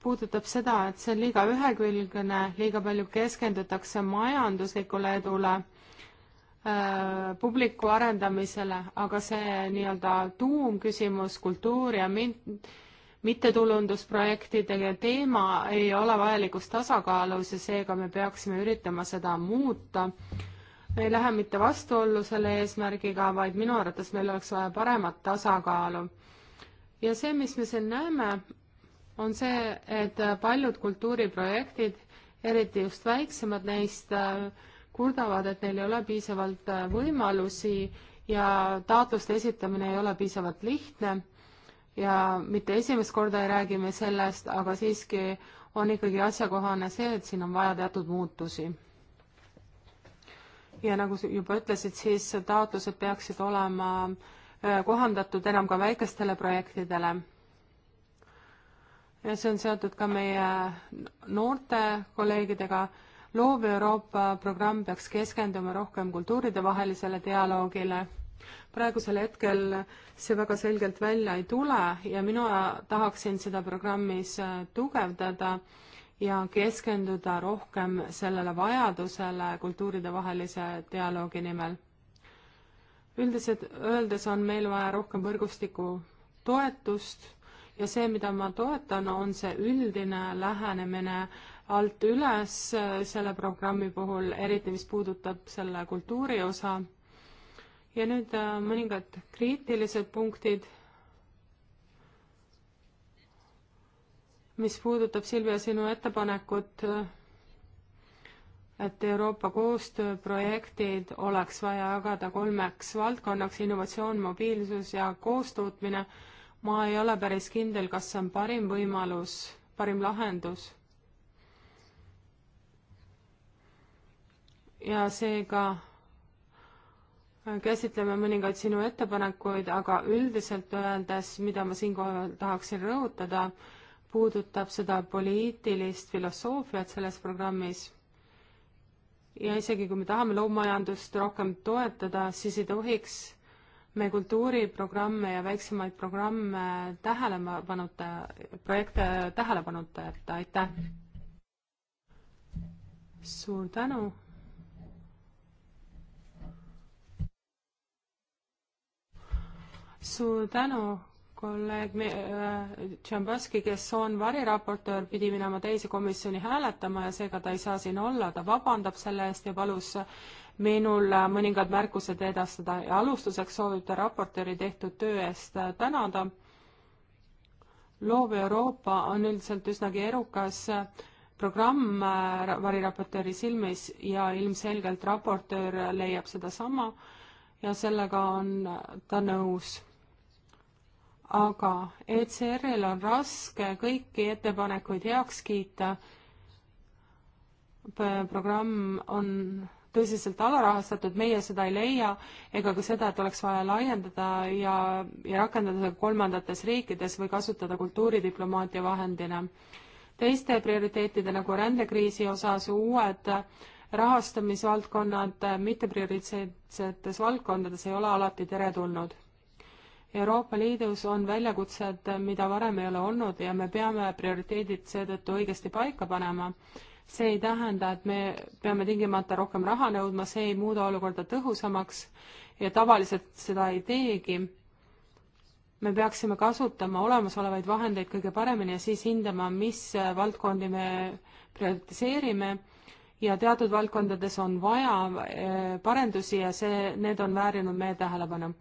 [SPEAKER 1] puudutab seda, et see on liiga ühekülgne, liiga palju keskendutakse majanduslikule edule äh, publiku arendamisele, aga see nii-öelda tuumküsimus, kultuur ja mittetulundusprojektide teema ei ole vajalikus tasakaalus ja seega me peaksime üritama seda muuta me ei lähe mitte vastuollu selle eesmärgiga, vaid minu arvates meil oleks vaja paremat tasakaalu. ja see, mis me siin näeme, on see, et paljud kultuuriprojektid, eriti just väiksemad neist, kurdavad, et neil ei ole piisavalt võimalusi ja taotluste esitamine ei ole piisavalt lihtne ja mitte esimest korda ei räägi me sellest, aga siiski on ikkagi asjakohane see, et siin on vaja teatud muutusi ja nagu sa juba ütlesid, siis taotlused peaksid olema äh, kohandatud enam ka väikestele projektidele. ja see on seotud ka meie noorte kolleegidega. loov Euroopa programm peaks keskenduma rohkem kultuuridevahelisele dialoogile. praegusel hetkel see väga selgelt välja ei tule ja mina tahaksin seda programmis äh, tugevdada ja keskenduda rohkem sellele vajadusele kultuuridevahelise dialoogi nimel. üldiselt öeldes on meil vaja rohkem võrgustiku toetust ja see, mida ma toetan, on see üldine lähenemine alt üles selle programmi puhul, eriti mis puudutab selle kultuuri osa. ja nüüd äh, mõningad kriitilised punktid mis puudutab, Silvia, sinu ettepanekut, et Euroopa koostööprojektid oleks vaja jagada kolmeks valdkonnaks, innovatsioon, mobiilsus ja koostootmine, ma ei ole päris kindel, kas see on parim võimalus, parim lahendus ja seega käsitleme mõningaid sinu ettepanekuid, aga üldiselt öeldes, mida ma siinkohal tahaksin rõhutada, puudutab seda poliitilist filosoofiat selles programmis ja isegi kui me tahame loomajandust rohkem toetada, siis ei tohiks me kultuuriprogramme ja väiksemaid programme tähelepanuta, projekte tähelepanuta jätta, aitäh! suur tänu! suur tänu kolleeg äh, Tšambaski, kes on variraportöör, pidi minema teise komisjoni hääletama ja seega ta ei saa siin olla, ta vabandab selle eest ja palus minul mõningad märkused edastada ja alustuseks soovib ta raportööri tehtud töö eest tänada. loov Euroopa on üldiselt üsnagi erukas programm äh, variraportööri silmis ja ilmselgelt raportöör leiab sedasama ja sellega on ta nõus aga ECR-il on raske kõiki ettepanekuid heaks kiita. programm on tõsiselt alarahastatud, meie seda ei leia, ega ka seda, et oleks vaja laiendada ja, ja rakendada kolmandates riikides või kasutada kultuuridiplomaatia vahendina. teiste prioriteetide nagu rändekriisi osas uued rahastamisvaldkonnad mitteprioriteetsetes valdkondades ei ole alati teretulnud Euroopa Liidus on väljakutsed, mida varem ei ole olnud ja me peame prioriteedid seetõttu õigesti paika panema. see ei tähenda, et me peame tingimata rohkem raha nõudma, see ei muuda olukorda tõhusamaks ja tavaliselt seda ei teegi. me peaksime kasutama olemasolevaid vahendeid kõige paremini ja siis hindama, mis valdkondi me prioritiseerime ja teatud valdkondades on vaja eh, parendusi ja see, need on väärinud meie tähelepanu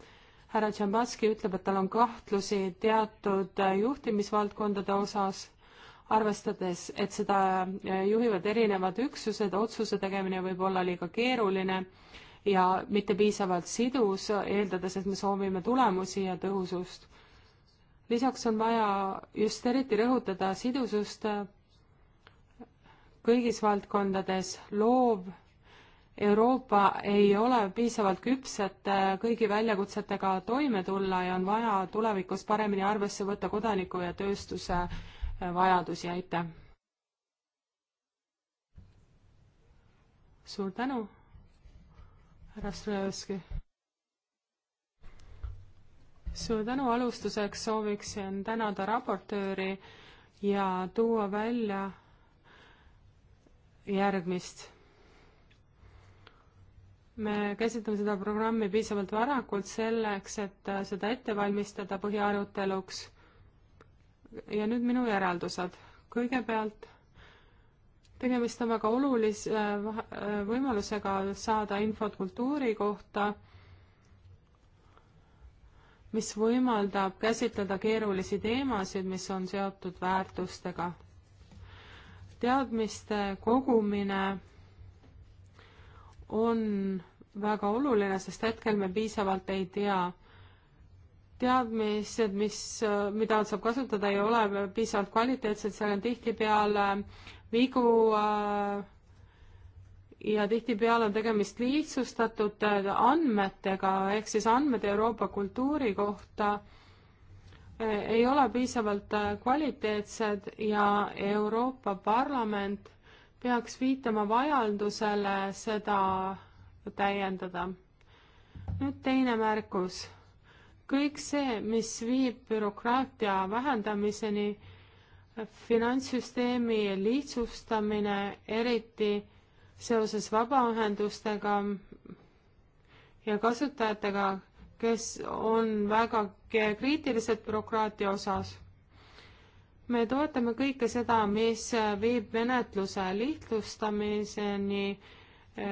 [SPEAKER 1] härra Tšambatski ütleb, et tal on kahtlusi teatud äh, juhtimisvaldkondade osas, arvestades, et seda äh, juhivad erinevad üksused, otsuse tegemine võib olla liiga keeruline ja mitte piisavalt sidus, eeldades, et me soovime tulemusi ja tõhusust. lisaks on vaja just eriti rõhutada sidusust äh, kõigis valdkondades, loov Euroopa ei ole piisavalt küps, et äh, kõigi väljakutsetega toime tulla ja on vaja tulevikus paremini arvesse võtta kodaniku ja tööstuse äh, vajadusi, aitäh! suur tänu, härra Strojevski! suur tänu, alustuseks sooviksin tänada raportööri ja tuua välja järgmist me käsitleme seda programmi piisavalt varakult selleks, et äh, seda ette valmistada põhiaruteluks. ja nüüd minu järeldused. kõigepealt tegemist on väga olulise äh, äh, võimalusega saada infot kultuuri kohta, mis võimaldab käsitleda keerulisi teemasid, mis on seotud väärtustega. teadmiste kogumine on väga oluline, sest hetkel me piisavalt ei tea. teadmised, mis, mida saab kasutada, ei ole piisavalt kvaliteetsed, seal on tihtipeale vigu äh, ja tihtipeale on tegemist lihtsustatud äh, andmetega, ehk siis andmed Euroopa kultuuri kohta äh, ei ole piisavalt kvaliteetsed ja Euroopa Parlament peaks viitama vajadusele seda täiendada. nüüd teine märkus. kõik see, mis viib bürokraatia vähendamiseni, finantssüsteemi lihtsustamine, eriti seoses vabaühendustega ja kasutajatega, kes on väga kriitilised bürokraatia osas me toetame kõike seda, mis viib menetluse lihtsustamiseni äh,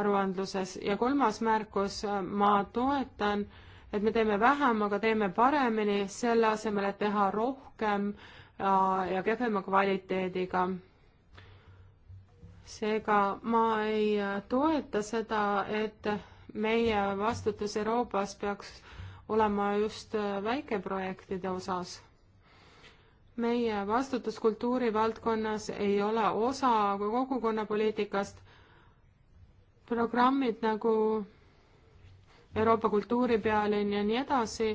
[SPEAKER 1] aruandluses ja kolmas märkus, ma toetan, et me teeme vähem, aga teeme paremini, selle asemel, et teha rohkem ja, äh, ja kehvema kvaliteediga. seega ma ei äh, toeta seda, et meie vastutus Euroopas peaks olema just väikeprojektide osas meie vastutus kultuurivaldkonnas ei ole osa kogukonnapoliitikast. programmid nagu Euroopa kultuuripealinn ja nii edasi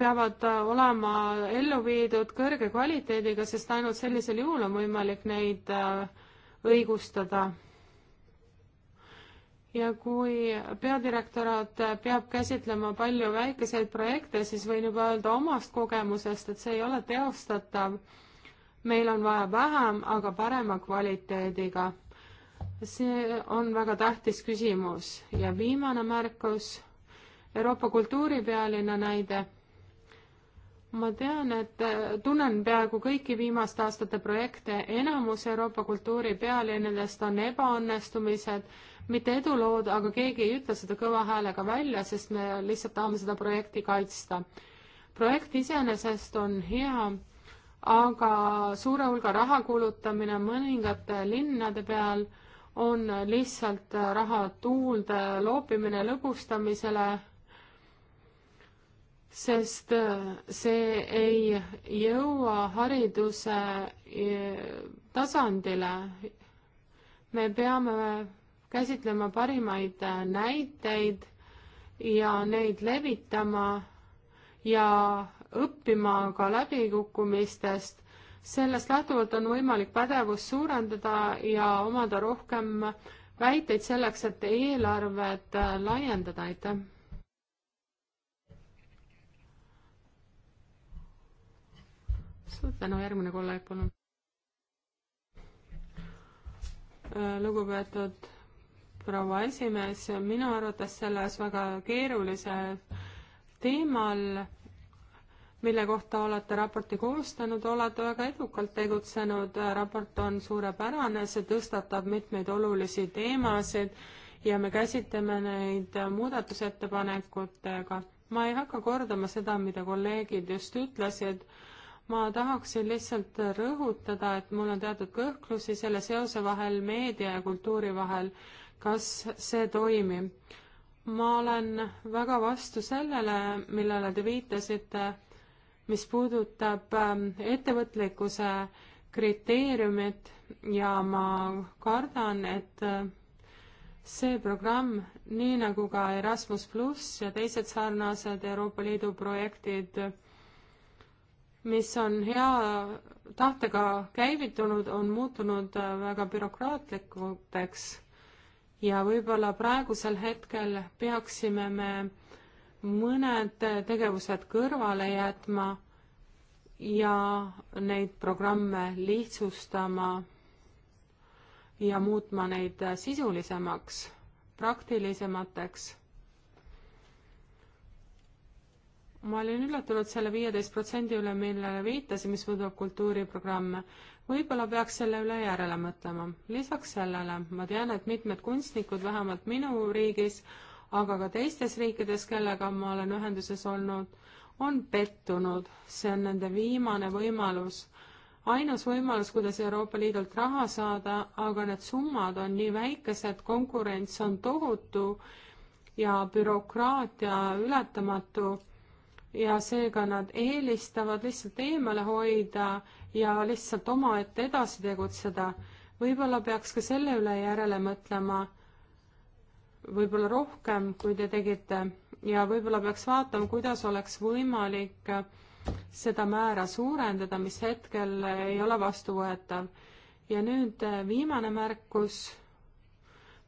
[SPEAKER 1] peavad olema ellu viidud kõrge kvaliteediga, sest ainult sellisel juhul on võimalik neid äh, õigustada ja kui peadirektoraat peab käsitlema palju väikeseid projekte, siis võin juba öelda omast kogemusest, et see ei ole teostatav. meil on vaja vähem, aga parema kvaliteediga. see on väga tähtis küsimus ja viimane märkus, Euroopa kultuuripealinna näide. ma tean, et äh, tunnen peaaegu kõiki viimaste aastate projekte, enamus Euroopa kultuuripealinnadest on ebaõnnestumised mitte edulood, aga keegi ei ütle seda kõva häälega välja, sest me lihtsalt tahame seda projekti kaitsta. projekt iseenesest on hea, aga suure hulga raha kulutamine mõningate linnade peal on lihtsalt raha tuulde loopimine lõbustamisele, sest see ei jõua hariduse tasandile. me peame käsitlema parimaid äh, näiteid ja neid levitama ja õppima ka läbikukkumistest. sellest lähtuvalt on võimalik pädevust suurendada ja omada rohkem väiteid selleks, et eelarved äh, laiendada, aitäh. suur tänu, järgmine kolleeg, palun. Äh, lugupeetud proua esimees, minu arvates selles väga keerulise teemal, mille kohta olete raporti koostanud, olete väga edukalt tegutsenud, raport on suurepärane, see tõstatab mitmeid olulisi teemasid ja me käsitleme neid muudatusettepanekutega. ma ei hakka kordama seda, mida kolleegid just ütlesid, ma tahaksin lihtsalt rõhutada, et mul on teatud kõhklusi selle seose vahel meedia ja kultuuri vahel kas see toimib. ma olen väga vastu sellele, millele te viitasite, mis puudutab ähm, ettevõtlikkuse kriteeriumit ja ma kardan, et äh, see programm, nii nagu ka Erasmus pluss ja teised sarnased Euroopa Liidu projektid, mis on hea tahtega käivitunud, on muutunud äh, väga bürokraatlikuks ja võib-olla praegusel hetkel peaksime me mõned tegevused kõrvale jätma ja neid programme lihtsustama ja muutma neid sisulisemaks, praktilisemateks ma olin üllatunud selle viieteist protsendi üle, millele viitasin, mis puudutab kultuuriprogramme. võib-olla peaks selle üle järele mõtlema. lisaks sellele ma tean, et mitmed kunstnikud, vähemalt minu riigis, aga ka teistes riikides, kellega ma olen ühenduses olnud, on pettunud. see on nende viimane võimalus, ainus võimalus, kuidas Euroopa Liidult raha saada, aga need summad on nii väikesed, konkurents on tohutu ja bürokraatia ületamatu ja seega nad eelistavad lihtsalt eemale hoida ja lihtsalt omaette edasi tegutseda. võib-olla peaks ka selle üle järele mõtlema võib-olla rohkem, kui te tegite ja võib-olla peaks vaatama, kuidas oleks võimalik seda määra suurendada, mis hetkel ei ole vastuvõetav. ja nüüd äh, viimane märkus,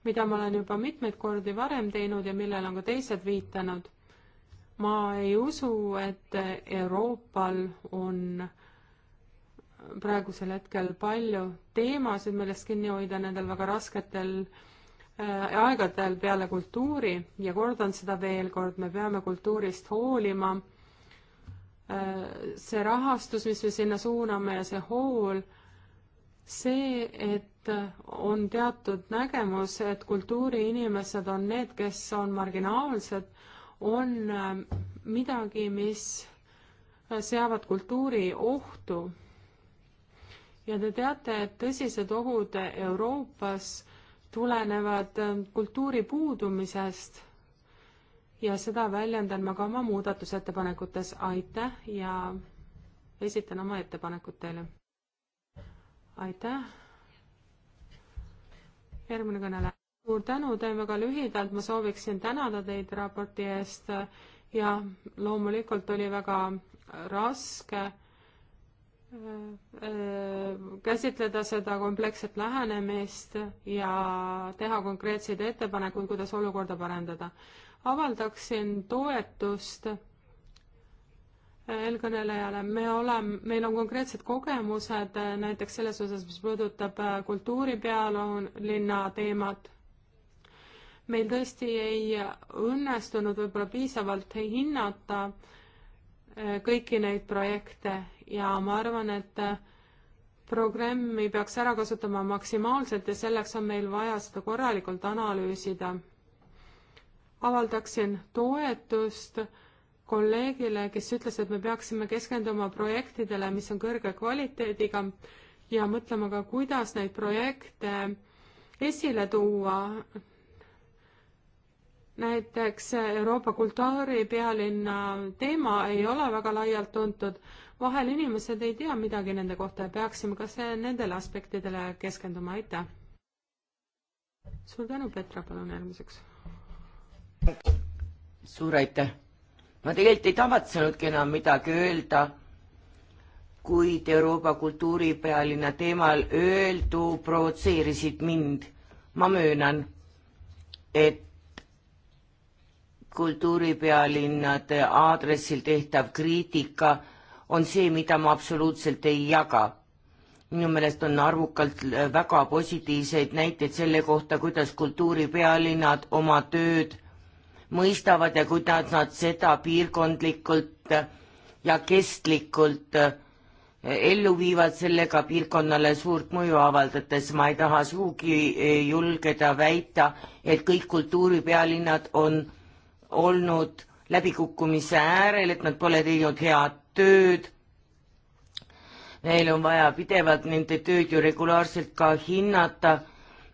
[SPEAKER 1] mida ma olen juba mitmeid kordi varem teinud ja millele on ka teised viitanud ma ei usu, et Euroopal on praegusel hetkel palju teemasid, millest kinni hoida nendel väga rasketel äh, aegadel peale kultuuri ja kordan seda veel kord, me peame kultuurist hoolima. Äh, see rahastus, mis me sinna suuname ja see hool, see, et on teatud nägemus, et kultuuriinimesed on need, kes on marginaalsed on ähm, midagi, mis äh, seavad kultuuri ohtu. ja te teate, et tõsised ohud Euroopas tulenevad ähm, kultuuri puudumisest ja seda väljendan ma ka oma muudatusettepanekutes, aitäh ja esitan oma ettepanekud teile. aitäh. järgmine kõneleja suur tänu, teen väga lühidalt, ma sooviksin tänada teid raporti eest ja loomulikult oli väga raske äh, käsitleda seda kompleksset lähenemist ja teha konkreetseid ettepanekuid, kuidas olukorda parandada. avaldaksin toetust eelkõnelejale, me oleme, meil on konkreetsed kogemused äh, näiteks selles osas, mis puudutab äh, kultuuri pealinna teemat meil tõesti ei õnnestunud võib-olla piisavalt hinnata äh, kõiki neid projekte ja ma arvan, et äh, programmi peaks ära kasutama maksimaalselt ja selleks on meil vaja seda korralikult analüüsida. avaldaksin toetust kolleegile, kes ütles, et me peaksime keskenduma projektidele, mis on kõrge kvaliteediga ja mõtlema ka, kuidas neid projekte esile tuua näiteks Euroopa kultuuripealinna teema ei ole väga laialt tuntud, vahel inimesed ei tea midagi nende kohta ja peaksime ka see, nendele aspektidele keskenduma, aitäh. suur tänu, Petra, palun järgmiseks.
[SPEAKER 3] suur aitäh. ma tegelikult ei tavatsenudki enam midagi öelda, kuid Euroopa kultuuripealinna teemal öeldu provotseerisid mind, ma möönan et kultuuripealinnade aadressil tehtav kriitika on see, mida ma absoluutselt ei jaga. minu meelest on arvukalt äh, väga positiivseid näiteid selle kohta, kuidas kultuuripealinnad oma tööd mõistavad ja kuidas nad seda piirkondlikult äh, ja kestlikult äh, ellu viivad, sellega piirkonnale suurt mõju avaldades. ma ei taha sugugi julgeda väita, et kõik kultuuripealinnad on olnud läbikukkumise äärel, et nad pole teinud head tööd. Neil on vaja pidevalt nende tööd ju regulaarselt ka hinnata.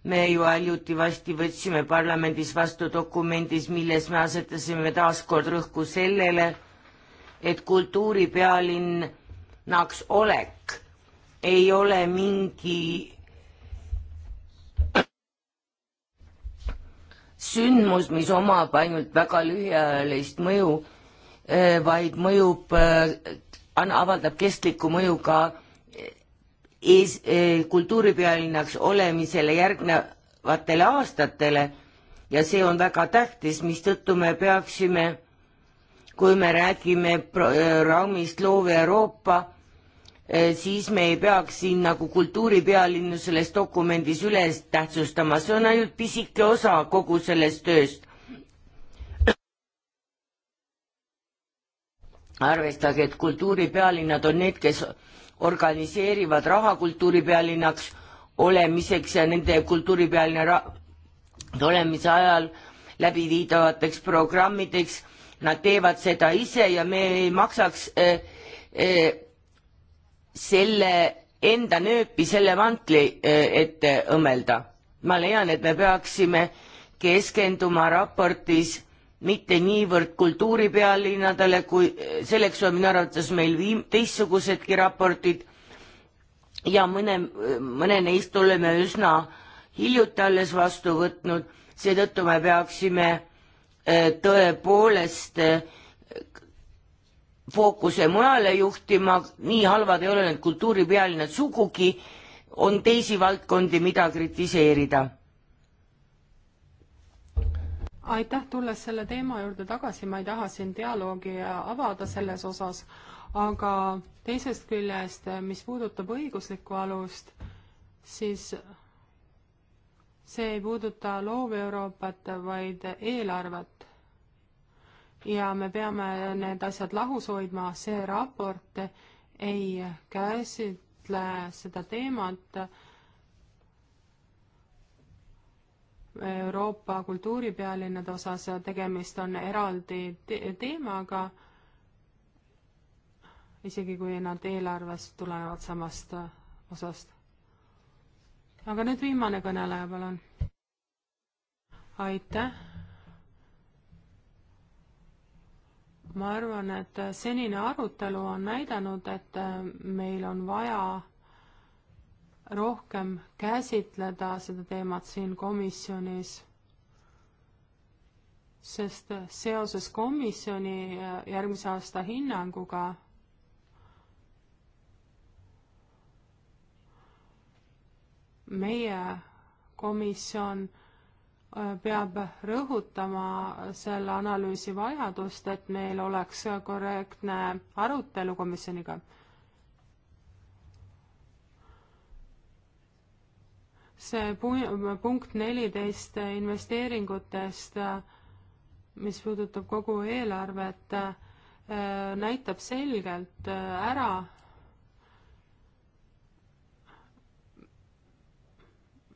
[SPEAKER 3] me ju hiljuti vasti võtsime parlamendis vastu dokumendis, milles me asetasime taas kord rõhku sellele, et kultuuripealinnaks olek ei ole mingi sündmus, mis omab ainult väga lühiajalist mõju, eh, vaid mõjub, eh, avaldab kestlikku mõju ka eh, ees, kultuuripealinnaks olemisele järgnevatele aastatele ja see on väga tähtis, mistõttu me peaksime, kui me räägime raamist Loov Euroopa, Eh, siis me ei peaks siin nagu kultuuripealinnu selles dokumendis üles tähtsustama, see on ainult pisike osa kogu sellest tööst. arvestage, et kultuuripealinnad on need, kes organiseerivad raha kultuuripealinnaks olemiseks ja nende kultuuripealinna olemise ajal läbiviidavateks programmideks. Nad teevad seda ise ja me ei maksaks eh, eh, selle enda nööpi, selle mantli eh, ette õmmelda. ma leian, et me peaksime keskenduma raportis mitte niivõrd kultuuripealinnadele, kui eh, selleks on minu arvates meil viim-, teistsugusedki raportid ja mõne, mõne neist oleme üsna hiljuti alles vastu võtnud, seetõttu me peaksime eh, tõepoolest fookuse mujale juhtima, nii halvad ei ole need kultuuripealinnad sugugi, on teisi valdkondi, mida kritiseerida.
[SPEAKER 1] aitäh, tulles selle teema juurde tagasi, ma ei taha siin dialoogi avada selles osas, aga teisest küljest, mis puudutab õiguslikku alust, siis see ei puuduta loov Euroopat, vaid eelarvet ja me peame need asjad lahus hoidma, see raport ei käsitle seda teemat Euroopa kultuuripealinnade osas, tegemist on eraldi te teemaga, isegi kui nad eelarvest tulenevad samast osast. aga nüüd viimane kõneleja, palun. aitäh ma arvan, et senine arutelu on näidanud, et äh, meil on vaja rohkem käsitleda seda teemat siin komisjonis, sest seoses komisjoni äh, järgmise aasta hinnanguga meie komisjon peab rõhutama selle analüüsi vajadust, et meil oleks korrektne arutelu komisjoniga. see punkt neliteist investeeringutest, mis puudutab kogu eelarvet, näitab selgelt ära,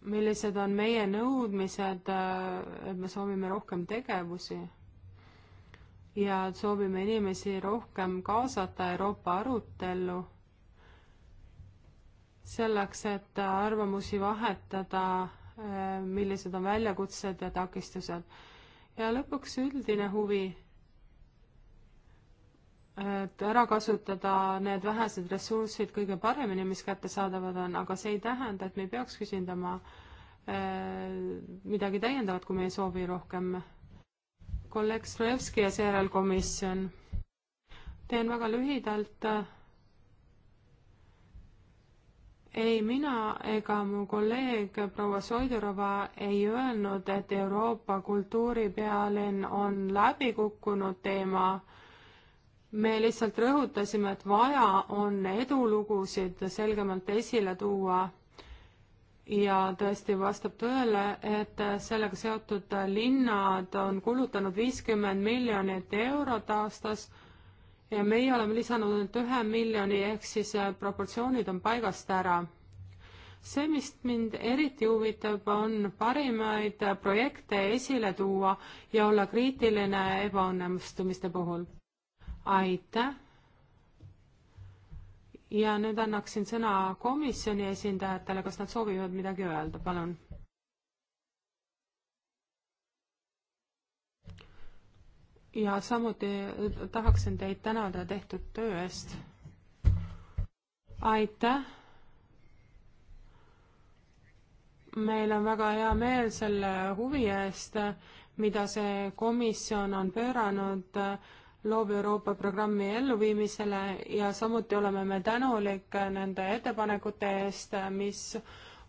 [SPEAKER 1] millised on meie nõudmised, äh, et me soovime rohkem tegevusi ja soovime inimesi rohkem kaasata Euroopa arutellu, selleks, et arvamusi vahetada, äh, millised on väljakutsed ja takistused. ja lõpuks üldine huvi et ära kasutada need vähesed ressursid kõige paremini, mis kättesaadavad on, aga see ei tähenda, et me ei peaks küsindama eh, midagi täiendavat, kui me ei soovi rohkem. kolleeg Strojevski ja seejärel komisjon. teen väga lühidalt. ei mina ega mu kolleeg proua Soidurova ei öelnud, et Euroopa kultuuripealinn on läbi kukkunud teema me lihtsalt rõhutasime, et vaja on edulugusid selgemalt esile tuua ja tõesti vastab tõele, et sellega seotud linnad on kulutanud viiskümmend miljonit eurot aastas ja meie oleme lisanud ainult ühe miljoni, ehk siis proportsioonid on paigast ära. see, mis mind eriti huvitab, on parimaid projekte esile tuua ja olla kriitiline ebaõnnestumiste puhul aitäh. ja nüüd annaksin sõna komisjoni esindajatele, kas nad soovivad midagi öelda, palun. ja samuti tahaksin teid tänada tehtud töö eest. aitäh meil on väga hea meel selle huvi eest, mida see komisjon on pööranud loov Euroopa programmi elluviimisele ja samuti oleme me tänulik nende ettepanekute eest, mis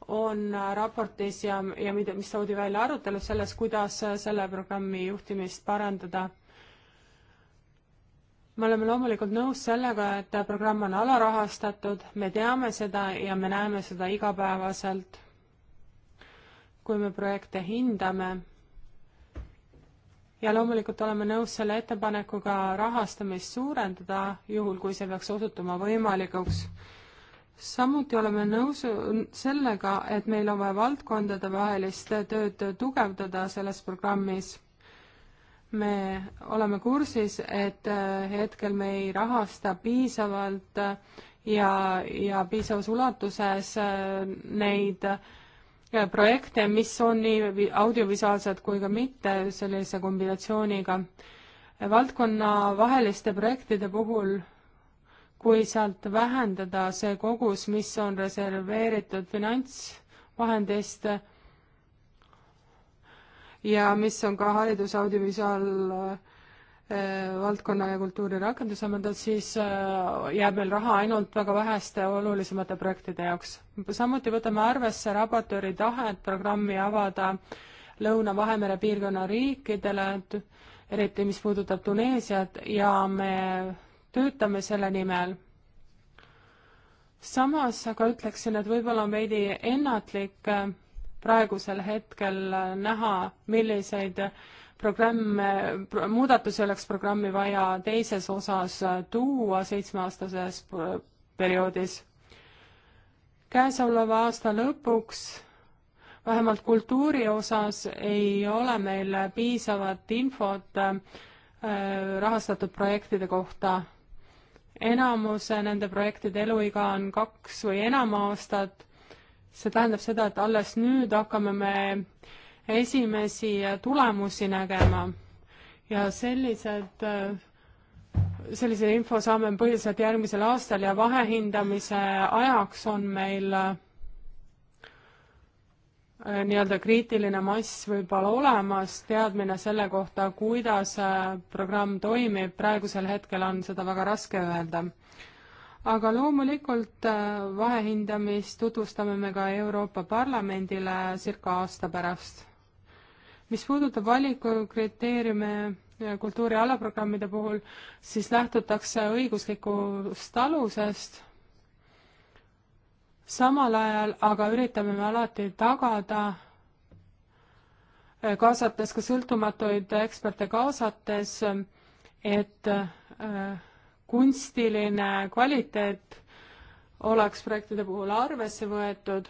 [SPEAKER 1] on raportis ja, ja mida, mis toodi välja arutelus selles, kuidas selle programmi juhtimist parandada. me oleme loomulikult nõus sellega, et programm on alarahastatud, me teame seda ja me näeme seda igapäevaselt, kui me projekte hindame ja loomulikult oleme nõus selle ettepanekuga rahastamist suurendada, juhul kui see peaks osutuma võimalikuks. samuti oleme nõus sellega, et meil on vaja valdkondadevahelist tööd tugevdada selles programmis. me oleme kursis, et hetkel me ei rahasta piisavalt ja, ja piisavas ulatuses neid äh, projekte, mis on nii audiovisuaalsed kui ka mitte sellise kombinatsiooniga. valdkonnavaheliste projektide puhul, kui sealt vähendada see kogus, mis on reserveeritud finantsvahendist ja mis on ka haridus audiovisuaal Äh, valdkonna ja kultuuri rakendussamandad, siis äh, jääb meil raha ainult väga väheste olulisemate projektide jaoks. samuti võtame arvesse raportööri tahet programmi avada Lõuna-Vahemere piirkonna riikidele, eriti mis puudutab Tuneesiat ja me töötame selle nimel. samas aga ütleksin, et võib-olla on veidi ennatlik äh, praegusel hetkel näha, milliseid programm, muudatusi oleks programmi vaja teises osas tuua seitsmeaastases perioodis. käesoleva aasta lõpuks vähemalt kultuuri osas ei ole meil piisavat infot äh, rahastatud projektide kohta enamuse nende projektide eluiga on kaks või enam aastat. see tähendab seda, et alles nüüd hakkame me esimesi tulemusi nägema ja sellised, sellise info saame põhiliselt järgmisel aastal ja vahehindamise ajaks on meil äh, nii-öelda kriitiline mass võib-olla olemas, teadmine selle kohta, kuidas äh, programm toimib, praegusel hetkel on seda väga raske öelda. aga loomulikult äh, vahehindamist tutvustame me ka Euroopa Parlamendile circa aasta pärast mis puudutab valikukriteeriume äh, kultuuri alaprogrammide puhul, siis lähtutakse õiguslikust alusest, samal ajal aga üritame me alati tagada, äh, kaasates ka sõltumatuid eksperte kaasates, et äh, kunstiline kvaliteet oleks projektide puhul arvesse võetud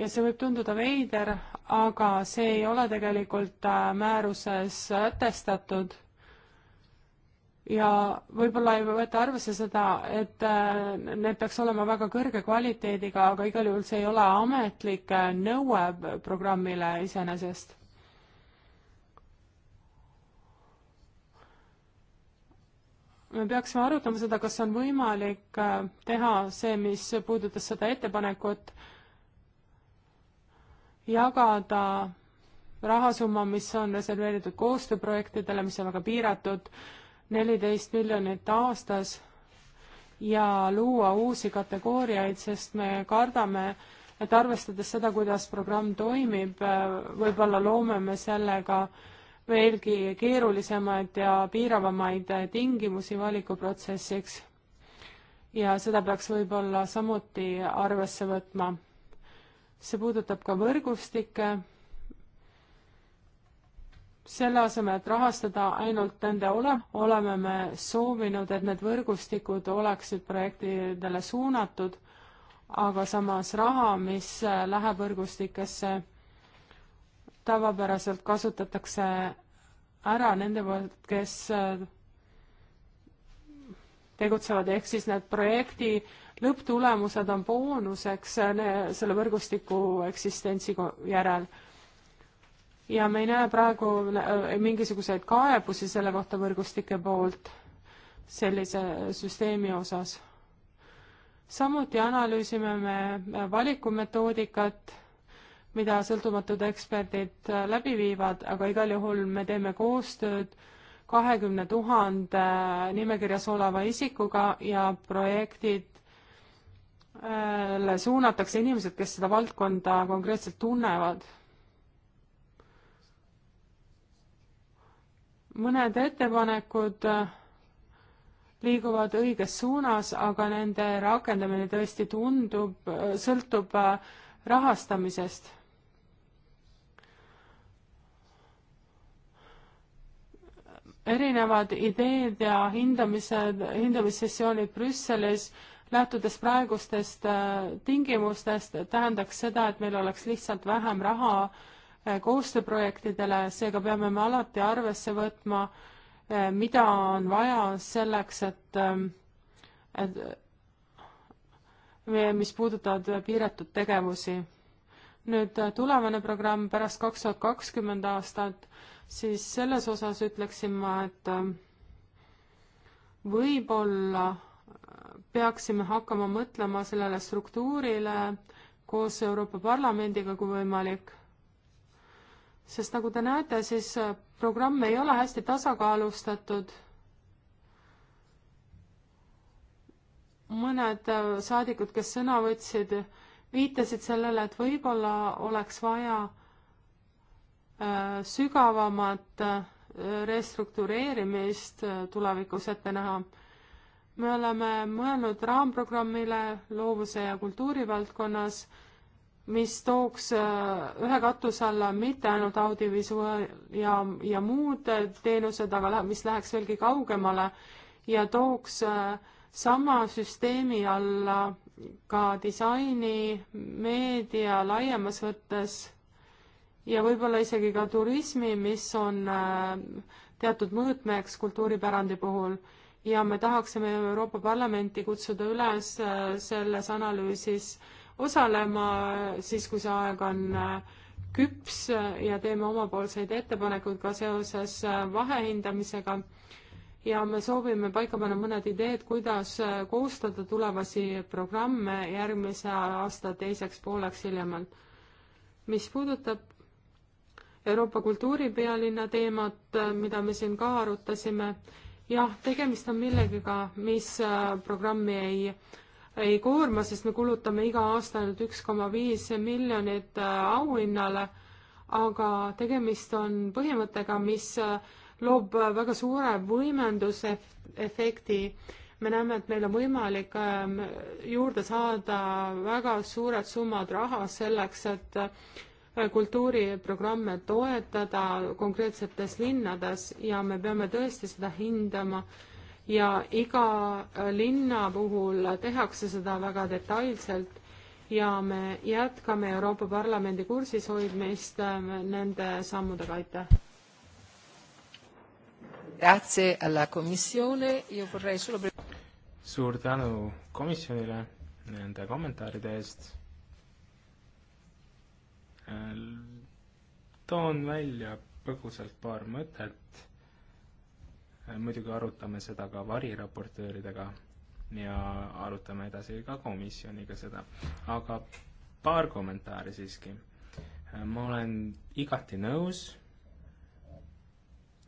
[SPEAKER 1] ja see võib tunduda veider, aga see ei ole tegelikult äh, määruses sätestatud. ja võib-olla ei võeta arvesse seda, et äh, need peaks olema väga kõrge kvaliteediga, aga igal juhul see ei ole ametlik äh, nõue programmile iseenesest. me peaksime arutama seda, kas on võimalik teha see, mis puudutas seda ettepanekut jagada rahasumma, mis on reserveeritud koostööprojektidele, mis on väga piiratud, neliteist miljonit aastas, ja luua uusi kategooriaid, sest me kardame, et arvestades seda, kuidas programm toimib, võib-olla loome me sellega veelgi keerulisemaid ja piiravamaid tingimusi valikuprotsessiks. ja seda peaks võib-olla samuti arvesse võtma see puudutab ka võrgustikke, selle asemel, et rahastada ainult nende ole-, oleme me soovinud, et need võrgustikud oleksid projektidele suunatud, aga samas raha, mis läheb võrgustikesse, tavapäraselt kasutatakse ära nende poolt, kes äh, tegutsevad, ehk siis need projekti äh, lõpptulemused on boonuseks selle võrgustiku eksistentsi järel. ja me ei näe praegu äh, mingisuguseid kaebusi selle kohta võrgustike poolt sellise süsteemi osas. samuti analüüsime me valikumetoodikat, mida sõltumatud eksperdid äh, läbi viivad, aga igal juhul me teeme koostööd kahekümne tuhande nimekirjas oleva isikuga ja projektid millele äh, suunatakse inimesed, kes seda valdkonda konkreetselt tunnevad. mõned ettepanekud äh, liiguvad õiges suunas, aga nende rakendamine tõesti tundub, äh, sõltub rahastamisest erinevad ideed ja hindamised, hindamissessioonid Brüsselis lähtudes praegustest äh, tingimustest, tähendaks seda, et meil oleks lihtsalt vähem raha äh, koostööprojektidele, seega peame me alati arvesse võtma, äh, mida on vaja selleks, et, ähm, et mis puudutavad piiratud tegevusi. nüüd tulevane programm pärast kaks tuhat kakskümmend aastat, siis selles osas ütleksin ma, et ähm, võib-olla peaksime hakkama mõtlema sellele struktuurile koos Euroopa Parlamendiga, kui võimalik. sest nagu te näete, siis äh, programm ei ole hästi tasakaalustatud. mõned äh, saadikud, kes sõna võtsid, viitasid sellele, et võib-olla oleks vaja äh, sügavamat restruktureerimist tulevikus ette näha me oleme mõelnud raamprogrammile loovuse ja kultuuri valdkonnas, mis tooks äh, ühe katuse alla mitte ainult audiovisuaal- ja, ja muud äh, teenused, aga lähe, mis läheks veelgi kaugemale ja tooks äh, sama süsteemi alla ka disaini, meedia laiemas võttes ja võib-olla isegi ka turismi, mis on teatud mõõtmeks kultuuripärandi puhul ja me tahaksime Euroopa Parlamenti kutsuda üles äh, selles analüüsis osalema siis, kui see aeg on äh, küps äh, ja teeme omapoolseid ettepanekuid ka seoses vahehindamisega. ja me soovime paika panna mõned ideed, kuidas koostada tulevasi programme järgmise aasta teiseks pooleks hiljemalt. mis puudutab Euroopa kultuuripealinna teemat, mida me siin ka arutasime, jah, tegemist on millegiga, mis äh, programmi ei, ei koorma, sest me kulutame iga aasta ainult üks koma viis miljonit äh, auhinnale, aga tegemist on põhimõttega, mis äh, loob väga suure võimendusefekti. me näeme, et meil on võimalik ähm, juurde saada väga suured summad raha selleks, et kultuuriprogramme toetada konkreetsetes linnades ja me peame tõesti seda hindama ja iga linna puhul tehakse seda väga detailselt ja me jätkame Euroopa Parlamendi kursis hoidmist ähm, nende sammudega, aitäh.
[SPEAKER 2] Grazie alla Commissione, io vorrei solo suur tänu komisjonile nende kommentaaride eest Äh, toon välja põgusalt paar mõtet, äh, muidugi arutame seda ka variraportööridega ja arutame edasi ka komisjoniga seda, aga paar kommentaari siiski. Äh, ma olen igati nõus,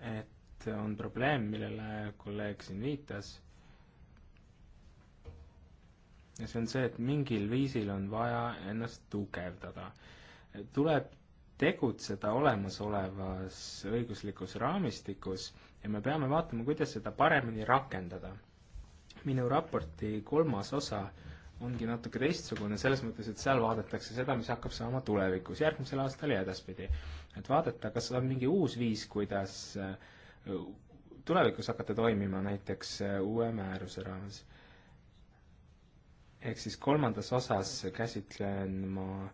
[SPEAKER 2] et on probleem, millele kolleeg siin viitas ja see on see, et mingil viisil on vaja ennast tugevdada tuleb tegutseda olemasolevas õiguslikus raamistikus ja me peame vaatama, kuidas seda paremini rakendada. minu raporti kolmas osa ongi natuke teistsugune selles mõttes, et seal vaadatakse seda, mis hakkab saama tulevikus, järgmisel aastal ja edaspidi. et vaadata, kas on mingi uus viis, kuidas äh, tulevikus hakata toimima, näiteks äh, uue määruse raames. ehk siis kolmandas osas käsitlen ma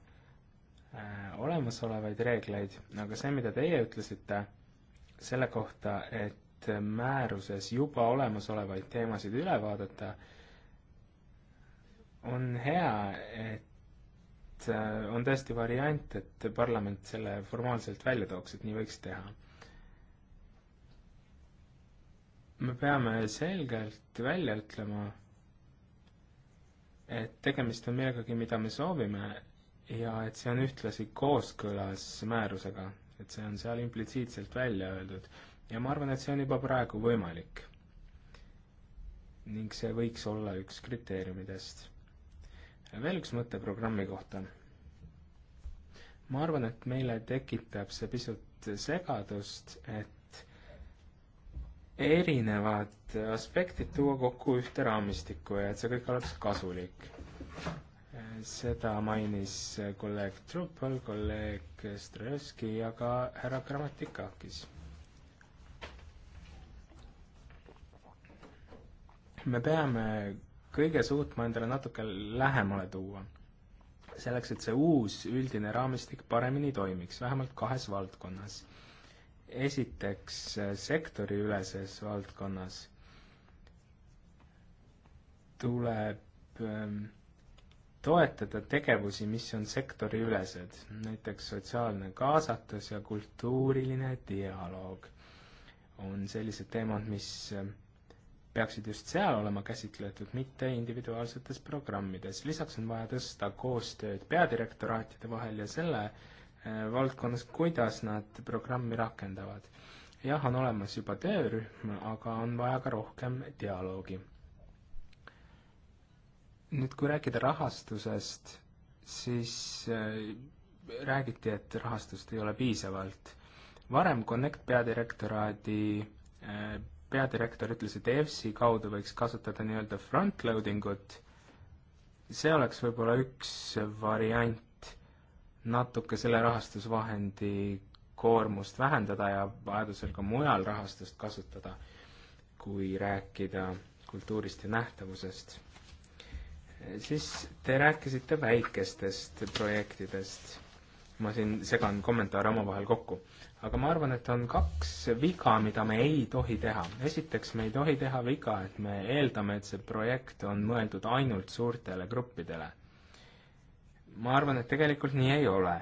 [SPEAKER 2] Äh, olemasolevaid reegleid, aga see, mida teie ütlesite selle kohta, et määruses juba olemasolevaid teemasid üle vaadata, on hea, et äh, on tõesti variant, et parlament selle formaalselt välja tooks, et nii võiks teha. me peame selgelt välja ütlema, et tegemist on millegagi, mida me soovime ja et see on ühtlasi kooskõlas määrusega, et see on seal implitsiitselt välja öeldud ja ma arvan, et see on juba praegu võimalik. ning see võiks olla üks kriteeriumidest. veel üks mõte programmi kohta. ma arvan, et meile tekitab see pisut segadust, et erinevad aspektid tuua kokku ühte raamistikku ja et see kõik oleks kasulik seda mainis kolleeg Truppel, kolleeg Strelski ja ka härra Grammatikakis. me peame kõige suutma endale natuke lähemale tuua, selleks et see uus üldine raamistik paremini toimiks, vähemalt kahes valdkonnas. esiteks sektoriüleses valdkonnas tuleb ähm, toetada tegevusi, mis on sektoriülesed, näiteks sotsiaalne kaasatus ja kultuuriline dialoog on sellised teemad, mis peaksid just seal olema käsitletud, mitte individuaalsetes programmides. lisaks on vaja tõsta koostööd peadirektoraatide vahel ja selle äh, valdkonnas, kuidas nad programmi rakendavad. jah, on olemas juba töörühm, aga on vaja ka rohkem dialoogi nüüd, kui rääkida rahastusest, siis äh, räägiti, et rahastust ei ole piisavalt. varem Connect peadirektoraadi äh, peadirektor ütles, et EFSI kaudu võiks kasutada nii-öelda front-loading ut, see oleks võib-olla üks variant natuke selle rahastusvahendi koormust vähendada ja vajadusel ka mujal rahastust kasutada, kui rääkida kultuurist ja nähtavusest siis te rääkisite väikestest projektidest. ma siin segan kommentaare omavahel kokku. aga ma arvan, et on kaks viga, mida me ei tohi teha. esiteks, me ei tohi teha viga, et me eeldame, et see projekt on mõeldud ainult suurtele gruppidele. ma arvan, et tegelikult nii ei ole.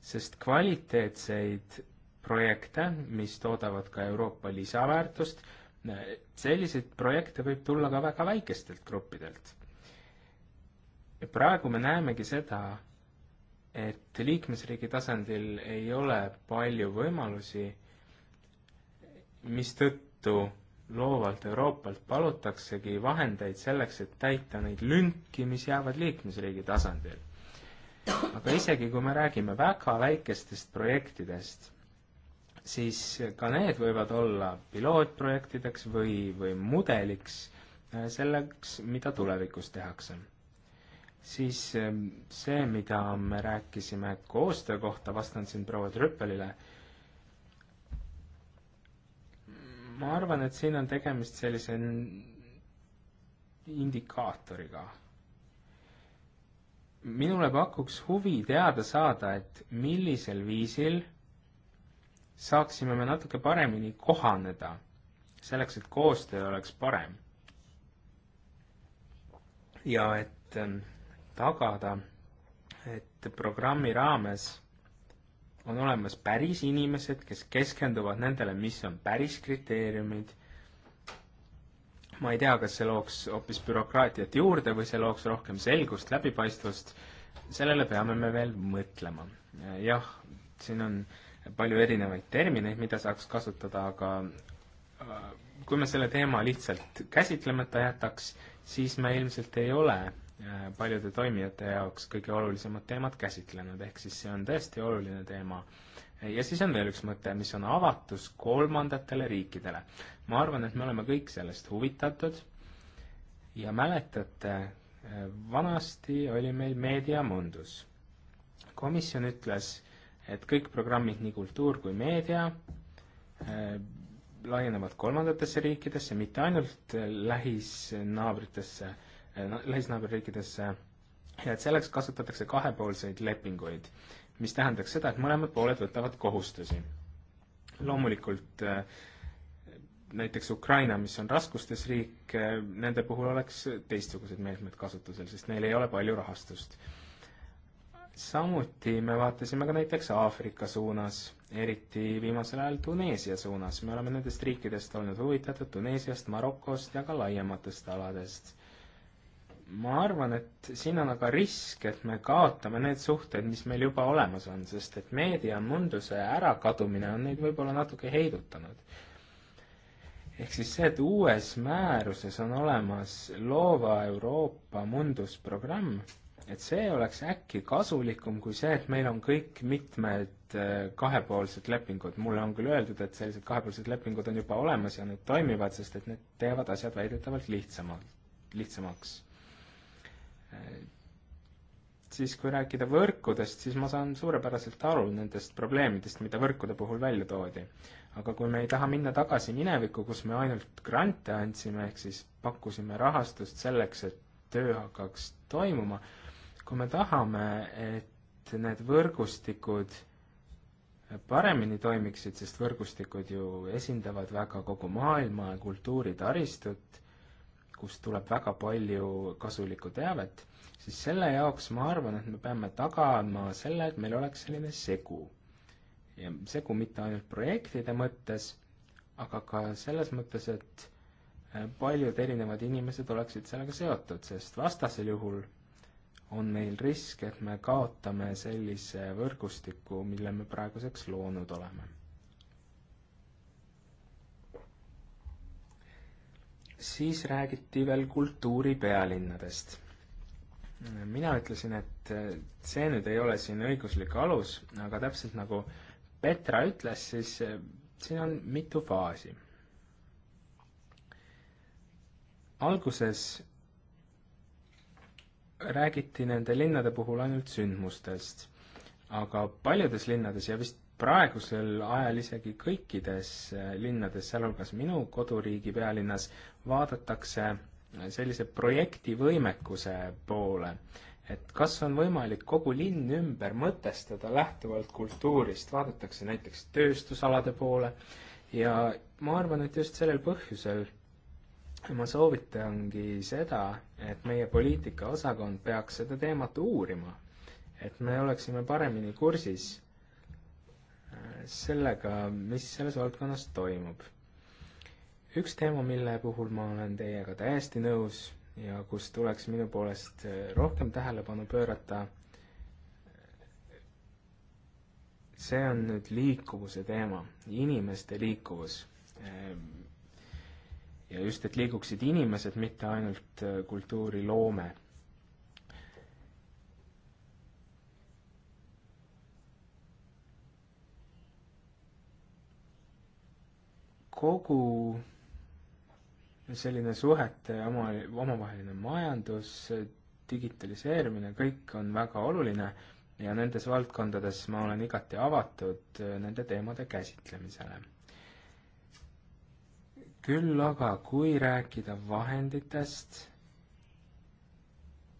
[SPEAKER 2] sest kvaliteetseid projekte, mis toodavad ka Euroopa lisaväärtust, selliseid projekte võib tulla ka väga väikestelt gruppidelt ja praegu me näemegi seda, et liikmesriigi tasandil ei ole palju võimalusi, mistõttu loovalt Euroopalt palutaksegi vahendeid selleks, et täita neid lünki, mis jäävad liikmesriigi tasandil. aga isegi, kui me räägime väga väikestest projektidest, siis ka need võivad olla pilootprojektideks või, või mudeliks äh, selleks, mida tulevikus tehakse siis ehm, see, mida me rääkisime koostöö kohta, vastan siin proua Trüppelile. ma arvan, et siin on tegemist sellise indikaatoriga. minule pakuks huvi teada saada, et millisel viisil saaksime me natuke paremini kohaneda, selleks et koostöö oleks parem. ja et ehm, tagada, et programmi raames on olemas päris inimesed, kes keskenduvad nendele, mis on päris kriteeriumid. ma ei tea, kas see looks hoopis bürokraatiat juurde või see looks rohkem selgust, läbipaistvust. sellele peame me veel mõtlema. jah, siin on palju erinevaid termineid, mida saaks kasutada, aga äh, kui me selle teema lihtsalt käsitlemata jätaks, siis me ilmselt ei ole Äh, paljude toimijate jaoks kõige olulisemad teemad käsitlenud, ehk siis see on tõesti oluline teema. ja siis on veel üks mõte, mis on avatus kolmandatele riikidele. ma arvan, et me oleme kõik sellest huvitatud ja mäletate, äh, vanasti oli meil Meedia Mundus. komisjon ütles, et kõik programmid, nii kultuur kui meedia, äh, laienevad kolmandatesse riikidesse, mitte ainult lähisnaabritesse Eh, lähisnaaberriikidesse ja et selleks kasutatakse kahepoolseid lepinguid, mis tähendaks seda, et mõlemad pooled võtavad kohustusi. loomulikult eh, näiteks Ukraina, mis on raskustes riik, eh, nende puhul oleks teistsugused meetmed kasutusel, sest neil ei ole palju rahastust. samuti me vaatasime ka näiteks Aafrika suunas, eriti viimasel ajal Tuneesia suunas, me oleme nendest riikidest olnud huvitatud, Tuneesiast, Marokost ja ka laiematest aladest ma arvan, et siin on aga risk, et me kaotame need suhted, mis meil juba olemas on, sest et meediamunduse ärakadumine on neid võib-olla natuke heidutanud. ehk siis see, et uues määruses on olemas loova Euroopa mundusprogramm, et see oleks äkki kasulikum kui see, et meil on kõik mitmed äh, kahepoolsed lepingud. mulle on küll öeldud, et sellised kahepoolsed lepingud on juba olemas ja need toimivad, sest et need teevad asjad väidetavalt lihtsamalt, lihtsamaks Äh, siis kui rääkida võrkudest, siis ma saan suurepäraselt aru nendest probleemidest, mida võrkude puhul välja toodi. aga kui me ei taha minna tagasi minevikku, kus me ainult grante andsime, ehk siis pakkusime rahastust selleks, et töö hakkaks toimuma, kui me tahame, et need võrgustikud paremini toimiksid, sest võrgustikud ju esindavad väga kogu maailma kultuuritaristut kust tuleb väga palju kasulikku teavet, siis selle jaoks ma arvan, et me peame tagama selle, et meil oleks selline segu. ja segu mitte ainult projektide mõttes, aga ka selles mõttes, et eh, paljud erinevad inimesed oleksid sellega seotud, sest vastasel juhul on meil risk, et me kaotame sellise võrgustiku, mille me praeguseks loonud oleme siis räägiti veel kultuuripealinnadest. mina ütlesin, et see nüüd ei ole siin õiguslik alus, aga täpselt nagu Petra ütles, siis eh, siin on mitu faasi. alguses räägiti nende linnade puhul ainult sündmustest, aga paljudes linnades ja vist praegusel ajal isegi kõikides äh, linnades, sealhulgas minu koduriigi pealinnas, vaadatakse äh, sellise projektivõimekuse poole, et kas on võimalik kogu linn ümber mõtestada lähtuvalt kultuurist, vaadatakse näiteks tööstusalade poole ja ma arvan, et just sellel põhjusel ma soovitangi seda, et meie poliitikaosakond peaks seda teemat uurima, et me oleksime paremini kursis sellega, mis selles valdkonnas toimub. üks teema, mille puhul ma olen teiega täiesti nõus ja kus tuleks minu poolest äh, rohkem tähelepanu pöörata, see on nüüd liikuvuse teema, inimeste liikuvus. Ehm, ja just, et liiguksid inimesed, mitte ainult äh, kultuuriloome kogu selline suhete oma, omavaheline majandus, digitaliseerimine, kõik on väga oluline ja nendes valdkondades ma olen igati avatud äh, nende teemade käsitlemisele. küll aga, kui rääkida vahenditest,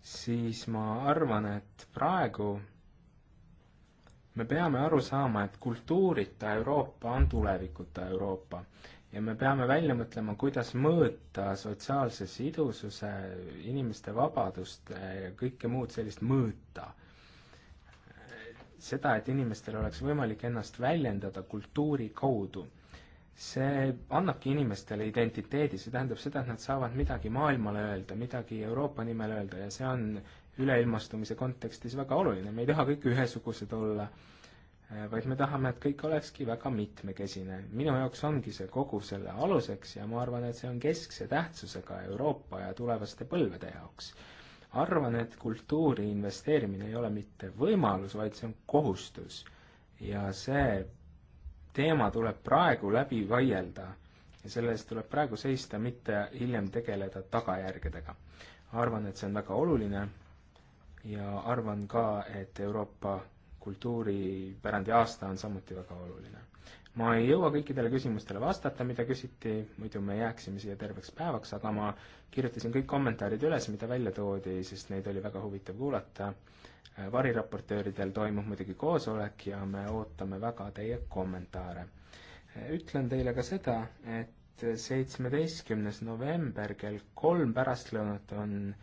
[SPEAKER 2] siis ma arvan, et praegu me peame aru saama, et kultuurita Euroopa on tulevikuta Euroopa ja me peame välja mõtlema, kuidas mõõta sotsiaalse sidususe, inimeste vabadust, kõike muud sellist mõõta. seda, et inimestel oleks võimalik ennast väljendada kultuuri kaudu. see annabki inimestele identiteedi, see tähendab seda, et nad saavad midagi maailmale öelda, midagi Euroopa nimel öelda ja see on üleilmastumise kontekstis väga oluline, me ei taha kõik ühesugused olla, eh, vaid me tahame, et kõik olekski väga mitmekesine. minu jaoks ongi see kogu selle aluseks ja ma arvan, et see on keskse tähtsusega Euroopa ja tulevaste põlvede jaoks. arvan, et kultuuri investeerimine ei ole mitte võimalus, vaid see on kohustus. ja see teema tuleb praegu läbi vaielda ja selle eest tuleb praegu seista, mitte hiljem tegeleda tagajärgedega. arvan, et see on väga oluline ja arvan ka, et Euroopa kultuuripärandi aasta on samuti väga oluline. ma ei jõua kõikidele küsimustele vastata, mida küsiti, muidu me jääksime siia terveks päevaks, aga ma kirjutasin kõik kommentaarid üles, mida välja toodi, sest neid oli väga huvitav kuulata. variraportööridel toimub muidugi koosolek ja me ootame väga teie kommentaare. ütlen teile ka seda, et seitsmeteistkümnes november kell kolm pärastlõunat on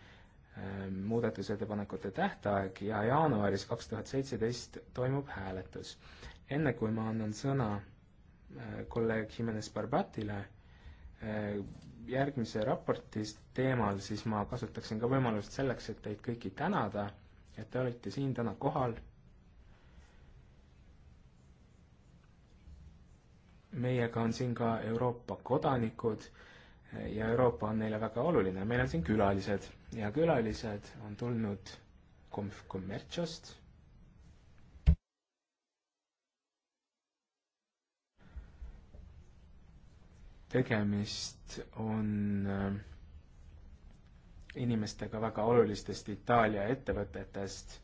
[SPEAKER 2] Ehm, muudatusettepanekute tähtaeg ja jaanuaris kaks tuhat seitseteist toimub hääletus. enne kui ma annan sõna eh, kolleeg Jimenez Barbatile eh, järgmise raporti teemal, siis ma kasutaksin ka võimalust selleks, et teid kõiki tänada, et te olite siin täna kohal. meiega on siin ka Euroopa kodanikud ja Euroopa on neile väga oluline, meil on siin külalised ja külalised on tulnud Conf Commerciost. tegemist on äh, inimestega väga olulistest Itaalia ettevõtetest.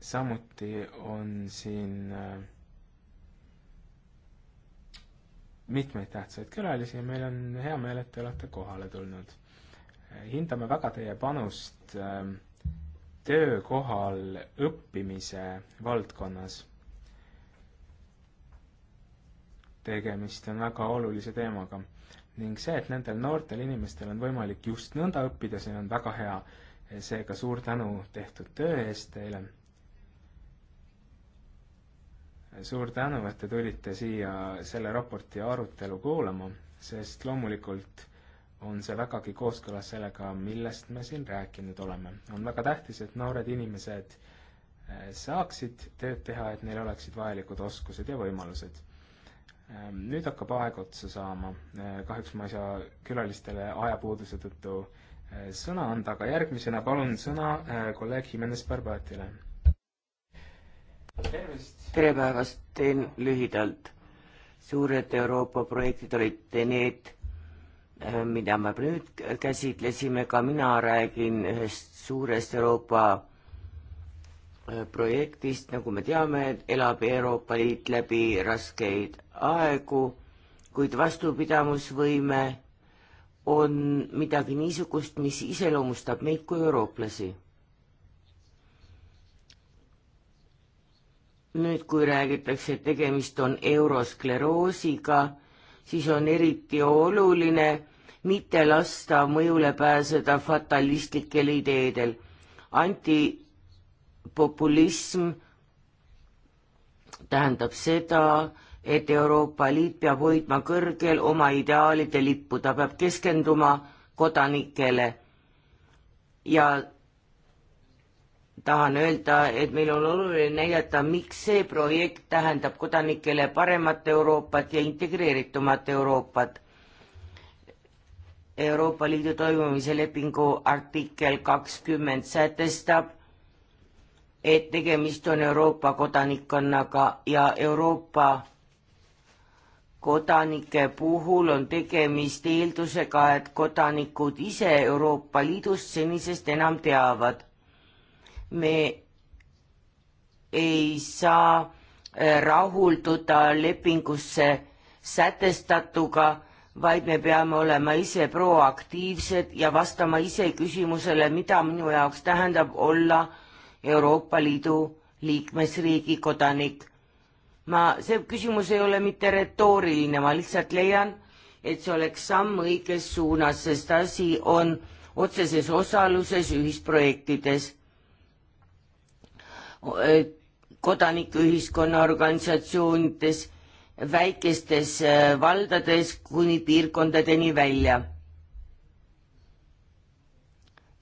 [SPEAKER 2] samuti on siin äh, mitmeid tähtsaid külalisi ja meil on hea meel, et te olete kohale tulnud. hindame väga teie panust ähm, töökohal õppimise valdkonnas. tegemist on väga olulise teemaga ning see, et nendel noortel inimestel on võimalik just nõnda õppida, see on väga hea. seega suur tänu tehtud töö eest teile suur tänu, et te tulite siia selle raporti arutelu kuulama, sest loomulikult on see vägagi kooskõlas sellega, millest me siin rääkinud oleme. on väga tähtis, et noored inimesed eh, saaksid tööd teha, et neil oleksid vajalikud oskused ja võimalused. Eh, nüüd hakkab aeg otsa saama, eh, kahjuks ma ei saa külalistele ajapuuduse tõttu sõna anda, aga järgmisena palun sõna kolleeg Jimenez Barbatile
[SPEAKER 3] tere päevast, teen lühidalt. suured Euroopa projektid olid need, äh, mida me nüüd käsitlesime, ka mina räägin ühest suurest Euroopa äh, projektist, nagu me teame, elab Euroopa Liit läbi raskeid aegu, kuid vastupidavusvõime on midagi niisugust, mis iseloomustab meid kui eurooplasi nüüd, kui räägitakse, et tegemist on euroskleroosiga, siis on eriti oluline mitte lasta mõjule pääseda fatalistlikel ideedel. antipopulism tähendab seda, et Euroopa Liit peab hoidma kõrgel oma ideaalide lippu, ta peab keskenduma kodanikele ja tahan öelda, et meil on oluline näidata, miks see projekt tähendab kodanikele paremat Euroopat ja integreeritumat Euroopat. Euroopa Liidu toimumise lepingu artikkel kakskümmend sätestab, et tegemist on Euroopa kodanikkonnaga ja Euroopa kodanike puhul on tegemist eeldusega, et kodanikud ise Euroopa Liidust senisest enam teavad me ei saa äh, rahulduda lepingusse sätestatuga, vaid me peame olema ise proaktiivsed ja vastama ise küsimusele, mida minu jaoks tähendab olla Euroopa Liidu liikmesriigi kodanik. ma, see küsimus ei ole mitte retooriline, ma lihtsalt leian, et see oleks samm õiges suunas, sest asi on otseses osaluses ühisprojektides kodanikuühiskonna organisatsioonides, väikestes äh, valdades kuni piirkondadeni välja.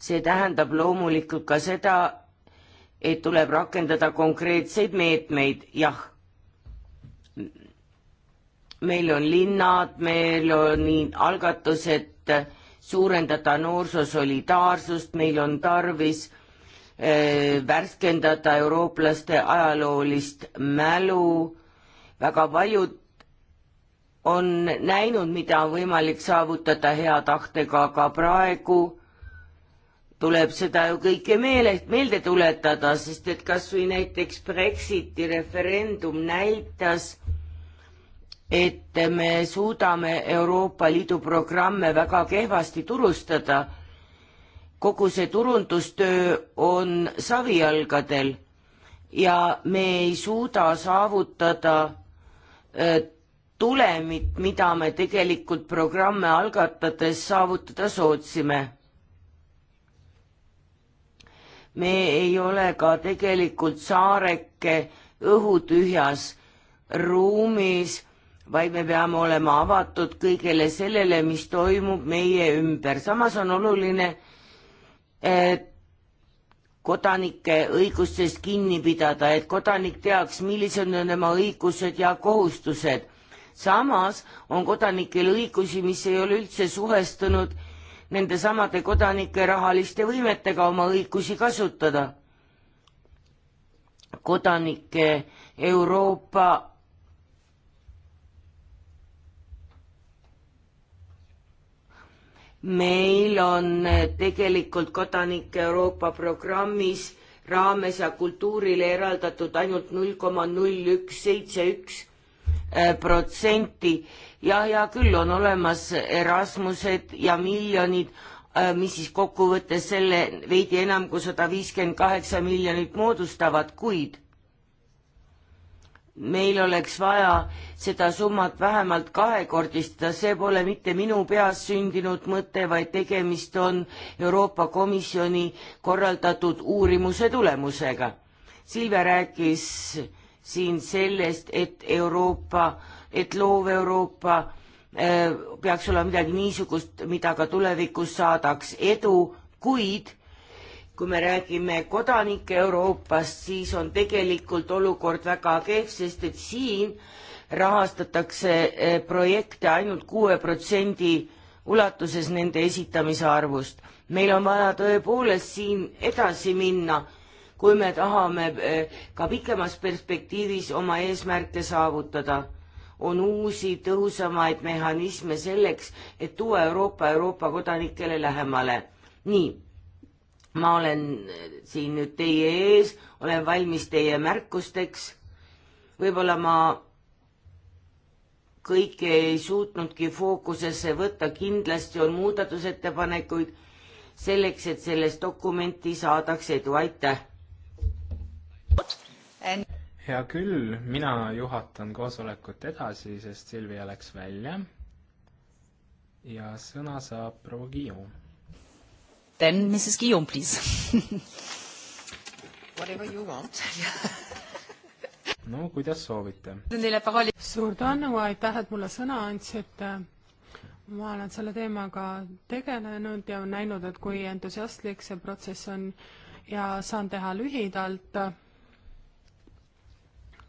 [SPEAKER 3] see tähendab loomulikult ka seda, et tuleb rakendada konkreetseid meetmeid, jah. meil on linnad, meil on algatused suurendada noorsoosolidaarsust, meil on tarvis äh, Eh, värskendada eurooplaste ajaloolist mälu, väga paljud on näinud, mida on võimalik saavutada hea tahtega, aga praegu tuleb seda ju kõike meele, meelde tuletada, sest et kas või näiteks Brexiti referendum näitas, et me suudame Euroopa Liidu programme väga kehvasti turustada kogu see turundustöö on savijalgadel ja me ei suuda saavutada äh, tulemit, mida me tegelikult programme algatades saavutada sootsime. me ei ole ka tegelikult saareke õhutühjas ruumis, vaid me peame olema avatud kõigele sellele, mis toimub meie ümber. samas on oluline äh, kodanike õigustest kinni pidada, et kodanik teaks, millised on tema õigused ja kohustused. samas on kodanikel õigusi, mis ei ole üldse suhestunud nendesamade kodanike rahaliste võimetega oma õigusi kasutada. kodanike Euroopa meil on tegelikult kodanike Euroopa programmis raames ja kultuurile eraldatud ainult null koma null üks seitse üks äh, protsenti. jah, hea küll, on olemas Erasmused ja miljonid, äh, mis siis kokkuvõttes selle veidi enam kui sada viiskümmend kaheksa miljonit moodustavad, kuid meil oleks vaja seda summat vähemalt kahekordistada, see pole mitte minu peas sündinud mõte, vaid tegemist on Euroopa Komisjoni korraldatud uurimuse tulemusega. Silvia rääkis siin sellest, et Euroopa, et loov Euroopa äh, peaks olema midagi niisugust, mida ka tulevikus saadaks edu, kuid kui me räägime kodanike Euroopast, siis on tegelikult olukord väga kehv, sest et siin rahastatakse eh, projekte ainult kuue protsendi ulatuses nende esitamise arvust. meil on vaja tõepoolest siin edasi minna, kui me tahame eh, ka pikemas perspektiivis oma eesmärke saavutada. on uusi tõhusamaid mehhanisme selleks, et tuua Euroopa Euroopa kodanikele lähemale. nii ma olen siin nüüd teie ees, olen valmis teie märkusteks. võib-olla ma kõike ei suutnudki fookusesse võtta, kindlasti on muudatusettepanekuid selleks, et sellest
[SPEAKER 2] dokumenti saadaks edu, aitäh. hea küll, mina juhatan koosolekut edasi, sest Silvia läks välja. ja sõna saab proua Kiiu Then Mrs. Guillaume, please. Whatever you want no kuidas soovite.
[SPEAKER 1] suur tänu, aitäh, et mulle sõna andsite. ma olen selle teemaga tegelenud ja näinud, et kui entusiastlik see protsess on ja saan teha lühidalt.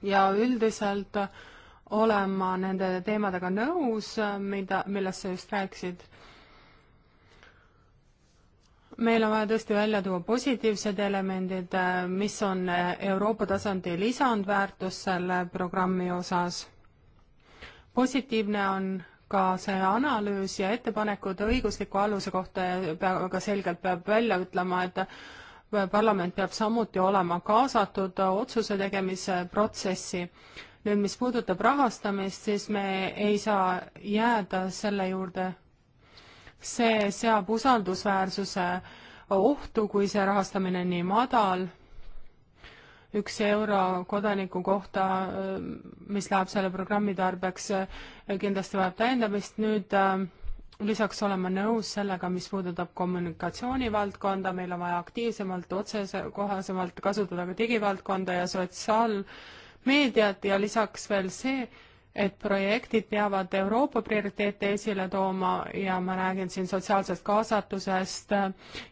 [SPEAKER 1] ja üldiselt olen ma nende teemadega nõus, mida, millest sa just rääkisid meil on vaja tõesti välja tuua positiivsed elemendid, äh, mis on äh, Euroopa tasandi lisandväärtus selle programmi osas. positiivne on ka see analüüs ja ettepanekud õigusliku aluse kohta väga selgelt peab välja ütlema, et äh, parlament peab samuti olema kaasatud otsuse tegemise protsessi. nüüd, mis puudutab rahastamist, siis me ei saa jääda selle juurde see seab usaldusväärsuse ohtu, kui see rahastamine on nii madal, üks euro kodaniku kohta, mis läheb selle programmi tarbeks, kindlasti vajab täiendamist, nüüd lisaks olema nõus sellega, mis puudutab kommunikatsioonivaldkonda, meil on vaja aktiivsemalt, otsekohasemalt kasutada ka digivaldkonda ja sotsiaalmeediat ja lisaks veel see, et projektid peavad Euroopa prioriteete esile tooma ja ma räägin siin sotsiaalsest kaasatusest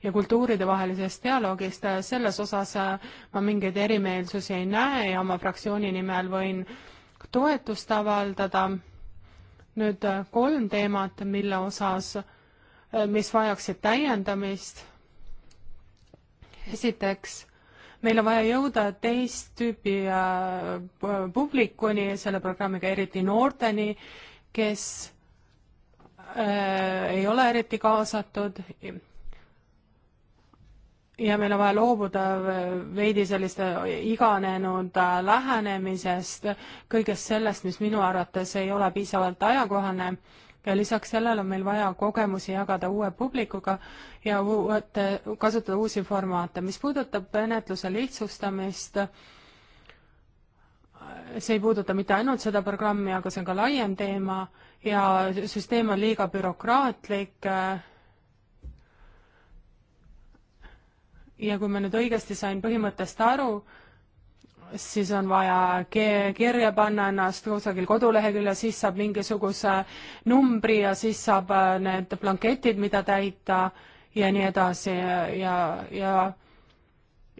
[SPEAKER 1] ja kultuuridevahelisest dialoogist, selles osas äh, ma mingeid erimeelsusi ei näe ja oma fraktsiooni nimel võin toetust avaldada. nüüd äh, kolm teemat, mille osas, äh, mis vajaksid täiendamist. esiteks meil on vaja jõuda teist tüüpi äh, publikuni selle programmiga, eriti noorteni, kes äh, ei ole eriti kaasatud ja meil on vaja loobuda veidi sellist iganenud äh, lähenemisest, kõigest sellest, mis minu arvates ei ole piisavalt ajakohane ja lisaks sellele on meil vaja kogemusi jagada uue publikuga ja uued, kasutada uusi formaate. mis puudutab menetluse lihtsustamist, see ei puuduta mitte ainult seda programmi, aga see on ka laiem teema ja süsteem on liiga bürokraatlik. ja kui ma nüüd õigesti sain põhimõttest aru, siis on vaja kirja panna ennast kusagil koduleheküljel, siis saab mingisuguse numbri ja siis saab äh, need blanketid, mida täita ja nii edasi ja, ja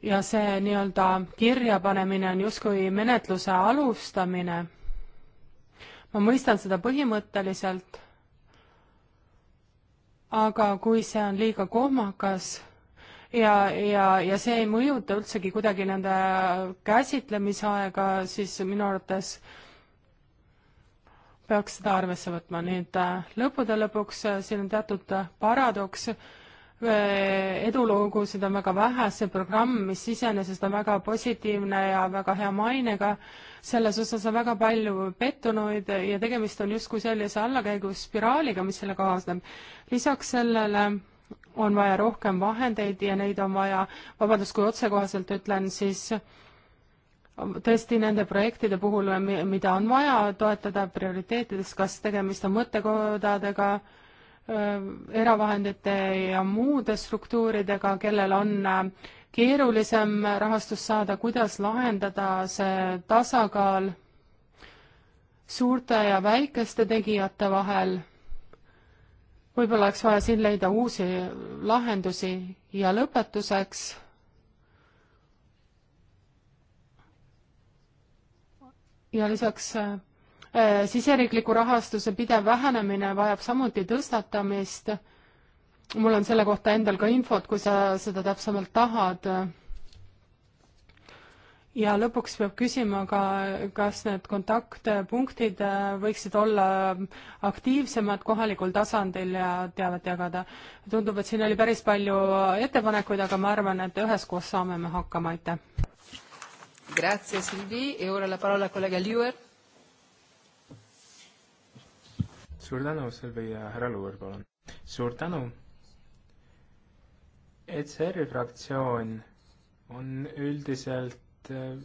[SPEAKER 1] ja see nii-öelda kirjapanemine on justkui menetluse alustamine. ma mõistan seda põhimõtteliselt, aga kui see on liiga kohmakas ja, ja, ja see ei mõjuta üldsegi kuidagi nende käsitlemisaega, siis minu arvates peaks seda arvesse võtma, nii et äh, lõppude lõpuks äh, siin on teatud äh, paradoks, edulugusid on väga vähe, see programm, mis iseenesest on väga positiivne ja väga hea mainega, selles osas on väga palju pettunuid ja tegemist on justkui sellise allakäiguspiraaliga, mis selle kaasneb. lisaks sellele on vaja rohkem vahendeid ja neid on vaja, vabandust, kui otsekohaselt ütlen, siis tõesti nende projektide puhul, mida on vaja toetada prioriteetides, kas tegemist on mõttekodadega, äh, eravahendite ja muude struktuuridega, kellel on äh, keerulisem rahastust saada, kuidas lahendada see tasakaal suurte ja väikeste tegijate vahel võib-olla oleks vaja siin leida uusi lahendusi ja lõpetuseks ja lisaks äh, siseriikliku rahastuse pidev vähenemine vajab samuti tõstatamist. mul on selle kohta endal ka infot, kui sa seda täpsemalt tahad ja lõpuks peab küsima ka, kas need kontaktpunktid äh, võiksid olla aktiivsemad kohalikul tasandil ja teavet jagada. tundub, et siin oli päris palju ettepanekuid, aga ma arvan, et üheskoos saame me hakkama, aitäh. Grazie Silvi e ora la parola kolleeg Liuer.
[SPEAKER 2] suur tänu, Silvi ja härra Luuer, palun. suur tänu. ECR-i fraktsioon on üldiselt raport äh,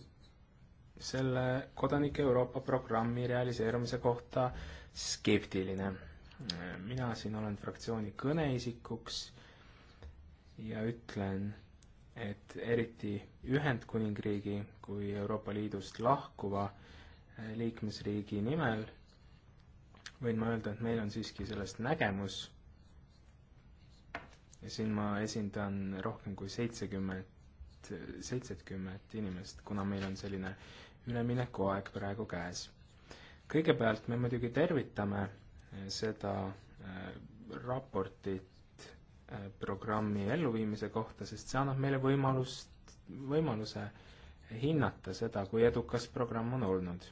[SPEAKER 2] selle kodanike Euroopa programmi realiseerumise kohta skeptiline. mina siin olen fraktsiooni kõneisikuks ja ütlen, et eriti Ühendkuningriigi kui Euroopa Liidust lahkuva äh, liikmesriigi nimel võin ma öelda, et meil on siiski sellest nägemus ja siin ma esindan rohkem kui seitsekümmend viitkümmet, seitsekümmet inimest, kuna meil on selline üleminekuaeg praegu käes. kõigepealt me muidugi tervitame eh, seda eh, raportit eh, programmi elluviimise kohta, sest see annab meile võimalust, võimaluse hinnata seda, kui edukas programm on olnud.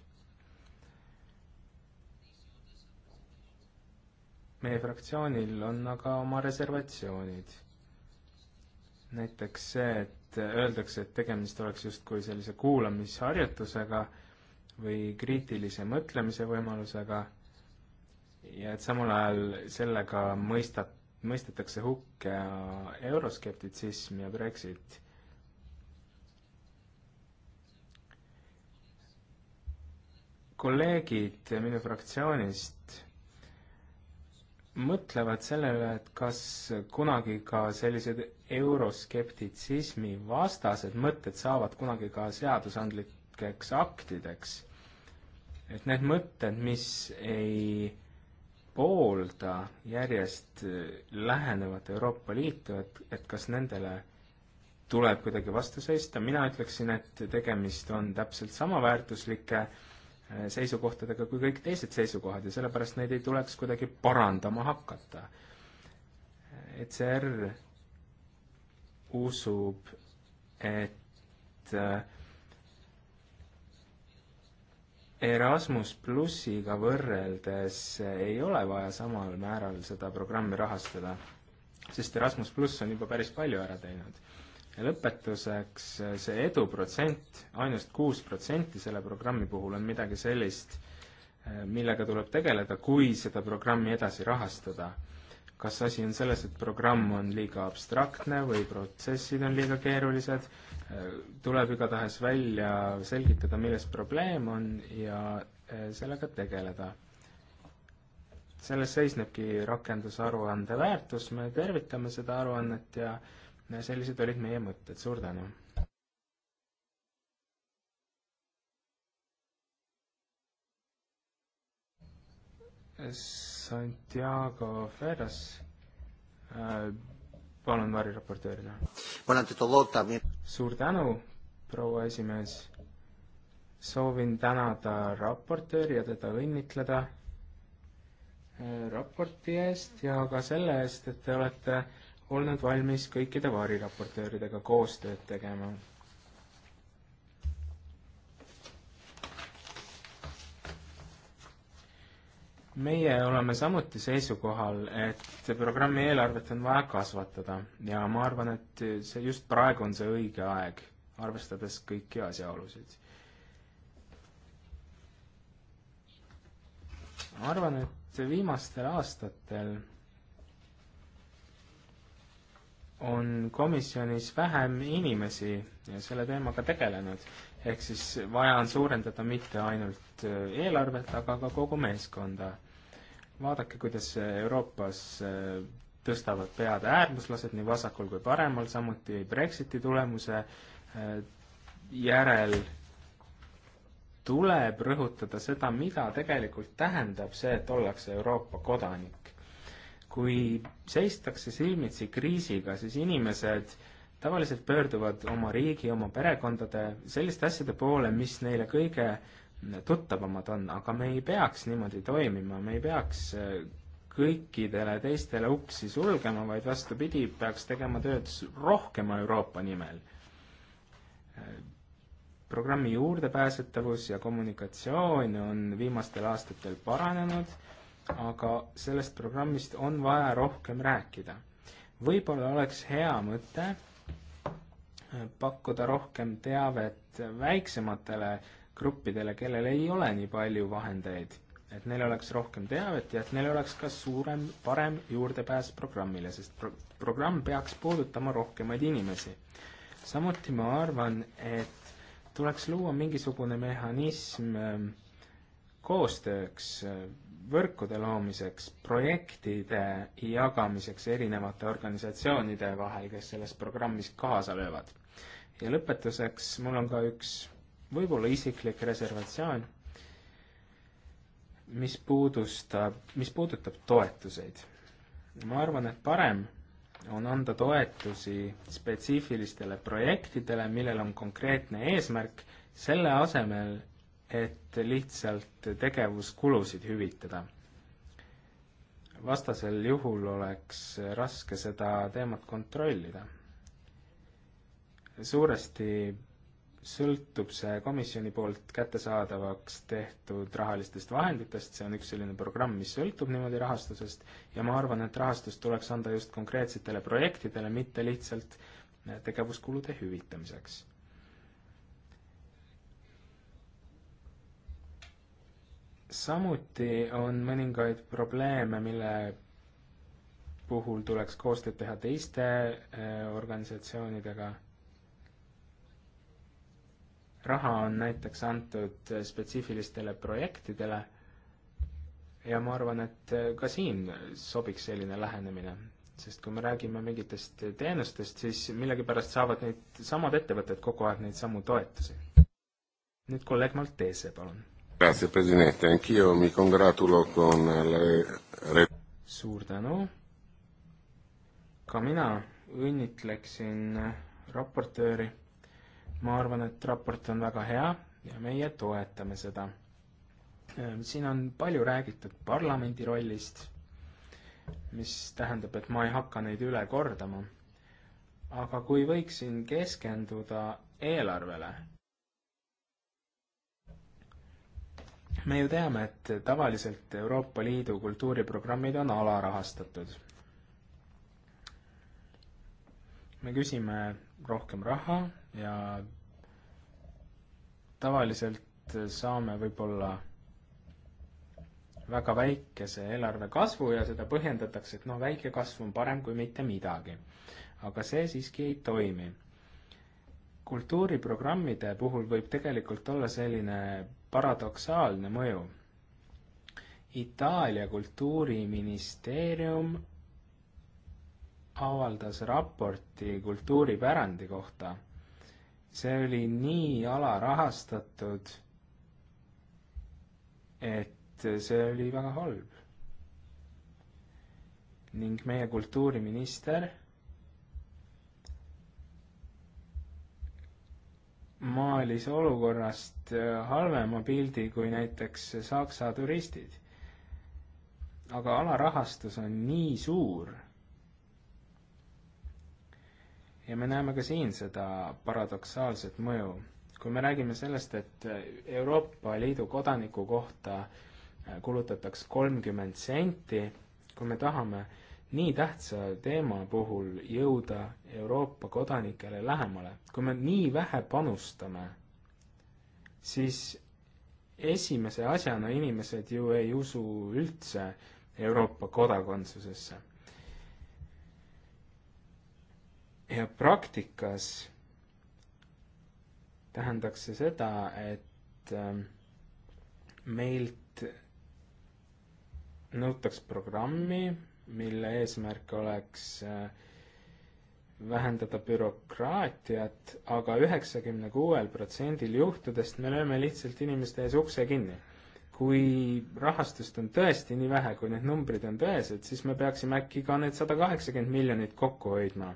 [SPEAKER 2] meie fraktsioonil on aga oma reservatsioonid. näiteks see, et et öeldakse, et tegemist oleks justkui sellise kuulamisharjutusega või kriitilise mõtlemise võimalusega ja et samal ajal sellega mõistab, mõistetakse hukka euroskeptitsism ja Brexit. kolleegid minu fraktsioonist mõtlevad selle üle, et kas kunagi ka sellised euroskeptitsismi vastased mõtted saavad kunagi ka seadusandlikeks aktideks. et need mõtted, mis ei poolda järjest lähenevat Euroopa Liitu, et, et kas nendele tuleb kuidagi vastu seista, mina ütleksin, et tegemist on täpselt sama väärtuslike äh, Äh, seisukohtadega kui kõik teised seisukohad ja sellepärast neid ei tuleks kuidagi parandama hakata. ECR usub, et äh, Erasmus plussiga võrreldes ei ole vaja samal määral seda programmi rahastada, sest Erasmus pluss on juba päris palju ära teinud ja lõpetuseks eh, see eduprotsent, ainult kuus protsenti selle programmi puhul on midagi sellist, eh, millega tuleb tegeleda, kui seda programmi edasi rahastada. kas asi on selles, et programm on liiga abstraktne või protsessid on liiga keerulised, eh, tuleb igatahes välja selgitada, milles probleem on ja sellega tegeleda. selles seisnebki rakendusaruande väärtus, me tervitame seda aruannet ja äh, sellised olid meie mõtted, suur tänu! Santiago Ferras äh,, palun variraportöörina. suur tänu, proua esimees soovin tänada raportööri ja teda õnnitleda äh, raporti eest ja ka selle eest, et te olete olnud valmis kõikide variraportööridega koostööd tegema. meie oleme samuti seisukohal, et programmi eelarvet on vaja kasvatada ja ma arvan, et see just praegu on see õige aeg, arvestades kõiki asjaolusid. ma arvan, et viimastel aastatel on komisjonis vähem inimesi selle teemaga tegelenud. ehk siis vaja on suurendada mitte ainult äh, eelarvet, aga ka kogu meeskonda. vaadake, kuidas äh, Euroopas äh, tõstavad pead äärmuslased nii vasakul kui paremal, samuti Brexiti tulemuse järel tuleb rõhutada seda, mida tegelikult tähendab see, et ollakse Euroopa kodanik kui seistakse silmitsi kriisiga, siis inimesed tavaliselt pöörduvad oma riigi, oma perekondade, selliste asjade poole, mis neile kõige tuttavamad on, aga me ei peaks niimoodi toimima, me ei peaks äh, kõikidele teistele uksi sulgema, vaid vastupidi, peaks tegema tööd rohkema Euroopa nimel. Äh, programmi juurdepääsetavus ja kommunikatsioon on viimastel aastatel paranenud aga sellest programmist on vaja rohkem rääkida. võib-olla oleks hea mõte äh, pakkuda rohkem teavet väiksematele gruppidele, kellel ei ole nii palju vahendeid, et neil oleks rohkem teavet ja et neil oleks ka suurem, parem juurdepääs programmile, sest pro-, programm peaks puudutama rohkemaid inimesi. samuti ma arvan, et tuleks luua mingisugune mehhanism ähm, koostööks äh, võrkude loomiseks, projektide jagamiseks erinevate organisatsioonide vahel, kes selles programmis kaasa löövad. ja lõpetuseks mul on ka üks võib-olla isiklik reservatsioon, mis puudustab, mis puudutab toetuseid. ma arvan, et parem on anda toetusi spetsiifilistele projektidele, millel on konkreetne eesmärk, selle asemel, et lihtsalt tegevuskulusid hüvitada. vastasel juhul oleks raske seda teemat kontrollida. suuresti sõltub see komisjoni poolt kättesaadavaks tehtud rahalistest vahenditest, see on üks selline programm, mis sõltub niimoodi rahastusest, ja ma arvan, et rahastust tuleks anda just konkreetsetele projektidele, mitte lihtsalt tegevuskulude hüvitamiseks samuti on mõningaid probleeme, mille puhul tuleks koostööd teha teiste äh, organisatsioonidega. raha on näiteks antud äh, spetsiifilistele projektidele ja ma arvan, et äh, ka siin sobiks selline lähenemine, sest kui me räägime mingitest teenustest, siis millegipärast saavad need samad ettevõtted kogu aeg neid samu toetusi. nüüd kolleeg Maltese, palun Grazie, president, anch'io mi congratulo con le. suur tänu. ka mina õnnitleksin raportööri. ma arvan, et raport on väga hea ja meie toetame seda. Ehm, siin on palju räägitud parlamendi rollist, mis tähendab, et ma ei hakka neid üle kordama. aga kui võiksin keskenduda eelarvele me ju teame, et tavaliselt Euroopa Liidu kultuuriprogrammid on alarahastatud. me küsime rohkem raha ja tavaliselt saame võib-olla väga väikese eelarve kasvu ja seda põhjendatakse, et noh, väike kasv on parem kui mitte midagi. aga see siiski ei toimi. kultuuriprogrammide puhul võib tegelikult olla selline paradoksaalne mõju. Itaalia kultuuriministeerium avaldas raporti kultuuripärandi kohta. see oli nii alarahastatud, et see oli väga halb. ning meie kultuuriminister maalis olukorrast äh, halvema pildi kui näiteks Saksa turistid. aga alarahastus on nii suur. ja me näeme ka siin seda paradoksaalset mõju. kui me räägime sellest, et Euroopa Liidu kodaniku kohta äh, kulutataks kolmkümmend senti, kui me tahame, nii tähtsa teema puhul jõuda Euroopa kodanikele lähemale. kui me nii vähe panustame, siis esimese asjana inimesed ju ei usu üldse Euroopa kodakondsusesse. ja praktikas tähendaks see seda, et ähm, meilt nõutaks programmi, mille eesmärk oleks äh, vähendada bürokraatiat aga, aga üheksakümne kuuel protsendil juhtudest me lööme lihtsalt inimeste ees ukse kinni. kui rahastust on tõesti nii vähe, kui need numbrid on tõesed, siis me peaksime äkki ka need sada kaheksakümmend miljonit kokku hoidma.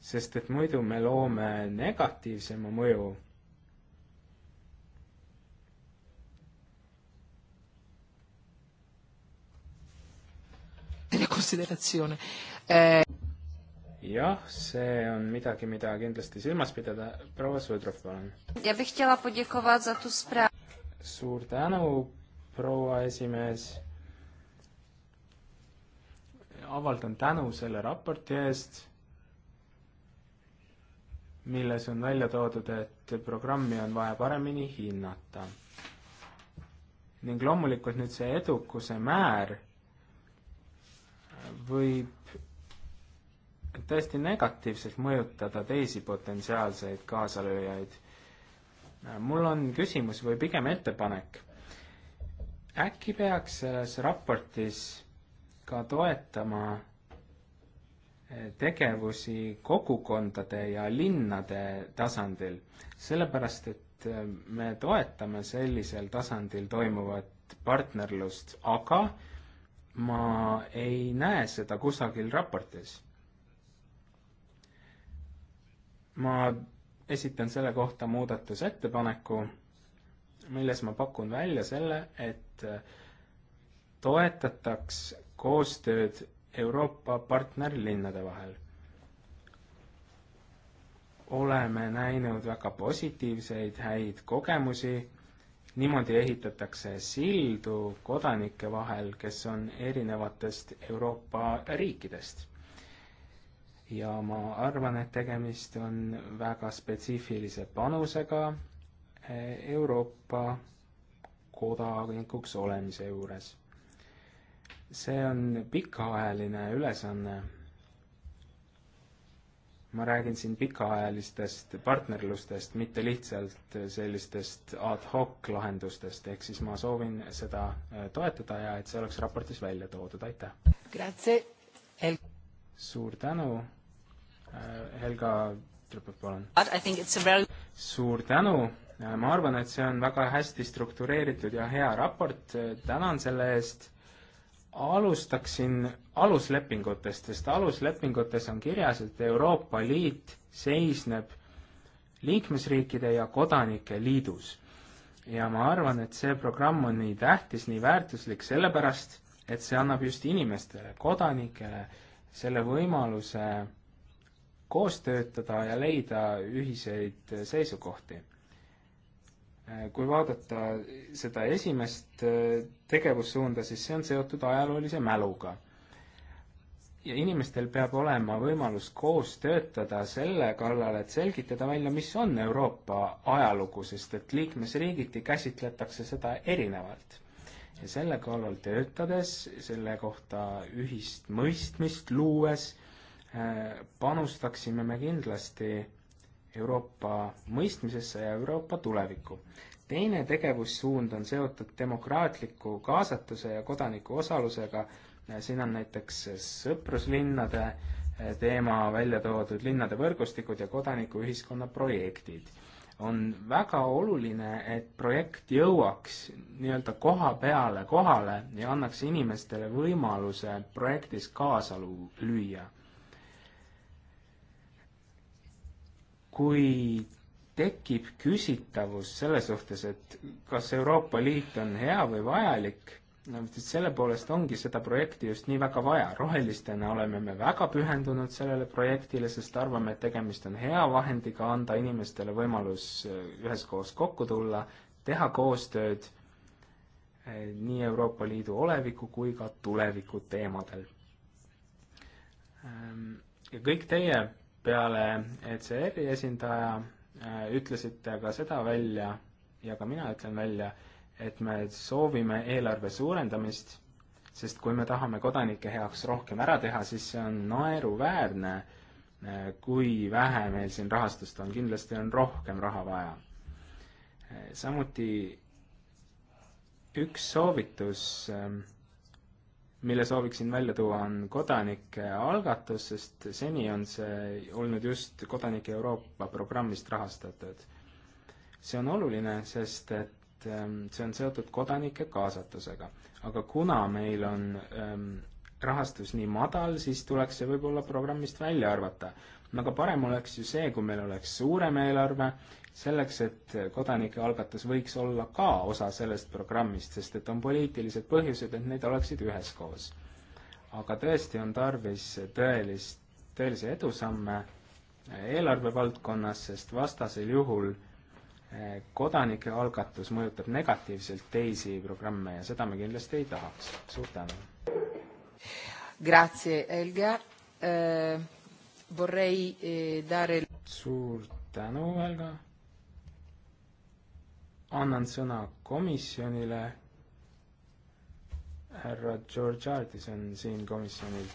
[SPEAKER 2] sest et muidu me loome negatiivsema mõju teile konsideratsioone. Eh, jah, see on midagi, mida kindlasti silmas pidada. proua Sõdrov,
[SPEAKER 1] palun.
[SPEAKER 2] suur tänu, proua esimees. avaldan tänu selle raporti eest milles on välja toodud, et programmi on vaja paremini hinnata. ning loomulikult nüüd see edukuse määr võib tõesti negatiivselt mõjutada teisi potentsiaalseid kaasalööjaid. mul on küsimus või pigem ettepanek. äkki peaks selles raportis ka toetama eh, tegevusi kogukondade ja linnade tasandil, sellepärast et eh, me toetame sellisel tasandil toimuvat partnerlust, aga äh, ma ei näe seda kusagil raportis. ma esitan selle kohta muudatusettepaneku, milles ma pakun välja selle, et toetataks koostööd Euroopa partnerlinnade vahel. oleme näinud väga positiivseid häid kogemusi niimoodi ehitatakse sildu kodanike vahel, kes on erinevatest Euroopa riikidest. ja ma arvan, et tegemist on väga spetsiifilise panusega eh, Euroopa kodanikuks olemise juures. see on pikaajaline ülesanne ma räägin siin pikaajalistest partnerlustest, mitte lihtsalt sellistest ad hoc lahendustest, ehk siis ma soovin seda äh, toetada ja et see oleks raportis välja toodud, aitäh! suur tänu, äh, Helga Trüppel, palun! suur tänu, äh, ma arvan, et see on väga hästi struktureeritud ja hea raport, tänan selle eest alustaksin aluslepingutest, sest aluslepingutes on kirjas, et Euroopa Liit seisneb liikmesriikide ja kodanike liidus. ja ma arvan, et see programm on nii tähtis, nii väärtuslik sellepärast, et see annab just inimestele, kodanikele selle võimaluse koos töötada ja leida ühiseid seisukohti Äh, kui vaadata seda esimest äh, tegevussuunda, siis see on seotud ajaloolise mäluga. ja inimestel peab olema võimalus koos töötada selle kallal, et selgitada välja, mis on Euroopa ajalugu, sest et liikmesriigiti käsitletakse seda erinevalt. ja selle kallal töötades, selle kohta ühist mõistmist luues, äh, panustaksime me kindlasti Euroopa mõistmisesse ja Euroopa tulevikku. teine tegevussuund on seotud demokraatliku kaasatuse ja kodaniku osalusega, siin on näiteks sõpruslinnade teema välja toodud, linnade võrgustikud ja kodanikuühiskonna projektid. on väga oluline, et projekt jõuaks nii-öelda koha peale kohale ja annaks inimestele võimaluse projektis kaasa lüüa kui tekib küsitavus selle suhtes, et kas Euroopa Liit on hea või vajalik, selle poolest ongi seda projekti just nii väga vaja. rohelistena oleme me väga pühendunud sellele projektile, sest arvame, et tegemist on hea vahendiga anda inimestele võimalus äh, üheskoos kokku tulla, teha koostööd äh, nii Euroopa Liidu oleviku kui ka tuleviku teemadel. Ehm, ja kõik teie peale ECR-i esindaja äh, ütlesite ka seda välja ja ka mina ütlen välja, et me soovime eelarve suurendamist, sest kui me tahame kodanike heaks rohkem ära teha, siis see on naeruväärne, äh, kui vähe meil siin rahastust on, kindlasti on rohkem raha vaja. Äh, samuti üks soovitus äh, mille sooviksin välja tuua, on kodanike algatus, sest seni on see olnud just Kodanike Euroopa programmist rahastatud. see on oluline, sest et ähm, see on seotud kodanike kaasatusega. aga kuna meil on ähm, rahastus nii madal, siis tuleks see võib-olla programmist välja arvata. aga parem oleks ju see, kui meil oleks suurem eelarve selleks, et kodanike algatus võiks olla ka osa sellest programmist, sest et on poliitilised põhjused, et need oleksid üheskoos. aga tõesti on tarvis tõelist, tõelisi edusamme eelarve valdkonnas, sest vastasel juhul eh, kodanike algatus mõjutab negatiivselt teisi programme ja seda me kindlasti ei tahaks. suur tänu!
[SPEAKER 1] Grazie Helga eh,, vorrei eh, dare
[SPEAKER 2] suur tänu, Helga! annan sõna komisjonile. härra George Artis on siin komisjonil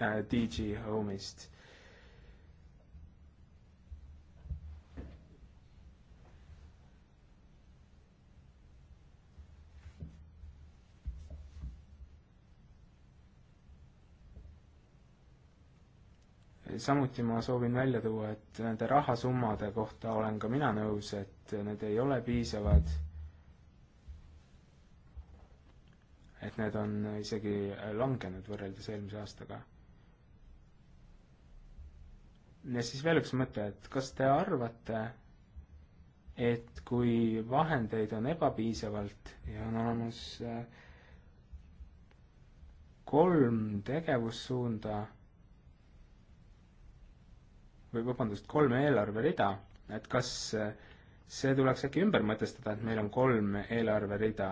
[SPEAKER 2] äh,, DG Home'ist samuti ma soovin välja tuua, et nende rahasummade kohta olen ka mina nõus, et need ei ole piisavad. et need on isegi langenud võrreldes eelmise aastaga. ja siis veel üks mõte, et kas te arvate, et kui vahendeid on ebapiisavalt ja on olemas äh, kolm tegevussuunda või vabandust, kolme eelarverida, et kas eh, see tuleks äkki ümber mõtestada, et meil on kolm eelarverida,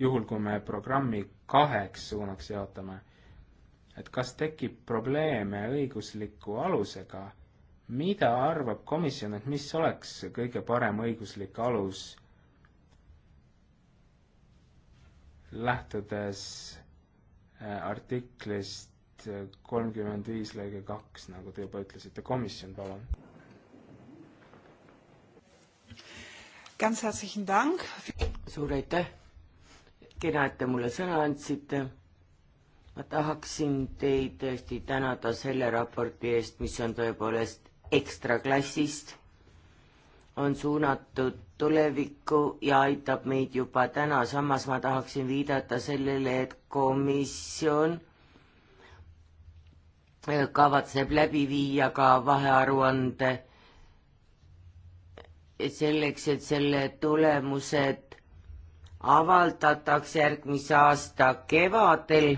[SPEAKER 2] juhul kui me programmi kaheks suunaks jaotame. et kas tekib probleeme õigusliku alusega, mida arvab komisjon, et mis oleks kõige parem õiguslik alus, lähtudes eh, artiklist kolmkümmend viis lõige kaks, nagu te juba ütlesite, komisjon, palun.
[SPEAKER 3] suur aitäh, kena, et te mulle sõna andsite. ma tahaksin teid tõesti tänada selle raporti eest, mis on tõepoolest ekstraklassist, on suunatud tulevikku ja aitab meid juba täna, samas ma tahaksin viidata sellele, et komisjon kavatseb läbi viia ka vahearuande selleks, et selle tulemused avaldatakse järgmise aasta kevadel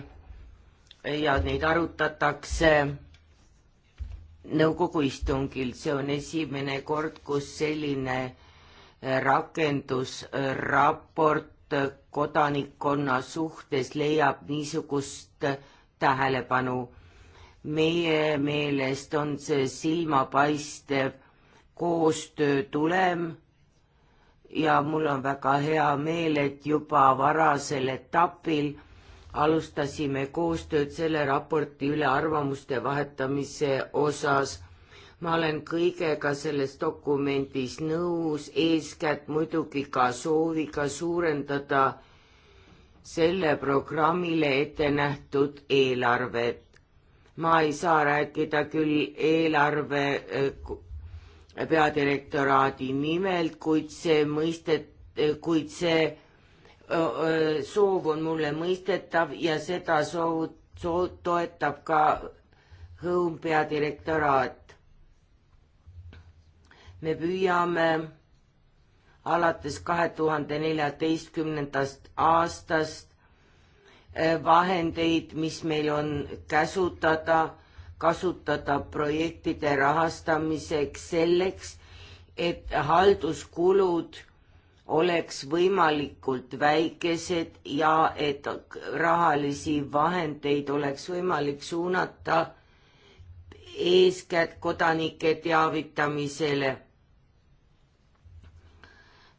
[SPEAKER 3] ja neid arutatakse nõukogu istungil. see on esimene kord, kus selline rakendusraport kodanikkonna suhtes leiab niisugust tähelepanu meie meelest on see silmapaistev koostöö tulem ja mul on väga hea meel, et juba varasel etapil alustasime koostööd selle raporti üle arvamuste vahetamise osas. ma olen kõigega selles dokumendis nõus, eeskätt muidugi ka sooviga suurendada selle programmile ette nähtud eelarvet ma ei saa rääkida küll eelarve eh, peadirektoraadi nimelt, kuid see mõistet, eh, kuid see soov on mulle mõistetav ja seda soov, soov toetab ka Hõõm peadirektoraat. me püüame alates kahe tuhande neljateistkümnendast aastast vahendeid, mis meil on käsutada, kasutada projektide rahastamiseks selleks, et halduskulud oleks võimalikult väikesed ja et rahalisi vahendeid oleks võimalik suunata eeskätt kodanike teavitamisele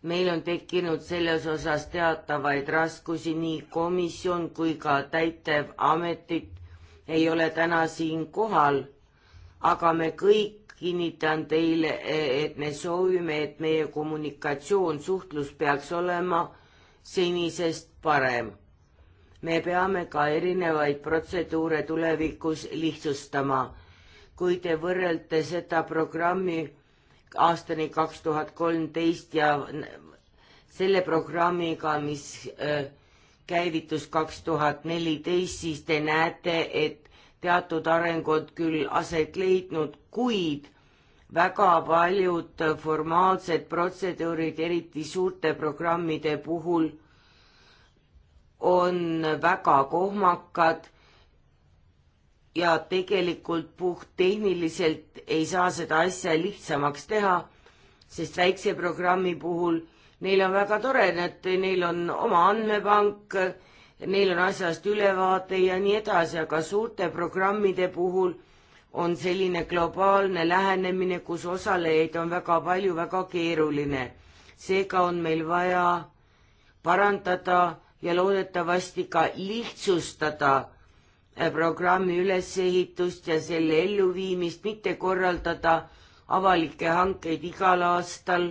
[SPEAKER 3] meil on tekkinud selles osas teatavaid raskusi, nii komisjon kui ka täitevametid ei ole täna siin kohal, aga me kõik kinnitan teile, et me soovime, et meie kommunikatsioon, suhtlus peaks olema senisest parem. me peame ka erinevaid protseduure tulevikus lihtsustama. kui te võrrelete seda programmi aastani kaks tuhat kolmteist ja selle programmiga, mis äh, käivitus kaks tuhat neliteist, siis te näete, et teatud arengud küll aset leidnud, kuid väga paljud formaalsed protseduurid, eriti suurte programmide puhul, on väga kohmakad ja tegelikult puhttehniliselt ei saa seda asja lihtsamaks teha, sest väikse programmi puhul neil on väga tore, et neil on oma andmepank, neil on asjast ülevaade ja nii edasi, aga suurte programmide puhul on selline globaalne lähenemine, kus osalejaid on väga palju, väga keeruline. seega on meil vaja parandada ja loodetavasti ka lihtsustada Äh, programmi ülesehitust ja selle elluviimist, mitte korraldada avalikke hankeid igal aastal,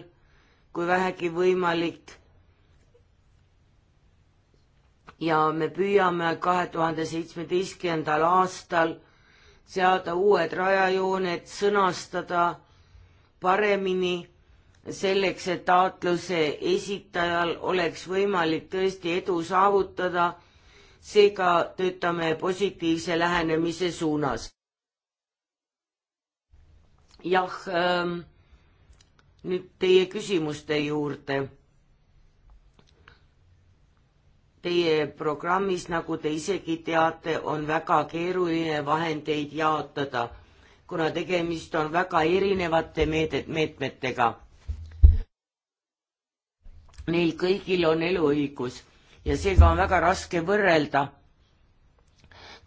[SPEAKER 3] kui vähegi võimalik. ja me püüame kahe tuhande seitsmeteistkümnendal aastal seada uued rajajooned, sõnastada paremini selleks, et taotluse esitajal oleks võimalik tõesti edu saavutada seega töötame positiivse lähenemise suunas. jah ähm,, nüüd teie küsimuste juurde. Teie programmis, nagu te isegi teate, on väga keeruline vahendeid jaotada, kuna tegemist on väga erinevate meedet-, meetmetega. Neil kõigil on eluõigus ja seega on väga raske võrrelda,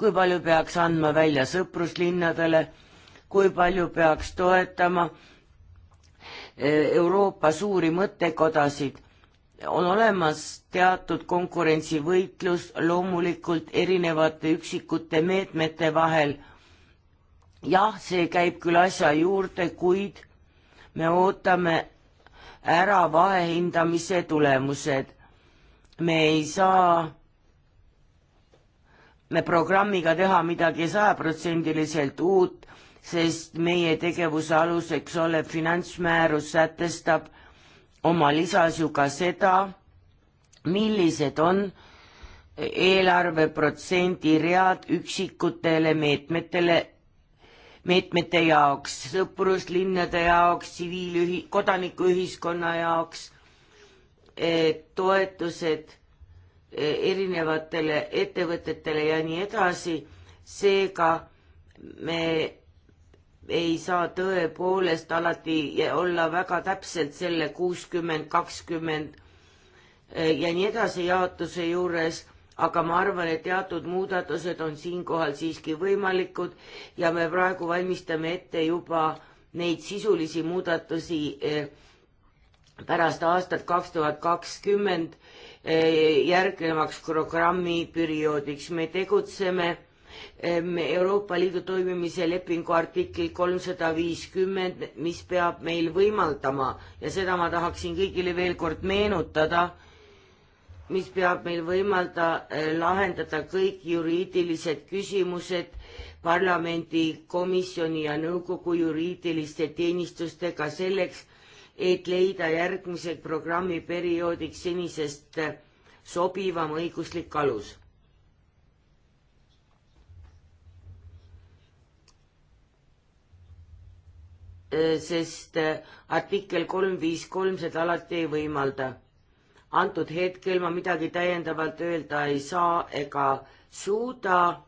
[SPEAKER 3] kui palju peaks andma välja sõpruslinnadele, kui palju peaks toetama e, Euroopa suuri mõttekodasid, on olemas teatud konkurentsivõitlus loomulikult erinevate üksikute meetmete vahel. jah, see käib küll asja juurde, kuid me ootame ära vahehindamise tulemused me ei saa me programmiga teha midagi sajaprotsendiliselt uut, sest meie tegevuse aluseks olev finantsmäärus sätestab oma lisas ju ka seda, millised on eelarveprotsendi read üksikutele meetmetele, meetmete jaoks, sõpruslinnade jaoks, tsiviilühi-, kodanikuühiskonna jaoks Eh, toetused eh, erinevatele ettevõtetele ja nii edasi, seega me ei saa tõepoolest alati olla väga täpselt selle kuuskümmend, kakskümmend eh, ja nii edasi jaotuse juures, aga ma arvan, et teatud muudatused on siinkohal siiski võimalikud ja me praegu valmistame ette juba neid sisulisi muudatusi eh, pärast aastat kaks tuhat kakskümmend eh, järgnevaks programmiperioodiks. me tegutseme eh, Euroopa Liidu toimimise lepingu artikkel kolmsada viiskümmend, mis peab meil võimaldama ja seda ma tahaksin kõigile veel kord meenutada, mis peab meil võimalda eh, lahendada kõik juriidilised küsimused parlamendi, komisjoni ja nõukogu juriidiliste teenistustega selleks et leida järgmisel programmiperioodiks senisest sobivam õiguslik alus. sest artikkel kolm viis kolm seda alati ei võimalda. antud hetkel ma midagi täiendavalt öelda ei saa ega suuda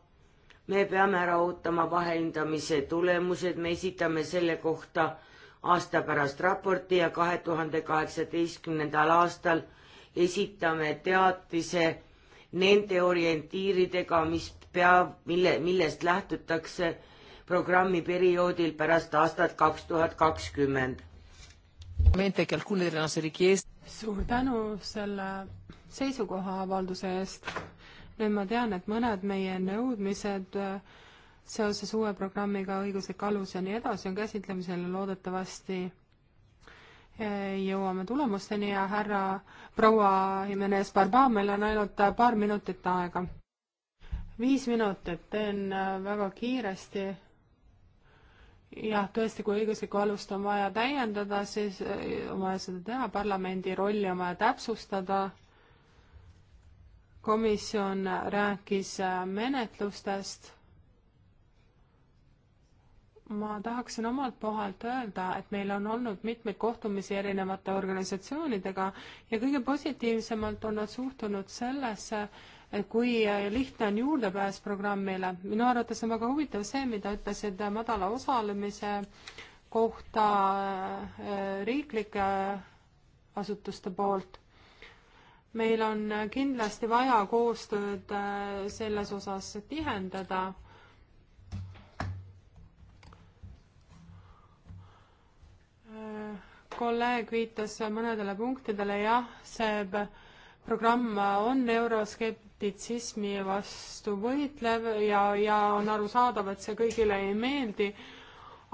[SPEAKER 3] me peame ära ootama vahehindamise tulemused, me esitame selle kohta aasta pärast raporti ja kahe tuhande kaheksateistkümnendal aastal esitame teatise nende orientiiridega, mis peab, mille, millest lähtutakse programmi perioodil pärast aastat kaks tuhat kakskümmend.
[SPEAKER 1] suur tänu selle seisukohaavalduse eest. nüüd ma tean, et mõned meie nõudmised äh, seoses uue programmiga õiguslik alus ja nii edasi on käsitlemisel ja loodetavasti eh, jõuame tulemusteni ja härra proua Jimenez Barba, meil on ainult äh, paar minutit aega. viis minutit, teen äh, väga kiiresti. jah, tõesti, kui õiguslikku alust on vaja täiendada, siis äh, on vaja seda teha, parlamendi rolli on vaja täpsustada. komisjon rääkis menetlustest ma tahaksin omalt poolt öelda, et meil on olnud mitmeid kohtumisi erinevate organisatsioonidega ja kõige positiivsemalt on nad suhtunud sellesse, kui lihtne on juurdepääs programmile. minu arvates on väga huvitav see, mida ütlesid madala osalemise kohta äh, riiklike asutuste poolt. meil on kindlasti vaja koostööd äh, selles osas tihendada kolleeg viitas mõnedele punktidele, jah, see programm on euroskeptitsismi vastu võitlev ja, ja on arusaadav, et see kõigile ei meeldi,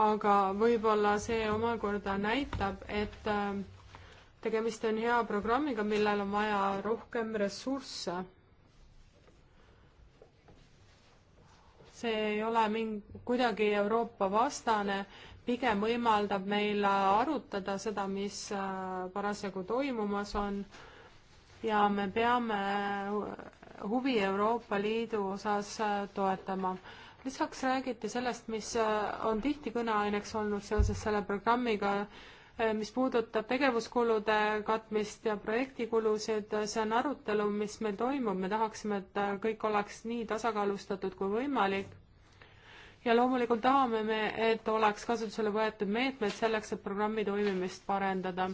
[SPEAKER 1] aga võib-olla see omakorda näitab, et äh, tegemist on hea programmiga, millel on vaja rohkem ressursse see ei ole mingi, kuidagi Euroopa vastane, pigem võimaldab meil arutada seda, mis äh, parasjagu toimumas on ja me peame huvi Euroopa Liidu osas äh, toetama. lisaks räägiti sellest, mis äh, on tihti kõneaineks olnud seoses selle programmiga, mis puudutab tegevuskulude katmist ja projektikulusid, see on arutelu, mis meil toimub, me tahaksime, et kõik oleks nii tasakaalustatud kui võimalik ja loomulikult tahame me, et oleks kasutusele võetud meetmed selleks, et programmi toimimist parendada.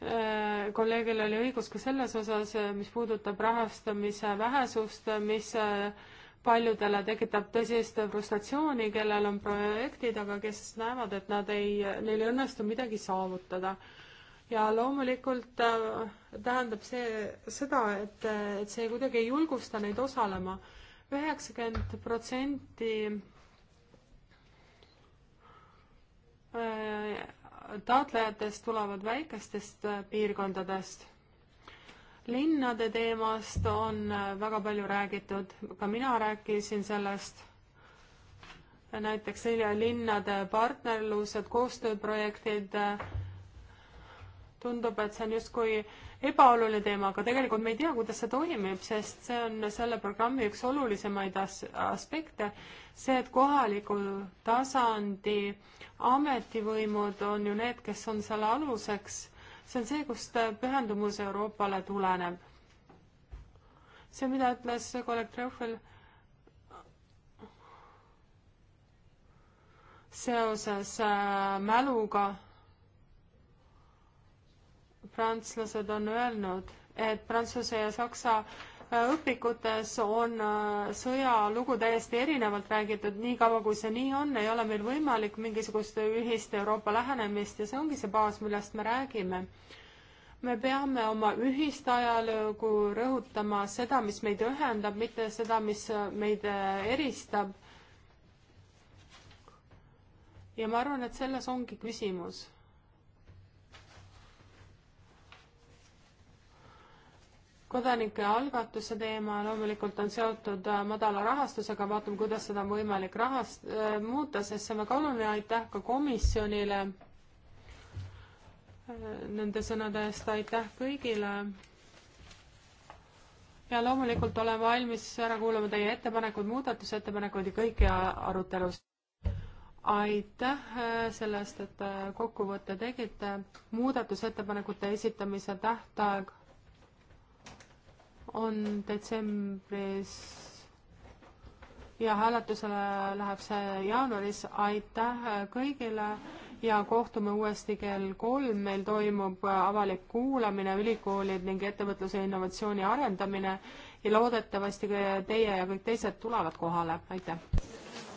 [SPEAKER 1] Äh, kolleegil oli õigus ka selles osas, äh, mis puudutab rahastamise vähesust, äh, mis paljudele tekitab tõsist frustratsiooni, kellel on projektid, aga kes näevad, et nad ei, neil ei õnnestu midagi saavutada ja loomulikult äh, tähendab see seda, et, et see kuidagi ei julgusta neid osalema üheksakümmend protsenti äh, taotlejatest tulevad väikestest äh, piirkondadest. linnade teemast on äh, väga palju räägitud, ka mina rääkisin sellest. näiteks linnade partnerlused, koostööprojektid tundub, et see on justkui ebaoluline teema, aga tegelikult me ei tea, kuidas see toimib, sest see on selle programmi üks olulisemaid as-, aspekte, see, et kohaliku tasandi ametivõimud on ju need, kes on selle aluseks, see on see, kust pühendumus Euroopale tuleneb. see, mida ütles kolleeg Treuffel seoses äh, mäluga prantslased on öelnud, et prantsuse ja saksa äh, õpikutes on äh, sõjalugu täiesti erinevalt räägitud, niikaua kui see nii on, ei ole meil võimalik mingisugust ühist Euroopa lähenemist ja see ongi see baas, millest me räägime. me peame oma ühist ajalugu rõhutama seda, mis meid ühendab, mitte seda, mis äh, meid eristab. ja ma arvan, et selles ongi küsimus kodanike algatuse teema loomulikult on seotud äh, madala rahastusega, vaatame, kuidas seda on võimalik rahast- äh,, muuta, sest see on väga oluline, aitäh ka komisjonile äh, nende sõnade eest, aitäh kõigile. ja loomulikult olen valmis ära kuulama teie ettepanekud, muudatusettepanekud ja kõiki arutelus. aitäh äh, selle eest, et kokkuvõtte tegite. muudatusettepanekute esitamise tähtaeg on detsembris ja hääletusele läheb see jaanuaris. aitäh kõigile ja kohtume uuesti kell kolm. meil toimub avalik kuulamine, ülikoolid ning ettevõtluse innovatsiooni arendamine ja loodetavasti teie ja kõik teised tulevad kohale. aitäh!